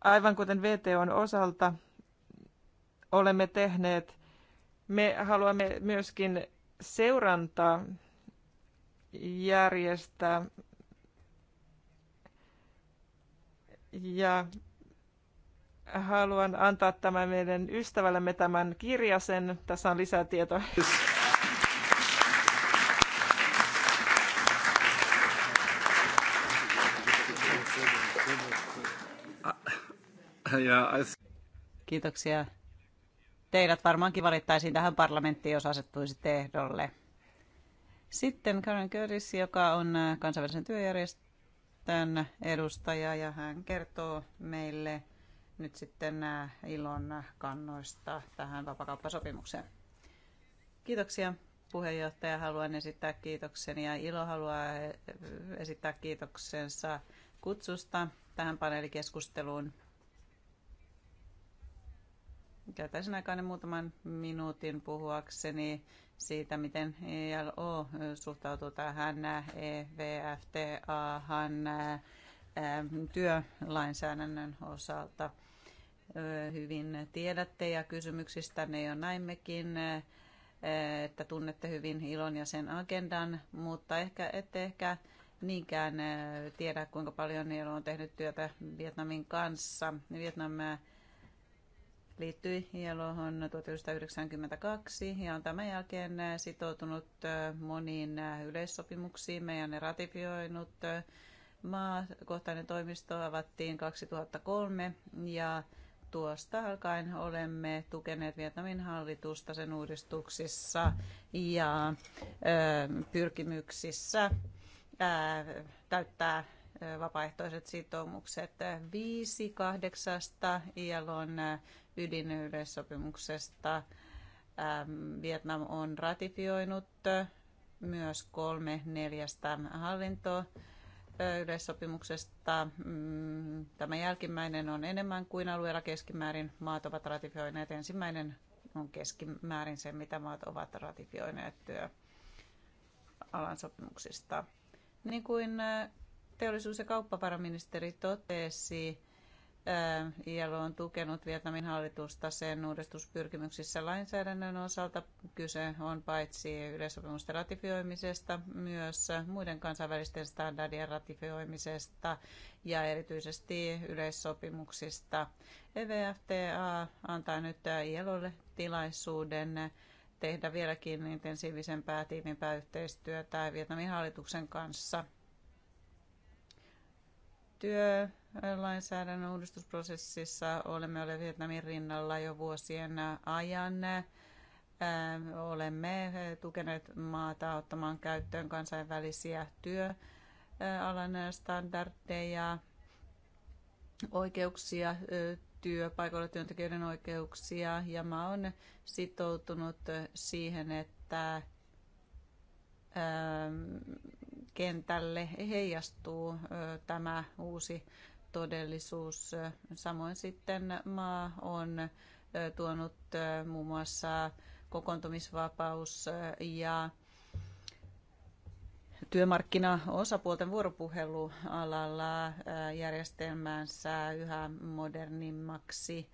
aivan kuten VTOn osalta olemme tehneet, me haluamme myöskin seurantaa järjestää ja haluan antaa tämän meidän ystävällemme tämän kirjasen. Tässä on lisää tietoa. Kiitoksia. Teidät varmaankin valittaisiin tähän parlamenttiin, jos asettuisitte ehdolle. Sitten Karen Curtis, joka on kansainvälisen työjärjestön edustaja, ja hän kertoo meille nyt sitten äh, ilon äh, kannoista tähän vapakauppasopimukseen. Kiitoksia puheenjohtaja. Haluan esittää kiitokseni ja Ilo haluaa äh, esittää kiitoksensa kutsusta tähän paneelikeskusteluun. Käytäisin aikainen muutaman minuutin puhuakseni siitä, miten ILO e suhtautuu tähän EVFTAhan työlainsäädännön osalta – hyvin tiedätte ja kysymyksistä ne jo näimmekin, että tunnette hyvin ilon ja sen agendan, mutta ehkä ette ehkä niinkään tiedä, kuinka paljon Nielo on tehnyt työtä Vietnamin kanssa. Vietnam liittyi ILOhon 1992 ja on tämän jälkeen sitoutunut moniin yleissopimuksiin meidän ne ratifioinut. Maakohtainen toimisto avattiin 2003 ja tuosta alkaen olemme tukeneet Vietnamin hallitusta sen uudistuksissa ja pyrkimyksissä täyttää vapaaehtoiset sitoumukset. Viisi kahdeksasta ILOn ydinyleissopimuksesta Vietnam on ratifioinut myös kolme neljästä hallintoa yleissopimuksesta. Mm, tämä jälkimmäinen on enemmän kuin alueella keskimäärin. Maat ovat ratifioineet. Ensimmäinen on keskimäärin se, mitä maat ovat ratifioineet työalan sopimuksista. Niin kuin äh, teollisuus- ja kauppavaraministeri totesi, ILO on tukenut Vietnamin hallitusta sen uudistuspyrkimyksissä lainsäädännön osalta. Kyse on paitsi yleissopimusten ratifioimisesta, myös muiden kansainvälisten standardien ratifioimisesta ja erityisesti yleissopimuksista. EVFTA antaa nyt ILOlle tilaisuuden tehdä vieläkin intensiivisempää, tiivimpää yhteistyötä Vietnamin hallituksen kanssa. Työ lainsäädännön uudistusprosessissa olemme olleet Vietnamin rinnalla jo vuosien ajan. Ähm, olemme tukeneet maata ottamaan käyttöön kansainvälisiä työalan standardeja, oikeuksia työpaikoilla, työntekijöiden oikeuksia ja mä olen sitoutunut siihen, että ähm, kentälle heijastuu tämä uusi todellisuus. Samoin sitten maa on tuonut muun muassa kokoontumisvapaus ja työmarkkinaosapuolten vuoropuhelualalla järjestelmäänsä yhä modernimmaksi,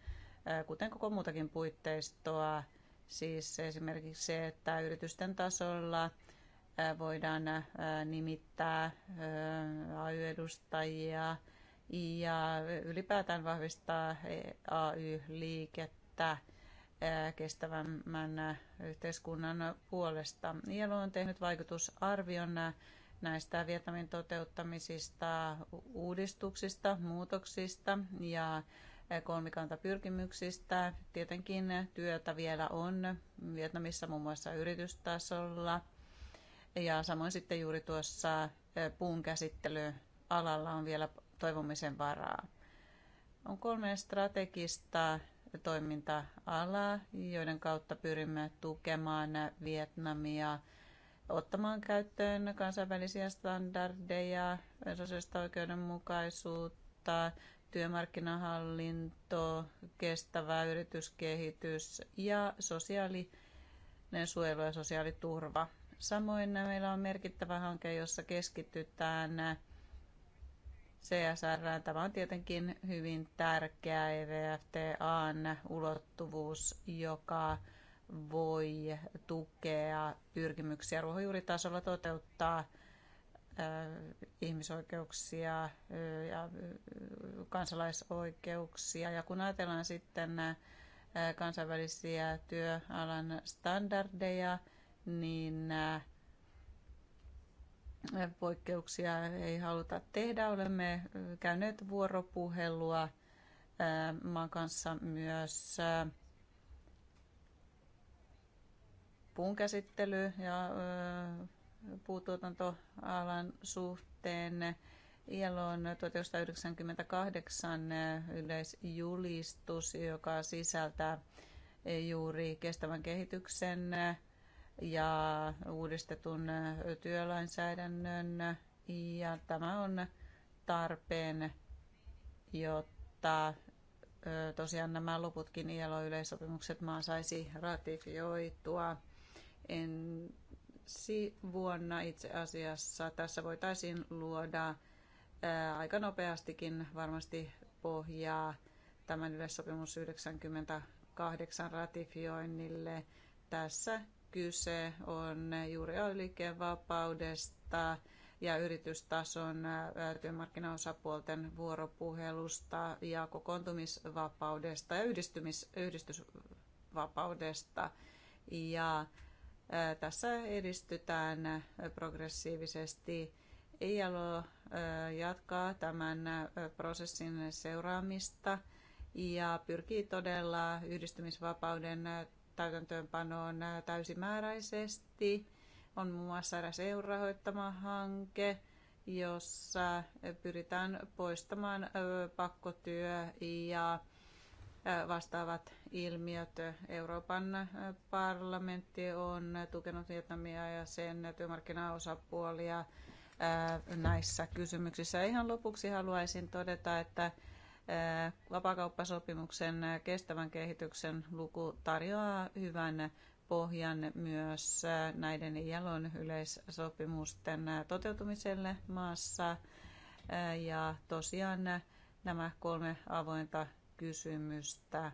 kuten koko muutakin puitteistoa. Siis esimerkiksi se, että yritysten tasolla voidaan nimittää AY-edustajia, ja ylipäätään vahvistaa AY-liikettä kestävämmän yhteiskunnan puolesta. ILO on tehnyt vaikutusarvion näistä Vietnamin toteuttamisista, uudistuksista, muutoksista ja kolmikantapyrkimyksistä. Tietenkin työtä vielä on Vietnamissa muun muassa yritystasolla ja samoin sitten juuri tuossa puun käsittelyalalla on vielä toivomisen varaa. On kolme strategista toiminta-alaa, joiden kautta pyrimme tukemaan Vietnamia ottamaan käyttöön kansainvälisiä standardeja, sosiaalista oikeudenmukaisuutta, työmarkkinahallinto, kestävä yrityskehitys ja sosiaalinen suojelu ja sosiaaliturva. Samoin meillä on merkittävä hanke, jossa keskitytään CSR. Tämä on tietenkin hyvin tärkeä EVFTAn ulottuvuus, joka voi tukea pyrkimyksiä ruohonjuuritasolla toteuttaa ihmisoikeuksia ja kansalaisoikeuksia. Ja kun ajatellaan sitten kansainvälisiä työalan standardeja, niin poikkeuksia ei haluta tehdä. Olemme käyneet vuoropuhelua maan kanssa myös puun käsittely ja puutuotantoalan suhteen. on 1998 yleisjulistus, joka sisältää juuri kestävän kehityksen ja uudistetun työlainsäädännön ja tämä on tarpeen, jotta tosiaan nämä loputkin ILO-yleissopimukset maa saisi ratifioitua ensi vuonna itse asiassa. Tässä voitaisiin luoda aika nopeastikin varmasti pohjaa tämän yleissopimus 98 ratifioinnille. Tässä kyse on juuri liikkeen vapaudesta ja yritystason työmarkkinaosapuolten vuoropuhelusta ja kokoontumisvapaudesta ja yhdistymis, yhdistysvapaudesta. Ja tässä edistytään progressiivisesti. ILO jatkaa tämän prosessin seuraamista ja pyrkii todella yhdistymisvapauden täytäntöönpanoon täysimääräisesti. On muun muassa eräs EU-rahoittama hanke, jossa pyritään poistamaan pakkotyö ja vastaavat ilmiöt. Euroopan parlamentti on tukenut Vietnamia ja sen työmarkkinaosapuolia näissä kysymyksissä. Ihan lopuksi haluaisin todeta, että Vapakauppasopimuksen kestävän kehityksen luku tarjoaa hyvän pohjan myös näiden jalon yleissopimusten toteutumiselle maassa. Ja tosiaan nämä kolme avointa kysymystä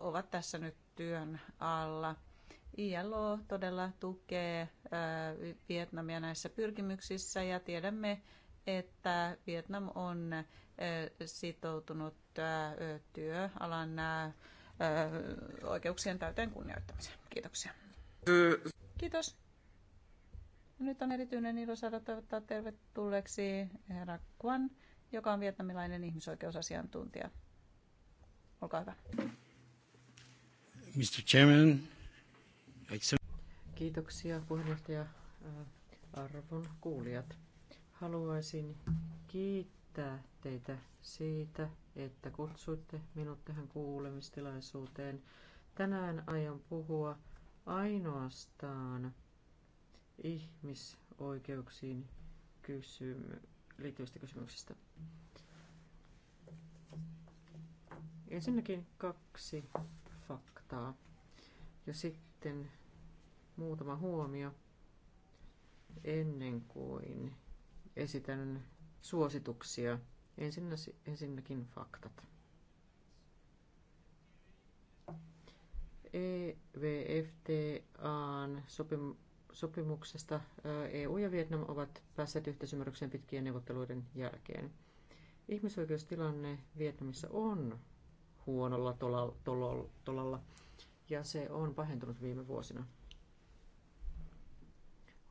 ovat tässä nyt työn alla. ILO todella tukee Vietnamia näissä pyrkimyksissä ja tiedämme, että Vietnam on sitoutunut työalan oikeuksien täyteen kunnioittamiseen. Kiitoksia. Kiitos. Nyt on erityinen ilo saada toivottaa tervetulleeksi herra Kwan, joka on vietnamilainen ihmisoikeusasiantuntija. Olkaa hyvä. Mr. Chairman, Kiitoksia puheenjohtaja arvon kuulijat. Haluaisin kiittää teitä siitä, että kutsuitte minut tähän kuulemistilaisuuteen. Tänään aion puhua ainoastaan ihmisoikeuksiin kysymy- liittyvistä kysymyksistä. Ensinnäkin kaksi faktaa ja sitten muutama huomio ennen kuin esitän suosituksia. Ensinnä, ensinnäkin faktat. EVFTAn sopim, sopimuksesta EU ja Vietnam ovat päässeet yhteisymmärrykseen pitkien neuvotteluiden jälkeen. Ihmisoikeustilanne Vietnamissa on huonolla tolalla, tolalla, tolalla ja se on pahentunut viime vuosina.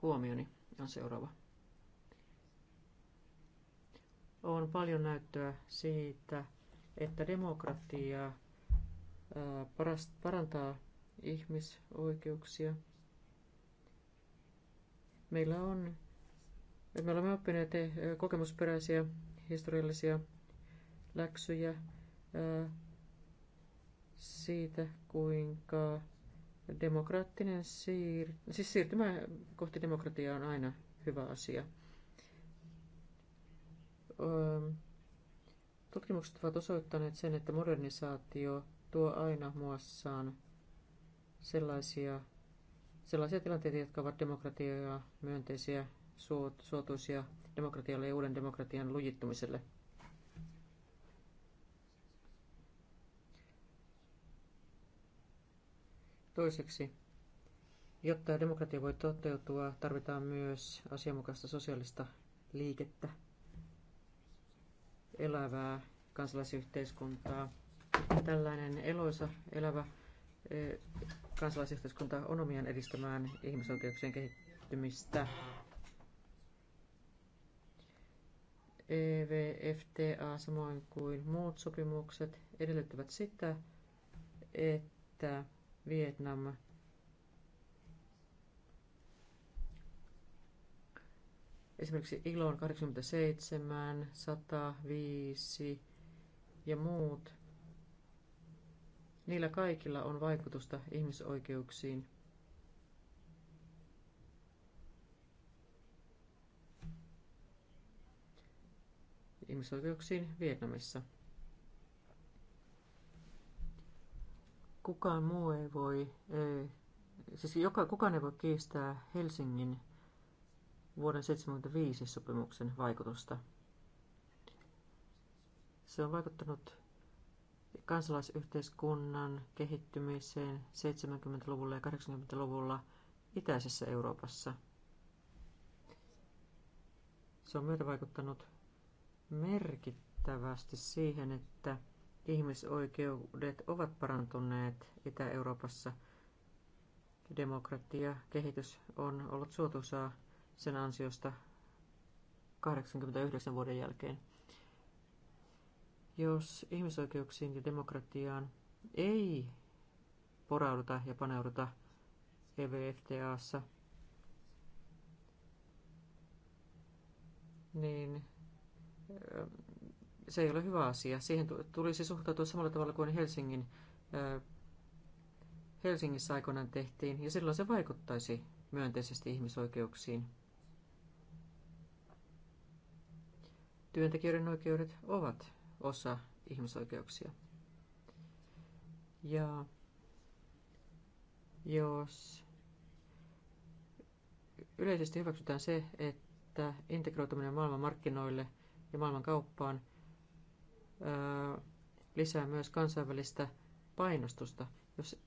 Huomioni on seuraava. on paljon näyttöä siitä, että demokratia parantaa ihmisoikeuksia. Meillä on, me olemme oppineet kokemusperäisiä historiallisia läksyjä siitä, kuinka demokraattinen siir- siis siirtymä kohti demokratiaa on aina hyvä asia – Öö, tutkimukset ovat osoittaneet sen, että modernisaatio tuo aina muassaan sellaisia, sellaisia tilanteita, jotka ovat demokratiaa myönteisiä, suotuisia demokratialle ja uuden demokratian lujittumiselle. Toiseksi, jotta demokratia voi toteutua, tarvitaan myös asianmukaista sosiaalista liikettä elävää kansalaisyhteiskuntaa. Tällainen eloisa, elävä e, kansalaisyhteiskunta on omiaan edistämään ihmisoikeuksien kehittymistä. EVFTA samoin kuin muut sopimukset edellyttävät sitä, että Vietnam Esimerkiksi ILON 87, 105 ja muut. Niillä kaikilla on vaikutusta ihmisoikeuksiin. Ihmisoikeuksiin Vietnamissa. Kukaan muu ei voi, ei, siis joka, kukaan ei voi kiistää Helsingin vuoden 1975 sopimuksen vaikutusta. Se on vaikuttanut kansalaisyhteiskunnan kehittymiseen 70-luvulla ja 80-luvulla itäisessä Euroopassa. Se on myötä vaikuttanut merkittävästi siihen, että ihmisoikeudet ovat parantuneet Itä-Euroopassa. Demokratia, kehitys on ollut suotuisaa sen ansiosta 89 vuoden jälkeen. Jos ihmisoikeuksiin ja demokratiaan ei porauduta ja paneuduta EVFTAssa, niin se ei ole hyvä asia. Siihen tulisi suhtautua samalla tavalla kuin Helsingin, Helsingissä aikoinaan tehtiin, ja silloin se vaikuttaisi myönteisesti ihmisoikeuksiin. Työntekijöiden oikeudet ovat osa ihmisoikeuksia. Ja jos yleisesti hyväksytään se, että integroituminen maailman markkinoille ja maailman kauppaan lisää myös kansainvälistä painostusta. Jos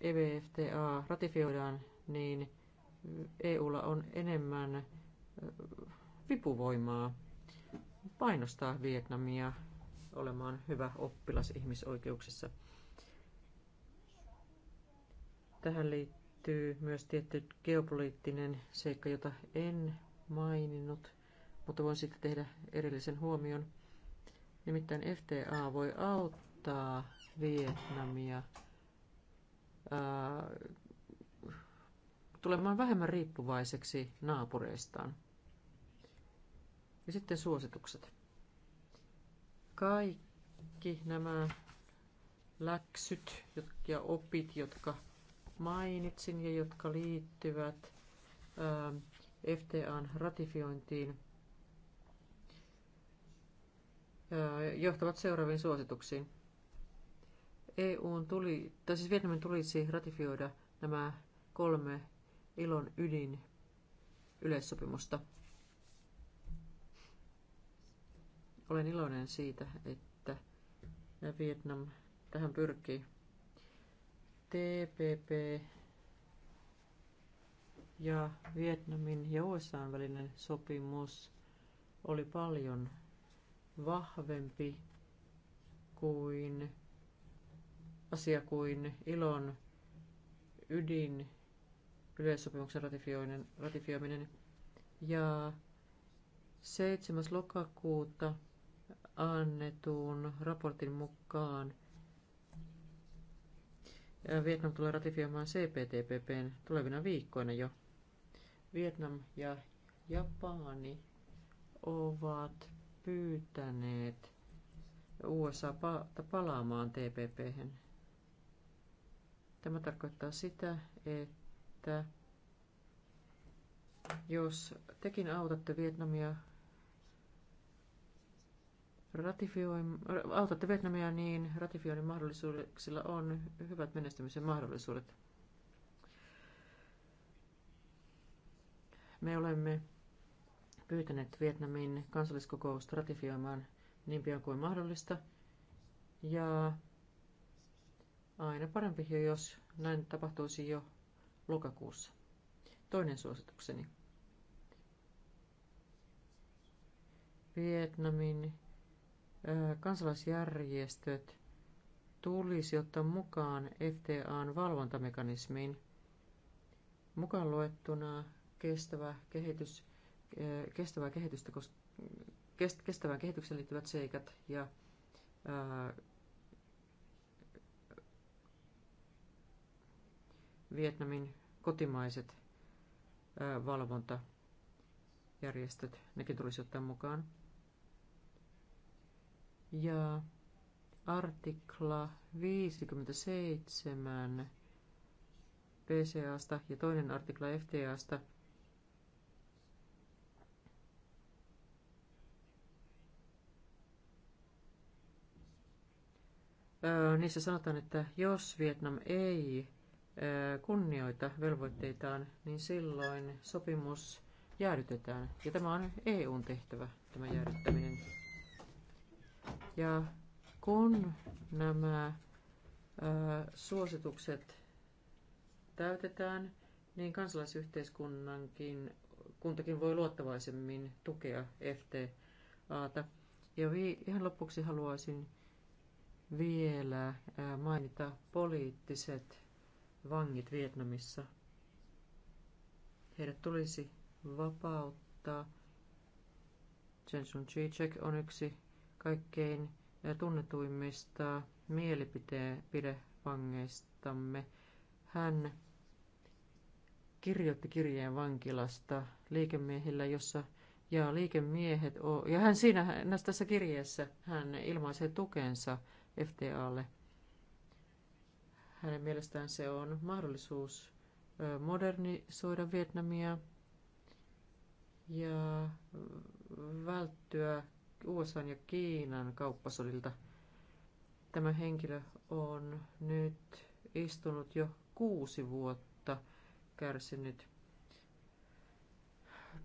EVFTA ratifioidaan, niin EUlla on enemmän vipuvoimaa painostaa Vietnamia olemaan hyvä oppilas ihmisoikeuksissa. Tähän liittyy myös tietty geopoliittinen seikka, jota en maininnut, mutta voin sitten tehdä erillisen huomion. Nimittäin FTA voi auttaa Vietnamia ää, tulemaan vähemmän riippuvaiseksi naapureistaan. Ja sitten suositukset. Kaikki nämä läksyt ja opit, jotka mainitsin ja jotka liittyvät ähm, FTAn ratifiointiin, äh, johtavat seuraaviin suosituksiin. EUn tuli, tai siis Vietnamin tulisi ratifioida nämä kolme ilon ydin yleissopimusta – Olen iloinen siitä, että Vietnam tähän pyrkii. TPP ja Vietnamin ja USA välinen sopimus oli paljon vahvempi kuin asia kuin ilon ydin yleissopimuksen ratifioiminen. Ja 7. lokakuuta annetun raportin mukaan Vietnam tulee ratifioimaan CPTPPn tulevina viikkoina jo. Vietnam ja Japani ovat pyytäneet USA palaamaan TPP:hen. Tämä tarkoittaa sitä, että jos tekin autatte Vietnamia autatte Vietnamia, niin ratifioinnin mahdollisuuksilla on hyvät menestymisen mahdollisuudet. Me olemme pyytäneet Vietnamin kansalliskokousta ratifioimaan niin pian kuin mahdollista. Ja aina parempi, jos näin tapahtuisi jo lokakuussa. Toinen suositukseni. Vietnamin kansalaisjärjestöt tulisi ottaa mukaan FTAn valvontamekanismiin, mukaan luettuna kestävä kehitys, kestävää kehitystä, kestävään kehitykseen liittyvät seikat ja Vietnamin kotimaiset valvontajärjestöt, nekin tulisi ottaa mukaan. Ja artikla 57 PCAsta ja toinen artikla FTAsta niissä sanotaan, että jos Vietnam ei kunnioita velvoitteitaan, niin silloin sopimus jäädytetään. Ja tämä on EUn tehtävä, tämä jäädyttäminen. Ja kun nämä suositukset täytetään, niin kansalaisyhteiskunnankin kuntakin voi luottavaisemmin tukea FTAta. Ja vi, ihan lopuksi haluaisin vielä mainita poliittiset vangit Vietnamissa. Heidät tulisi vapauttaa. Chen Sun Chi-chek on yksi kaikkein tunnetuimmista mielipidevangeistamme. Hän kirjoitti kirjeen vankilasta liikemiehillä, jossa ja liikemiehet, ja hän siinä tässä kirjeessä hän ilmaisee tukensa FTAlle. Hänen mielestään se on mahdollisuus modernisoida Vietnamia ja välttyä USA ja Kiinan kauppasodilta. Tämä henkilö on nyt istunut jo kuusi vuotta, kärsinyt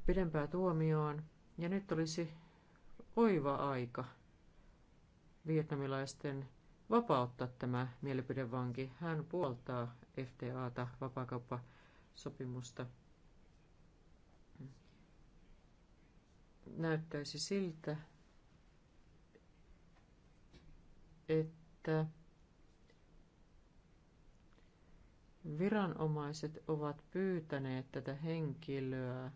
pidempää tuomioon. Ja nyt olisi oiva aika vietnamilaisten vapauttaa tämä mielipidevanki. Hän puoltaa FTAta, vapaakauppasopimusta. Näyttäisi siltä, että viranomaiset ovat pyytäneet tätä henkilöä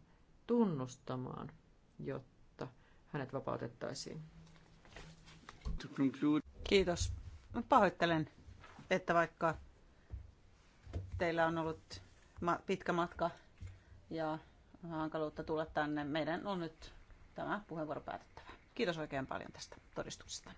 tunnustamaan, jotta hänet vapautettaisiin. Kiitos. Pahoittelen, että vaikka teillä on ollut pitkä matka ja hankaluutta tulla tänne, meidän on nyt tämä puheenvuoro päätettävä. Kiitos oikein paljon tästä todistuksesta.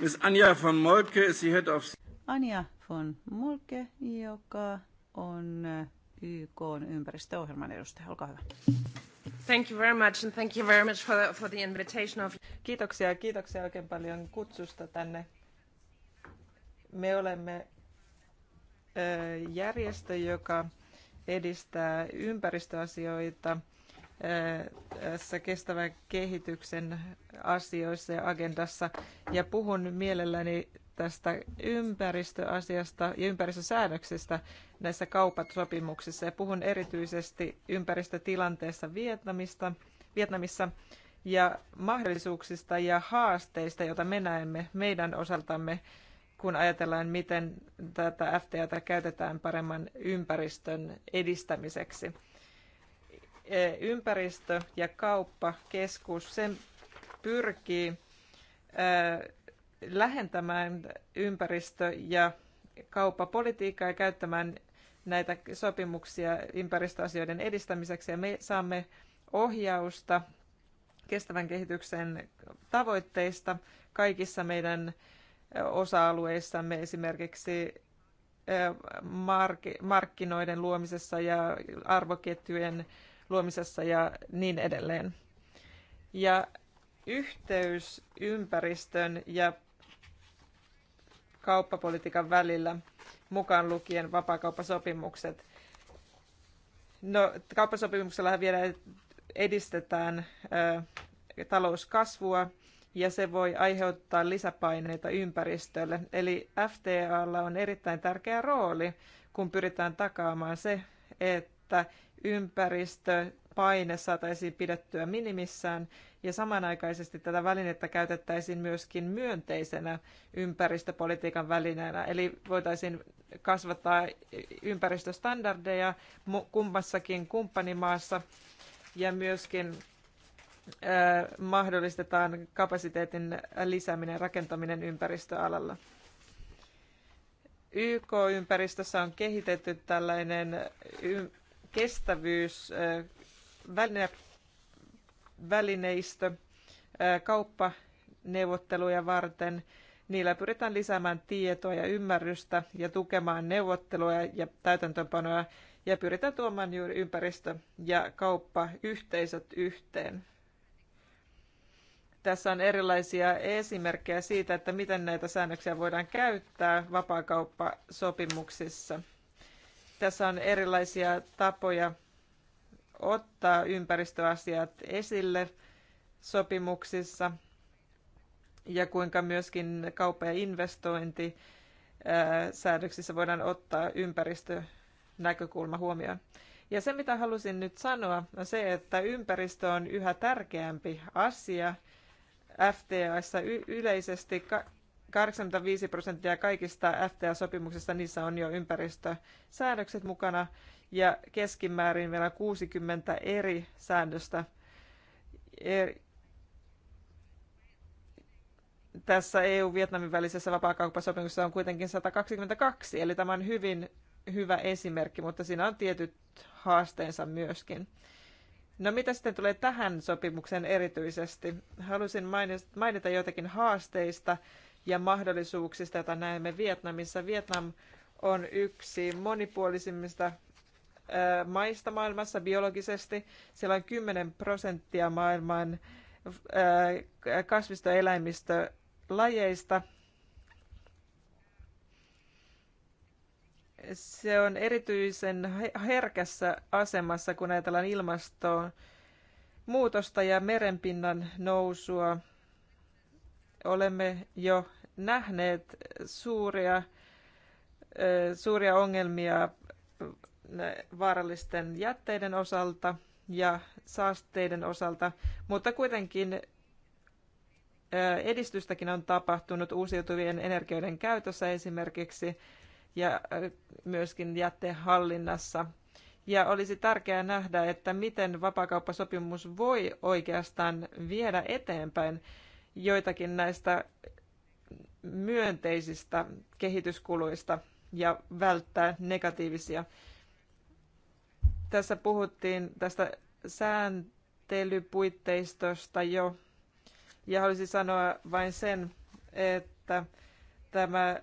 Miss Anja von Molke is the head of... Anja von Molke, joka on eh, YK ympäristöohjelman edustaja. Olkaa hyvä. Thank you very much and thank you very much for the, for the invitation of... Kiitoksia, kiitoksia oikein paljon kutsusta tänne. Me olemme eh, järjestö, joka edistää ympäristöasioita tässä kestävän kehityksen asioissa ja agendassa. Ja puhun mielelläni tästä ympäristöasiasta ja ympäristösäännöksistä näissä kauppasopimuksissa. Ja puhun erityisesti ympäristötilanteessa Vietnamista, Vietnamissa ja mahdollisuuksista ja haasteista, joita me näemme meidän osaltamme, kun ajatellaan, miten tätä FTAta käytetään paremman ympäristön edistämiseksi ympäristö- ja kauppakeskus, sen pyrkii lähentämään ympäristö- ja kauppapolitiikkaa ja käyttämään näitä sopimuksia ympäristöasioiden edistämiseksi ja me saamme ohjausta kestävän kehityksen tavoitteista kaikissa meidän osa-alueissamme, esimerkiksi markkinoiden luomisessa ja arvoketjujen luomisessa ja niin edelleen. Ja yhteys ympäristön ja kauppapolitiikan välillä, mukaan lukien vapaakauppasopimukset. No, kauppasopimuksellahan vielä edistetään ö, talouskasvua ja se voi aiheuttaa lisäpaineita ympäristölle. Eli FTAlla on erittäin tärkeä rooli, kun pyritään takaamaan se, että ympäristöpaine saataisiin pidettyä minimissään ja samanaikaisesti tätä välinettä käytettäisiin myöskin myönteisenä ympäristöpolitiikan välineenä. Eli voitaisiin kasvattaa ympäristöstandardeja kummassakin kumppanimaassa ja myöskin mahdollistetaan kapasiteetin lisääminen rakentaminen ympäristöalalla. YK-ympäristössä on kehitetty tällainen kestävyys, väline, välineistö kauppaneuvotteluja varten. Niillä pyritään lisäämään tietoa ja ymmärrystä ja tukemaan neuvotteluja ja täytäntöönpanoa ja pyritään tuomaan juuri ympäristö- ja kauppayhteisöt yhteen. Tässä on erilaisia esimerkkejä siitä, että miten näitä säännöksiä voidaan käyttää vapaakauppasopimuksissa – tässä on erilaisia tapoja ottaa ympäristöasiat esille sopimuksissa ja kuinka myöskin kauppa- ja investointi voidaan ottaa ympäristönäkökulma huomioon. Ja se, mitä halusin nyt sanoa, on se, että ympäristö on yhä tärkeämpi asia FTAissa yleisesti 85 prosenttia kaikista FTA-sopimuksista niissä on jo ympäristösäädökset mukana ja keskimäärin vielä 60 eri säännöstä. Er- tässä EU-Vietnamin välisessä vapaakauppasopimuksessa on kuitenkin 122, eli tämä on hyvin hyvä esimerkki, mutta siinä on tietyt haasteensa myöskin. No mitä sitten tulee tähän sopimukseen erityisesti? Halusin mainita joitakin haasteista, ja mahdollisuuksista, joita näemme Vietnamissa. Vietnam on yksi monipuolisimmista maista maailmassa biologisesti. Siellä on 10 prosenttia maailman kasvistoeläimistölajeista. Se on erityisen herkässä asemassa, kun ajatellaan ilmastoa, muutosta ja merenpinnan nousua – olemme jo nähneet suuria, suuria ongelmia vaarallisten jätteiden osalta ja saasteiden osalta, mutta kuitenkin edistystäkin on tapahtunut uusiutuvien energioiden käytössä esimerkiksi ja myöskin jättehallinnassa. Ja olisi tärkeää nähdä, että miten vapaakauppasopimus voi oikeastaan viedä eteenpäin joitakin näistä myönteisistä kehityskuluista ja välttää negatiivisia. Tässä puhuttiin tästä sääntelypuitteistosta jo. Ja haluaisin sanoa vain sen, että tämä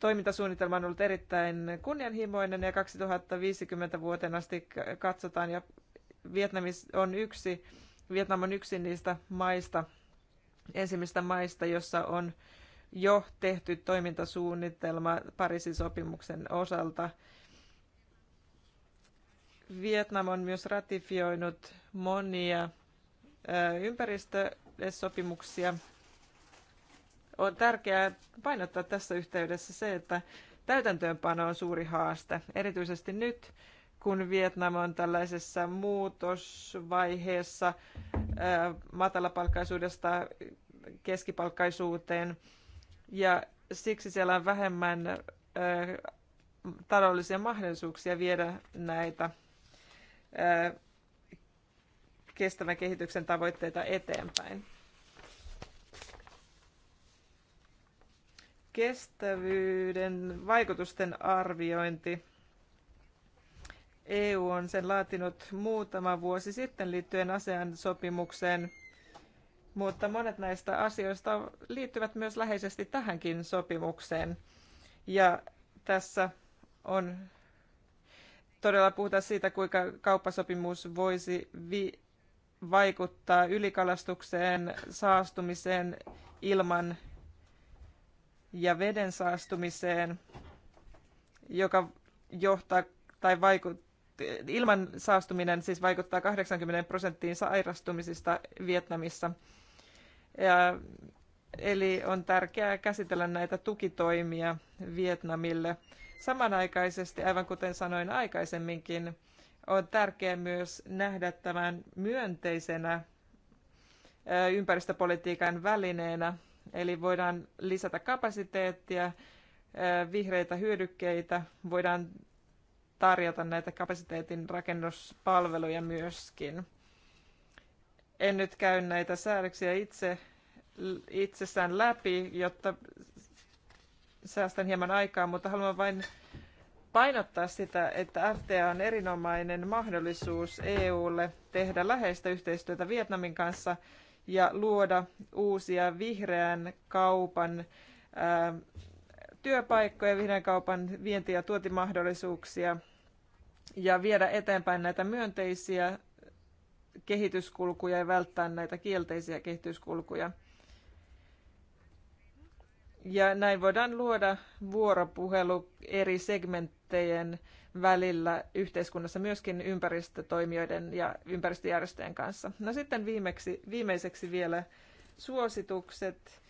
toimintasuunnitelma on ollut erittäin kunnianhimoinen ja 2050 vuoteen asti katsotaan ja Vietnamis on yksi, Vietnam on yksi niistä maista, Ensimmäistä maista, jossa on jo tehty toimintasuunnitelma Pariisin sopimuksen osalta. Vietnam on myös ratifioinut monia ympäristösopimuksia. On tärkeää painottaa tässä yhteydessä se, että täytäntöönpano on suuri haaste, erityisesti nyt, kun Vietnam on tällaisessa muutosvaiheessa matalapalkkaisuudesta keskipalkkaisuuteen. Ja siksi siellä on vähemmän taloudellisia mahdollisuuksia viedä näitä kestävän kehityksen tavoitteita eteenpäin. Kestävyyden vaikutusten arviointi EU on sen laatinut muutama vuosi sitten liittyen asean sopimukseen, mutta monet näistä asioista liittyvät myös läheisesti tähänkin sopimukseen. Ja tässä on todella puhuta siitä, kuinka kauppasopimus voisi vi- vaikuttaa ylikalastukseen, saastumiseen, ilman ja veden saastumiseen, joka johtaa tai vaikuttaa ilman saastuminen siis vaikuttaa 80 prosenttiin sairastumisista Vietnamissa. Ja, eli on tärkeää käsitellä näitä tukitoimia Vietnamille. Samanaikaisesti, aivan kuten sanoin aikaisemminkin, on tärkeää myös nähdä tämän myönteisenä ympäristöpolitiikan välineenä, eli voidaan lisätä kapasiteettia, vihreitä hyödykkeitä, voidaan tarjota näitä kapasiteetin rakennuspalveluja myöskin. En nyt käy näitä säädöksiä itse, itsessään läpi, jotta säästän hieman aikaa, mutta haluan vain painottaa sitä, että FTA on erinomainen mahdollisuus EUlle tehdä läheistä yhteistyötä Vietnamin kanssa ja luoda uusia vihreän kaupan työpaikkoja, vihreän kaupan vienti- ja tuotimahdollisuuksia ja viedä eteenpäin näitä myönteisiä kehityskulkuja ja välttää näitä kielteisiä kehityskulkuja. Ja näin voidaan luoda vuoropuhelu eri segmenttien välillä yhteiskunnassa myöskin ympäristötoimijoiden ja ympäristöjärjestöjen kanssa. No sitten viimeksi, viimeiseksi vielä suositukset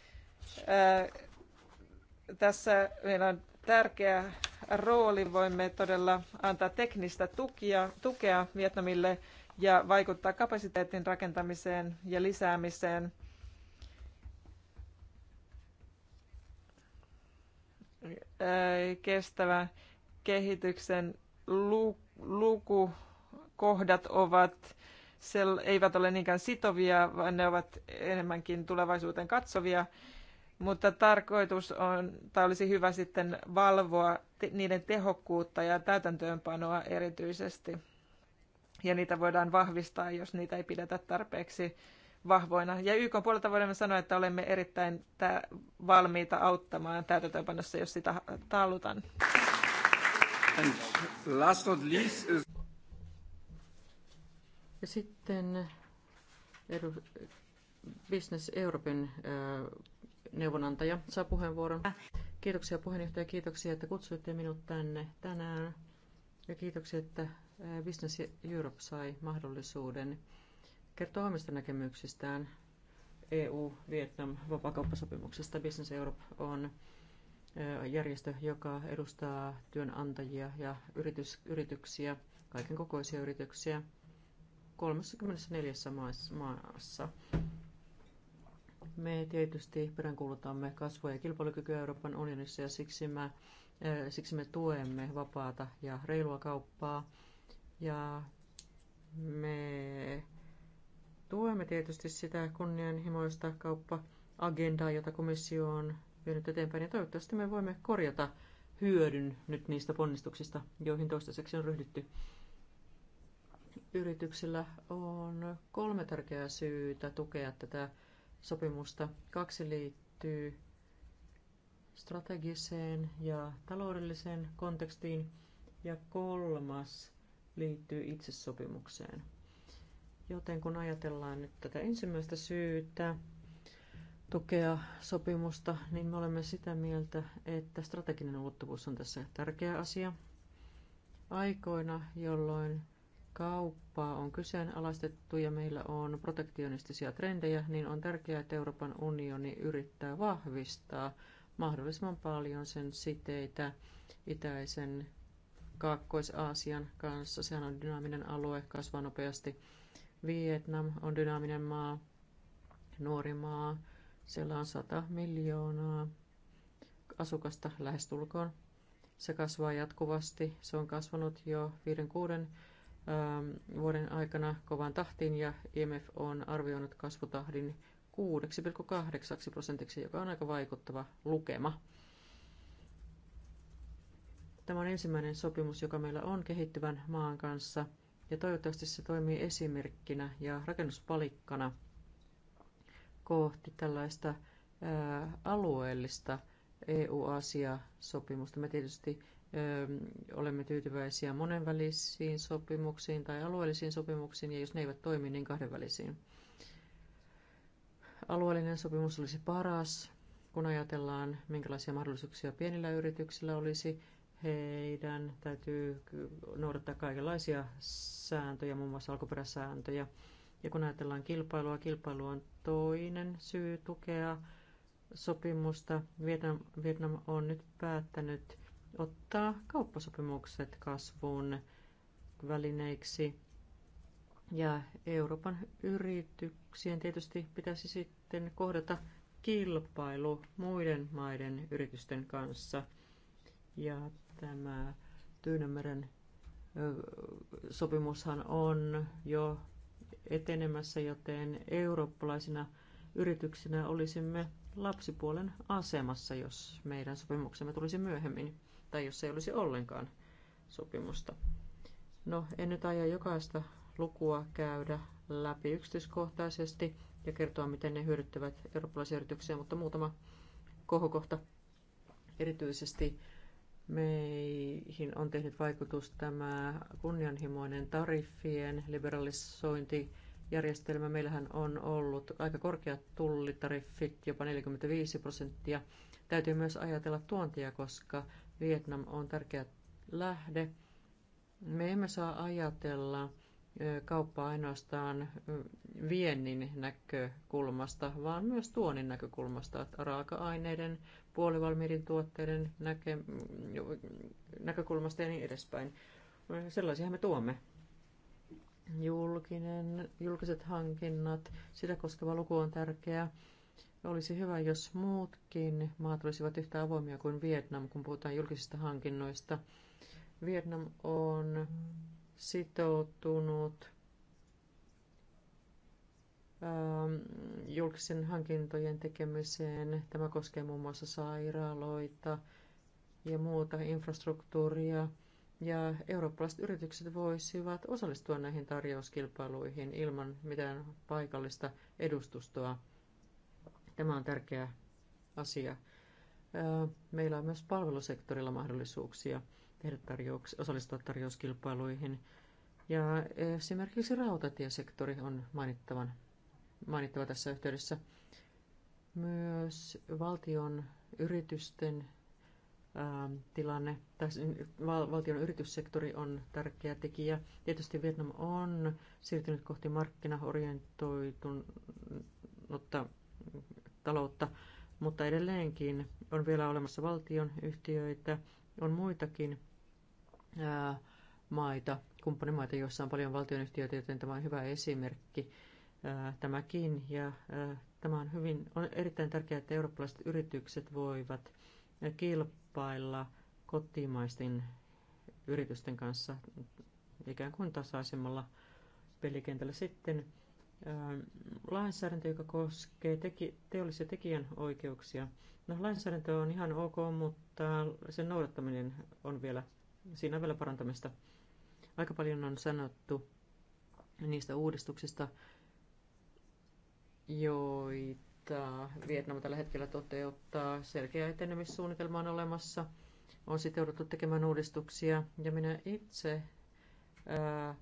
tässä meillä on tärkeä rooli. Voimme todella antaa teknistä tukia, tukea Vietnamille ja vaikuttaa kapasiteetin rakentamiseen ja lisäämiseen. Äh, Kestävän kehityksen lukukohdat ovat, eivät ole niinkään sitovia, vaan ne ovat enemmänkin tulevaisuuteen katsovia mutta tarkoitus on, tai olisi hyvä sitten valvoa niiden tehokkuutta ja täytäntöönpanoa erityisesti. Ja niitä voidaan vahvistaa, jos niitä ei pidetä tarpeeksi vahvoina. Ja YK puolelta voimme sanoa, että olemme erittäin valmiita auttamaan täytäntöönpanossa, jos sitä talutan. Last not least is... Ja sitten Business European neuvonantaja saa puheenvuoron. Kiitoksia puheenjohtaja, kiitoksia, että kutsuitte minut tänne tänään. Ja kiitoksia, että eh, Business Europe sai mahdollisuuden kertoa omista näkemyksistään EU-Vietnam-vapakauppasopimuksesta. Business Europe on eh, järjestö, joka edustaa työnantajia ja yritys, yrityksiä, kaiken kokoisia yrityksiä 34 maassa. Me tietysti peräänkuulutamme kasvua ja kilpailukykyä Euroopan unionissa ja siksi, mä, eh, siksi me tuemme vapaata ja reilua kauppaa. Ja me tuemme tietysti sitä kunnianhimoista kauppa-agendaa, jota komissio on vienyt eteenpäin. Ja toivottavasti me voimme korjata hyödyn nyt niistä ponnistuksista, joihin toistaiseksi on ryhdytty. Yrityksillä on kolme tärkeää syytä tukea tätä sopimusta. Kaksi liittyy strategiseen ja taloudelliseen kontekstiin ja kolmas liittyy itse sopimukseen. Joten kun ajatellaan nyt tätä ensimmäistä syytä tukea sopimusta, niin me olemme sitä mieltä, että strateginen ulottuvuus on tässä tärkeä asia. Aikoina, jolloin kauppaa on kyseenalaistettu ja meillä on protektionistisia trendejä, niin on tärkeää, että Euroopan unioni yrittää vahvistaa mahdollisimman paljon sen siteitä itäisen Kaakkois-Aasian kanssa. Sehän on dynaaminen alue, kasvaa nopeasti. Vietnam on dynaaminen maa, nuori maa. Siellä on 100 miljoonaa asukasta lähestulkoon. Se kasvaa jatkuvasti. Se on kasvanut jo 5-6 Ähm, vuoden aikana kovaan tahtiin ja IMF on arvioinut kasvutahdin 6,8 prosentiksi, joka on aika vaikuttava lukema. Tämä on ensimmäinen sopimus, joka meillä on kehittyvän maan kanssa ja toivottavasti se toimii esimerkkinä ja rakennuspalikkana kohti tällaista ää, alueellista EU-Asia-sopimusta. Me tietysti olemme tyytyväisiä monenvälisiin sopimuksiin tai alueellisiin sopimuksiin, ja jos ne eivät toimi, niin kahdenvälisiin. Alueellinen sopimus olisi paras, kun ajatellaan, minkälaisia mahdollisuuksia pienillä yrityksillä olisi. Heidän täytyy noudattaa kaikenlaisia sääntöjä, muun muassa alkuperäsääntöjä. Ja kun ajatellaan kilpailua, kilpailu on toinen syy tukea sopimusta. Vietnam, Vietnam on nyt päättänyt ottaa kauppasopimukset kasvun välineiksi. Ja Euroopan yrityksien tietysti pitäisi sitten kohdata kilpailu muiden maiden yritysten kanssa. Ja tämä Tyynemeren sopimushan on jo etenemässä, joten eurooppalaisina yrityksinä olisimme lapsipuolen asemassa, jos meidän sopimuksemme tulisi myöhemmin tai jos ei olisi ollenkaan sopimusta. No, en nyt aja jokaista lukua käydä läpi yksityiskohtaisesti ja kertoa, miten ne hyödyttävät eurooppalaisia yrityksiä, mutta muutama kohokohta. Erityisesti meihin on tehnyt vaikutus tämä kunnianhimoinen tariffien liberalisointi, järjestelmä. Meillähän on ollut aika korkeat tullitariffit, jopa 45 prosenttia. Täytyy myös ajatella tuontia, koska Vietnam on tärkeä lähde. Me emme saa ajatella kauppaa ainoastaan viennin näkökulmasta, vaan myös tuonnin näkökulmasta, raaka-aineiden, puolivalmiiden tuotteiden näke, näkökulmasta ja niin edespäin. Sellaisia me tuomme. Julkinen, julkiset hankinnat, sitä koskeva luku on tärkeä. Olisi hyvä, jos muutkin maat olisivat yhtä avoimia kuin Vietnam, kun puhutaan julkisista hankinnoista. Vietnam on sitoutunut ähm, julkisen hankintojen tekemiseen. Tämä koskee muun muassa sairaaloita ja muuta infrastruktuuria. Ja eurooppalaiset yritykset voisivat osallistua näihin tarjouskilpailuihin ilman mitään paikallista edustustoa. Tämä on tärkeä asia. Meillä on myös palvelusektorilla mahdollisuuksia tehdä tarjouks- osallistua tarjouskilpailuihin. Ja esimerkiksi rautatiesektori on mainittavan, mainittava tässä yhteydessä. Myös valtion yritysten tilanne, tai siis valtion yrityssektori on tärkeä tekijä. Tietysti Vietnam on siirtynyt kohti markkinaorientoitunutta taloutta, mutta edelleenkin on vielä olemassa valtion yhtiöitä, on muitakin ää, maita, kumppanimaita, joissa on paljon valtionyhtiöitä, joten tämä on hyvä esimerkki ää, tämäkin. Ja ää, tämä on, hyvin, on erittäin tärkeää, että eurooppalaiset yritykset voivat kilpailla kotimaisten yritysten kanssa ikään kuin tasaisemmalla pelikentällä. Sitten Ähm, lainsäädäntö, joka koskee teki, teollisia tekijänoikeuksia. No, lainsäädäntö on ihan ok, mutta sen noudattaminen on vielä, siinä on vielä parantamista. Aika paljon on sanottu niistä uudistuksista, joita Vietnam tällä hetkellä toteuttaa. Selkeä etenemissuunnitelma on olemassa. On sitouduttu tekemään uudistuksia ja minä itse ää,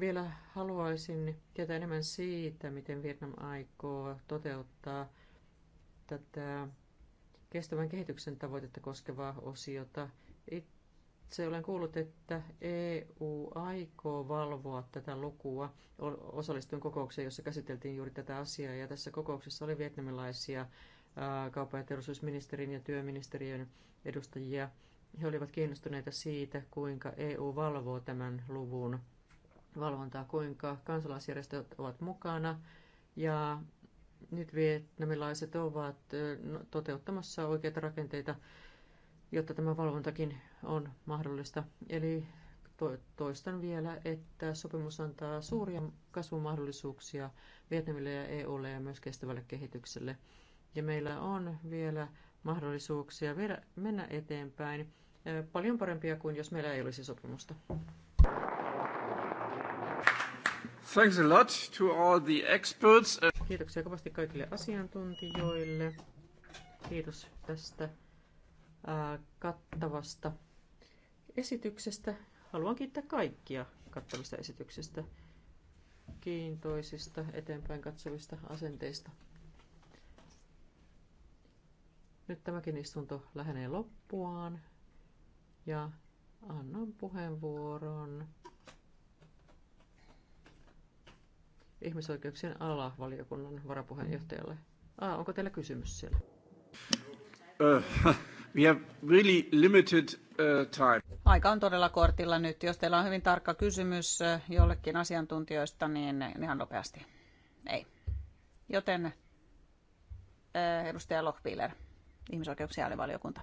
vielä haluaisin tietää enemmän siitä, miten Vietnam aikoo toteuttaa tätä kestävän kehityksen tavoitetta koskevaa osiota. Itse olen kuullut, että EU aikoo valvoa tätä lukua. Osallistuin kokoukseen, jossa käsiteltiin juuri tätä asiaa, ja tässä kokouksessa oli vietnamilaisia kauppa- ja teollisuusministerin ja työministeriön edustajia. He olivat kiinnostuneita siitä, kuinka EU valvoo tämän luvun valvontaa, kuinka kansalaisjärjestöt ovat mukana. Ja nyt vietnamilaiset ovat no, toteuttamassa oikeita rakenteita, jotta tämä valvontakin on mahdollista. Eli toistan vielä, että sopimus antaa suuria kasvumahdollisuuksia Vietnamille ja EUlle ja myös kestävälle kehitykselle. Ja meillä on vielä mahdollisuuksia viedä, mennä eteenpäin paljon parempia kuin jos meillä ei olisi sopimusta. Thanks a lot to all the experts. Kiitoksia kovasti kaikille asiantuntijoille. Kiitos tästä ää, kattavasta esityksestä. Haluan kiittää kaikkia kattavista esityksistä, kiintoisista, eteenpäin katsovista asenteista. Nyt tämäkin istunto lähenee loppuaan ja annan puheenvuoron ihmisoikeuksien alavaliokunnan varapuheenjohtajalle. Ah, onko teillä kysymys siellä? Uh, we have really limited uh, time. Aika on todella kortilla nyt. Jos teillä on hyvin tarkka kysymys uh, jollekin asiantuntijoista, niin uh, ihan nopeasti. Ei. Joten uh, edustaja Lohpiiler, ihmisoikeuksien alivaliokunta.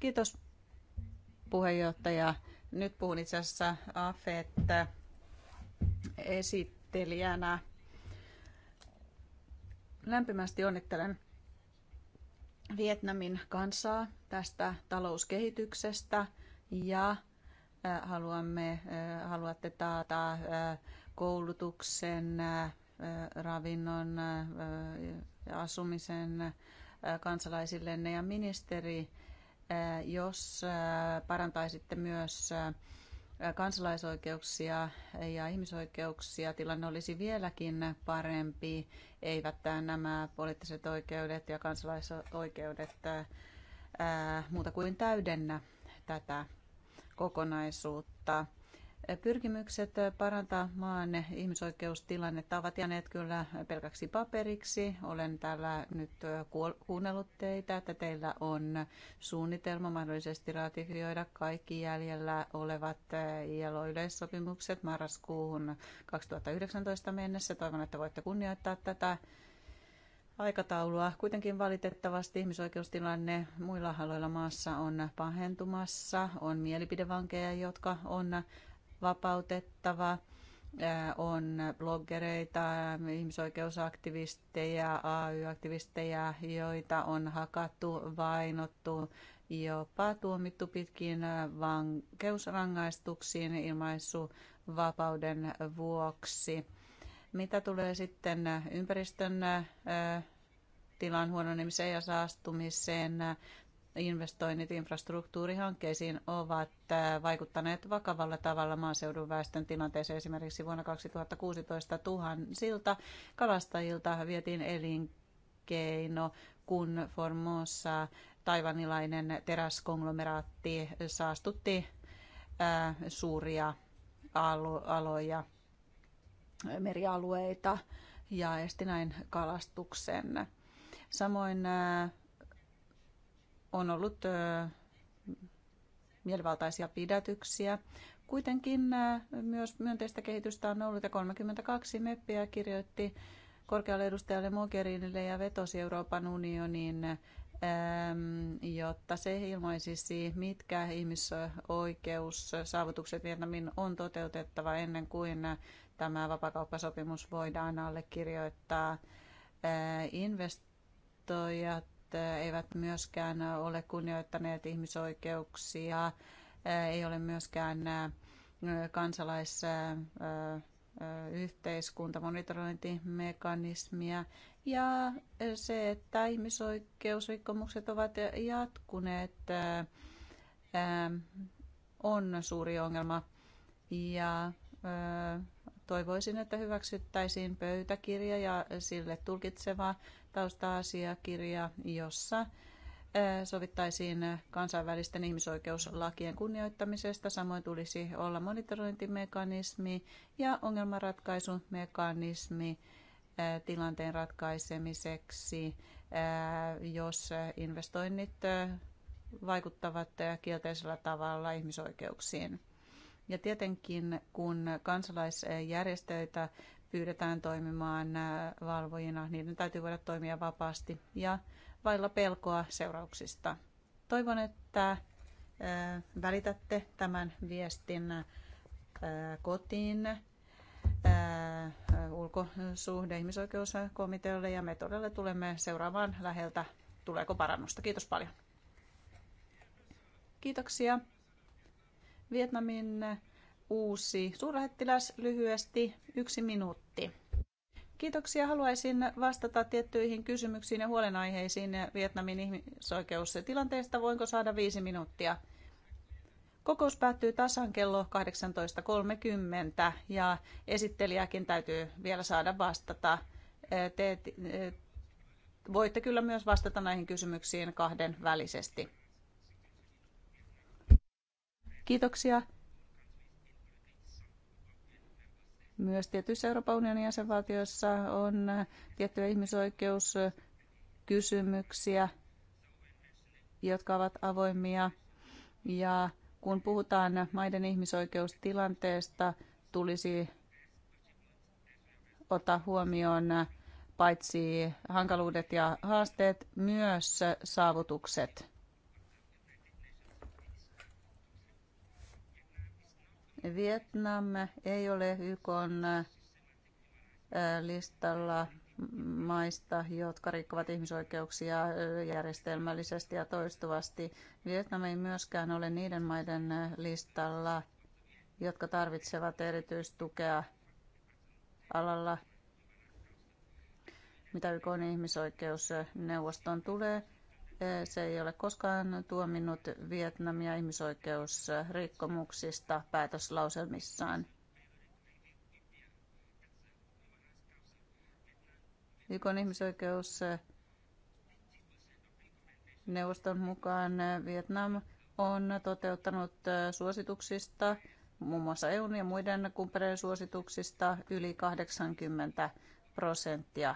Kiitos puheenjohtaja. Nyt puhun itse asiassa että uh, esityksestä esittelijänä. Lämpimästi onnittelen Vietnamin kansaa tästä talouskehityksestä ja äh, haluamme, äh, haluatte taata äh, koulutuksen, ravinnon ja asumisen kansalaisillenne ja ministeri, jos parantaisitte myös kansalaisoikeuksia ja ihmisoikeuksia tilanne olisi vieläkin parempi, eivät nämä poliittiset oikeudet ja kansalaisoikeudet muuta kuin täydennä tätä kokonaisuutta pyrkimykset parantaa maan ihmisoikeustilannetta ovat jääneet kyllä pelkäksi paperiksi. Olen täällä nyt kuunnellut teitä, että teillä on suunnitelma mahdollisesti ratifioida kaikki jäljellä olevat ILO-yleissopimukset marraskuuhun 2019 mennessä. Toivon, että voitte kunnioittaa tätä aikataulua. Kuitenkin valitettavasti ihmisoikeustilanne muilla aloilla maassa on pahentumassa. On mielipidevankeja, jotka on vapautettava. Äh, on bloggereita, ihmisoikeusaktivisteja, AY-aktivisteja, joita on hakattu, vainottu, jopa tuomittu pitkin äh, vankeusrangaistuksiin ilmaisuvapauden vuoksi. Mitä tulee sitten äh, ympäristön tilan huononemiseen ja saastumiseen, investoinnit infrastruktuurihankkeisiin ovat äh, vaikuttaneet vakavalla tavalla maaseudun väestön tilanteeseen. Esimerkiksi vuonna 2016 tuhansilta kalastajilta vietiin elinkeino, kun Formosa taivanilainen teräskonglomeraatti saastutti äh, suuria aloja, merialueita ja esti näin kalastuksen. Samoin äh, on ollut mielivaltaisia pidätyksiä. Kuitenkin myös myönteistä kehitystä on ollut ja 32 meppiä kirjoitti korkealle edustajalle Mogherinille ja vetosi Euroopan unioniin, jotta se ilmaisisi, mitkä ihmisoikeussaavutukset Vietnamin on toteutettava ennen kuin tämä vapakauppasopimus voidaan allekirjoittaa. Investoijat eivät myöskään ole kunnioittaneet ihmisoikeuksia, ei ole myöskään kansalaisyhteiskunta, monitorointimekanismia ja se, että ihmisoikeusrikkomukset ovat jatkuneet, on suuri ongelma. Ja Toivoisin, että hyväksyttäisiin pöytäkirja ja sille tulkitseva tausta-asiakirja, jossa sovittaisiin kansainvälisten ihmisoikeuslakien kunnioittamisesta. Samoin tulisi olla monitorointimekanismi ja ongelmanratkaisumekanismi tilanteen ratkaisemiseksi, jos investoinnit vaikuttavat kielteisellä tavalla ihmisoikeuksiin. Ja tietenkin kun kansalaisjärjestöitä pyydetään toimimaan äh, valvojina, niiden täytyy voida toimia vapaasti ja vailla pelkoa seurauksista. Toivon, että äh, välitätte tämän viestin äh, kotiin ulkosuhde- ja ihmisoikeuskomitealle ja me todella tulemme seuraavaan läheltä, tuleeko parannusta. Kiitos paljon. Kiitoksia. Vietnamin uusi suurlähettiläs lyhyesti yksi minuutti. Kiitoksia. Haluaisin vastata tiettyihin kysymyksiin ja huolenaiheisiin Vietnamin ihmisoikeustilanteesta. Voinko saada viisi minuuttia? Kokous päättyy tasan kello 18.30 ja esittelijäkin täytyy vielä saada vastata. Te eh, voitte kyllä myös vastata näihin kysymyksiin kahden välisesti. Kiitoksia. Myös tietyissä Euroopan unionin jäsenvaltioissa on tiettyjä ihmisoikeuskysymyksiä, jotka ovat avoimia. Ja kun puhutaan maiden ihmisoikeustilanteesta, tulisi ottaa huomioon paitsi hankaluudet ja haasteet, myös saavutukset. Vietnam ei ole YK listalla maista, jotka rikkovat ihmisoikeuksia järjestelmällisesti ja toistuvasti. Vietnam ei myöskään ole niiden maiden listalla, jotka tarvitsevat erityistukea alalla, mitä YK ihmisoikeusneuvoston tulee se ei ole koskaan tuominnut Vietnamia ihmisoikeusrikkomuksista päätöslauselmissaan. YKn ihmisoikeusneuvoston mukaan Vietnam on toteuttanut suosituksista, muun muassa EUn ja muiden kumppaneiden suosituksista, yli 80 prosenttia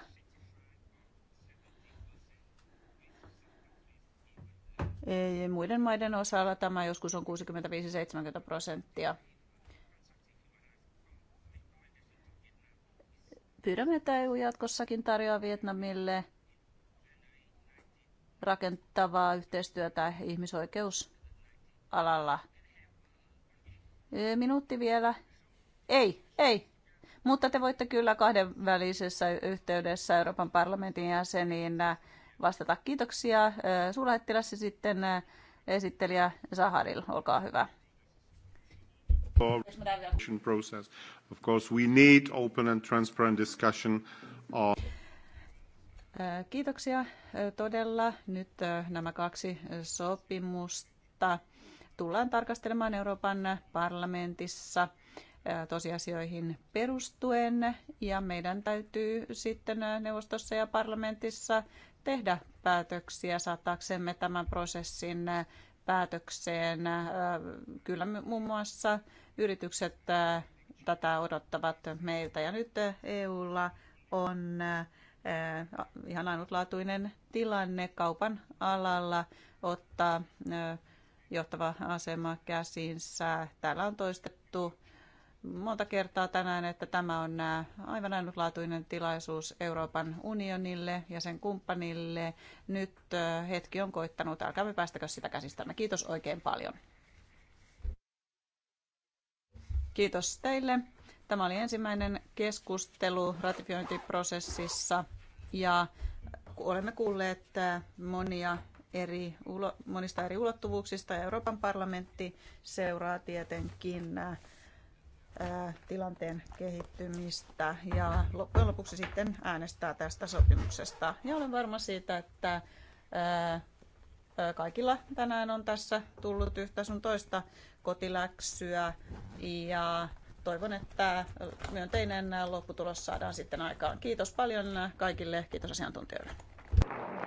Muiden maiden osalla tämä joskus on 65-70 prosenttia. Pyydämme, että EU jatkossakin tarjoaa Vietnamille rakentavaa yhteistyötä ihmisoikeusalalla. E, minuutti vielä. Ei, ei. Mutta te voitte kyllä kahdenvälisessä yhteydessä Euroopan parlamentin jäseniin vastata. Kiitoksia äh, suurlähettilässä sitten äh, esittelijä Saharil, olkaa hyvä. Of course, we need open and transparent discussion äh, Kiitoksia todella. Nyt nämä kaksi sopimusta tullaan tarkastelemaan Euroopan parlamentissa tosiasioihin perustuen ja meidän täytyy sitten neuvostossa ja parlamentissa tehdä päätöksiä saattaaksemme tämän prosessin päätökseen. Kyllä muun muassa yritykset tätä odottavat meiltä ja nyt EUlla on ihan ainutlaatuinen tilanne kaupan alalla ottaa johtava asema käsinsä. Täällä on toistettu monta kertaa tänään, että tämä on äh, aivan ainutlaatuinen tilaisuus Euroopan unionille ja sen kumppanille. Nyt äh, hetki on koittanut, me päästäkö sitä käsistämme. Kiitos oikein paljon. Kiitos teille. Tämä oli ensimmäinen keskustelu ratifiointiprosessissa ja olemme kuulleet äh, monia eri, monista eri ulottuvuuksista. Euroopan parlamentti seuraa tietenkin tilanteen kehittymistä ja loppujen lopuksi sitten äänestää tästä sopimuksesta. Ja olen varma siitä, että kaikilla tänään on tässä tullut yhtä sun toista kotiläksyä ja toivon, että myönteinen lopputulos saadaan sitten aikaan. Kiitos paljon kaikille, kiitos asiantuntijoille.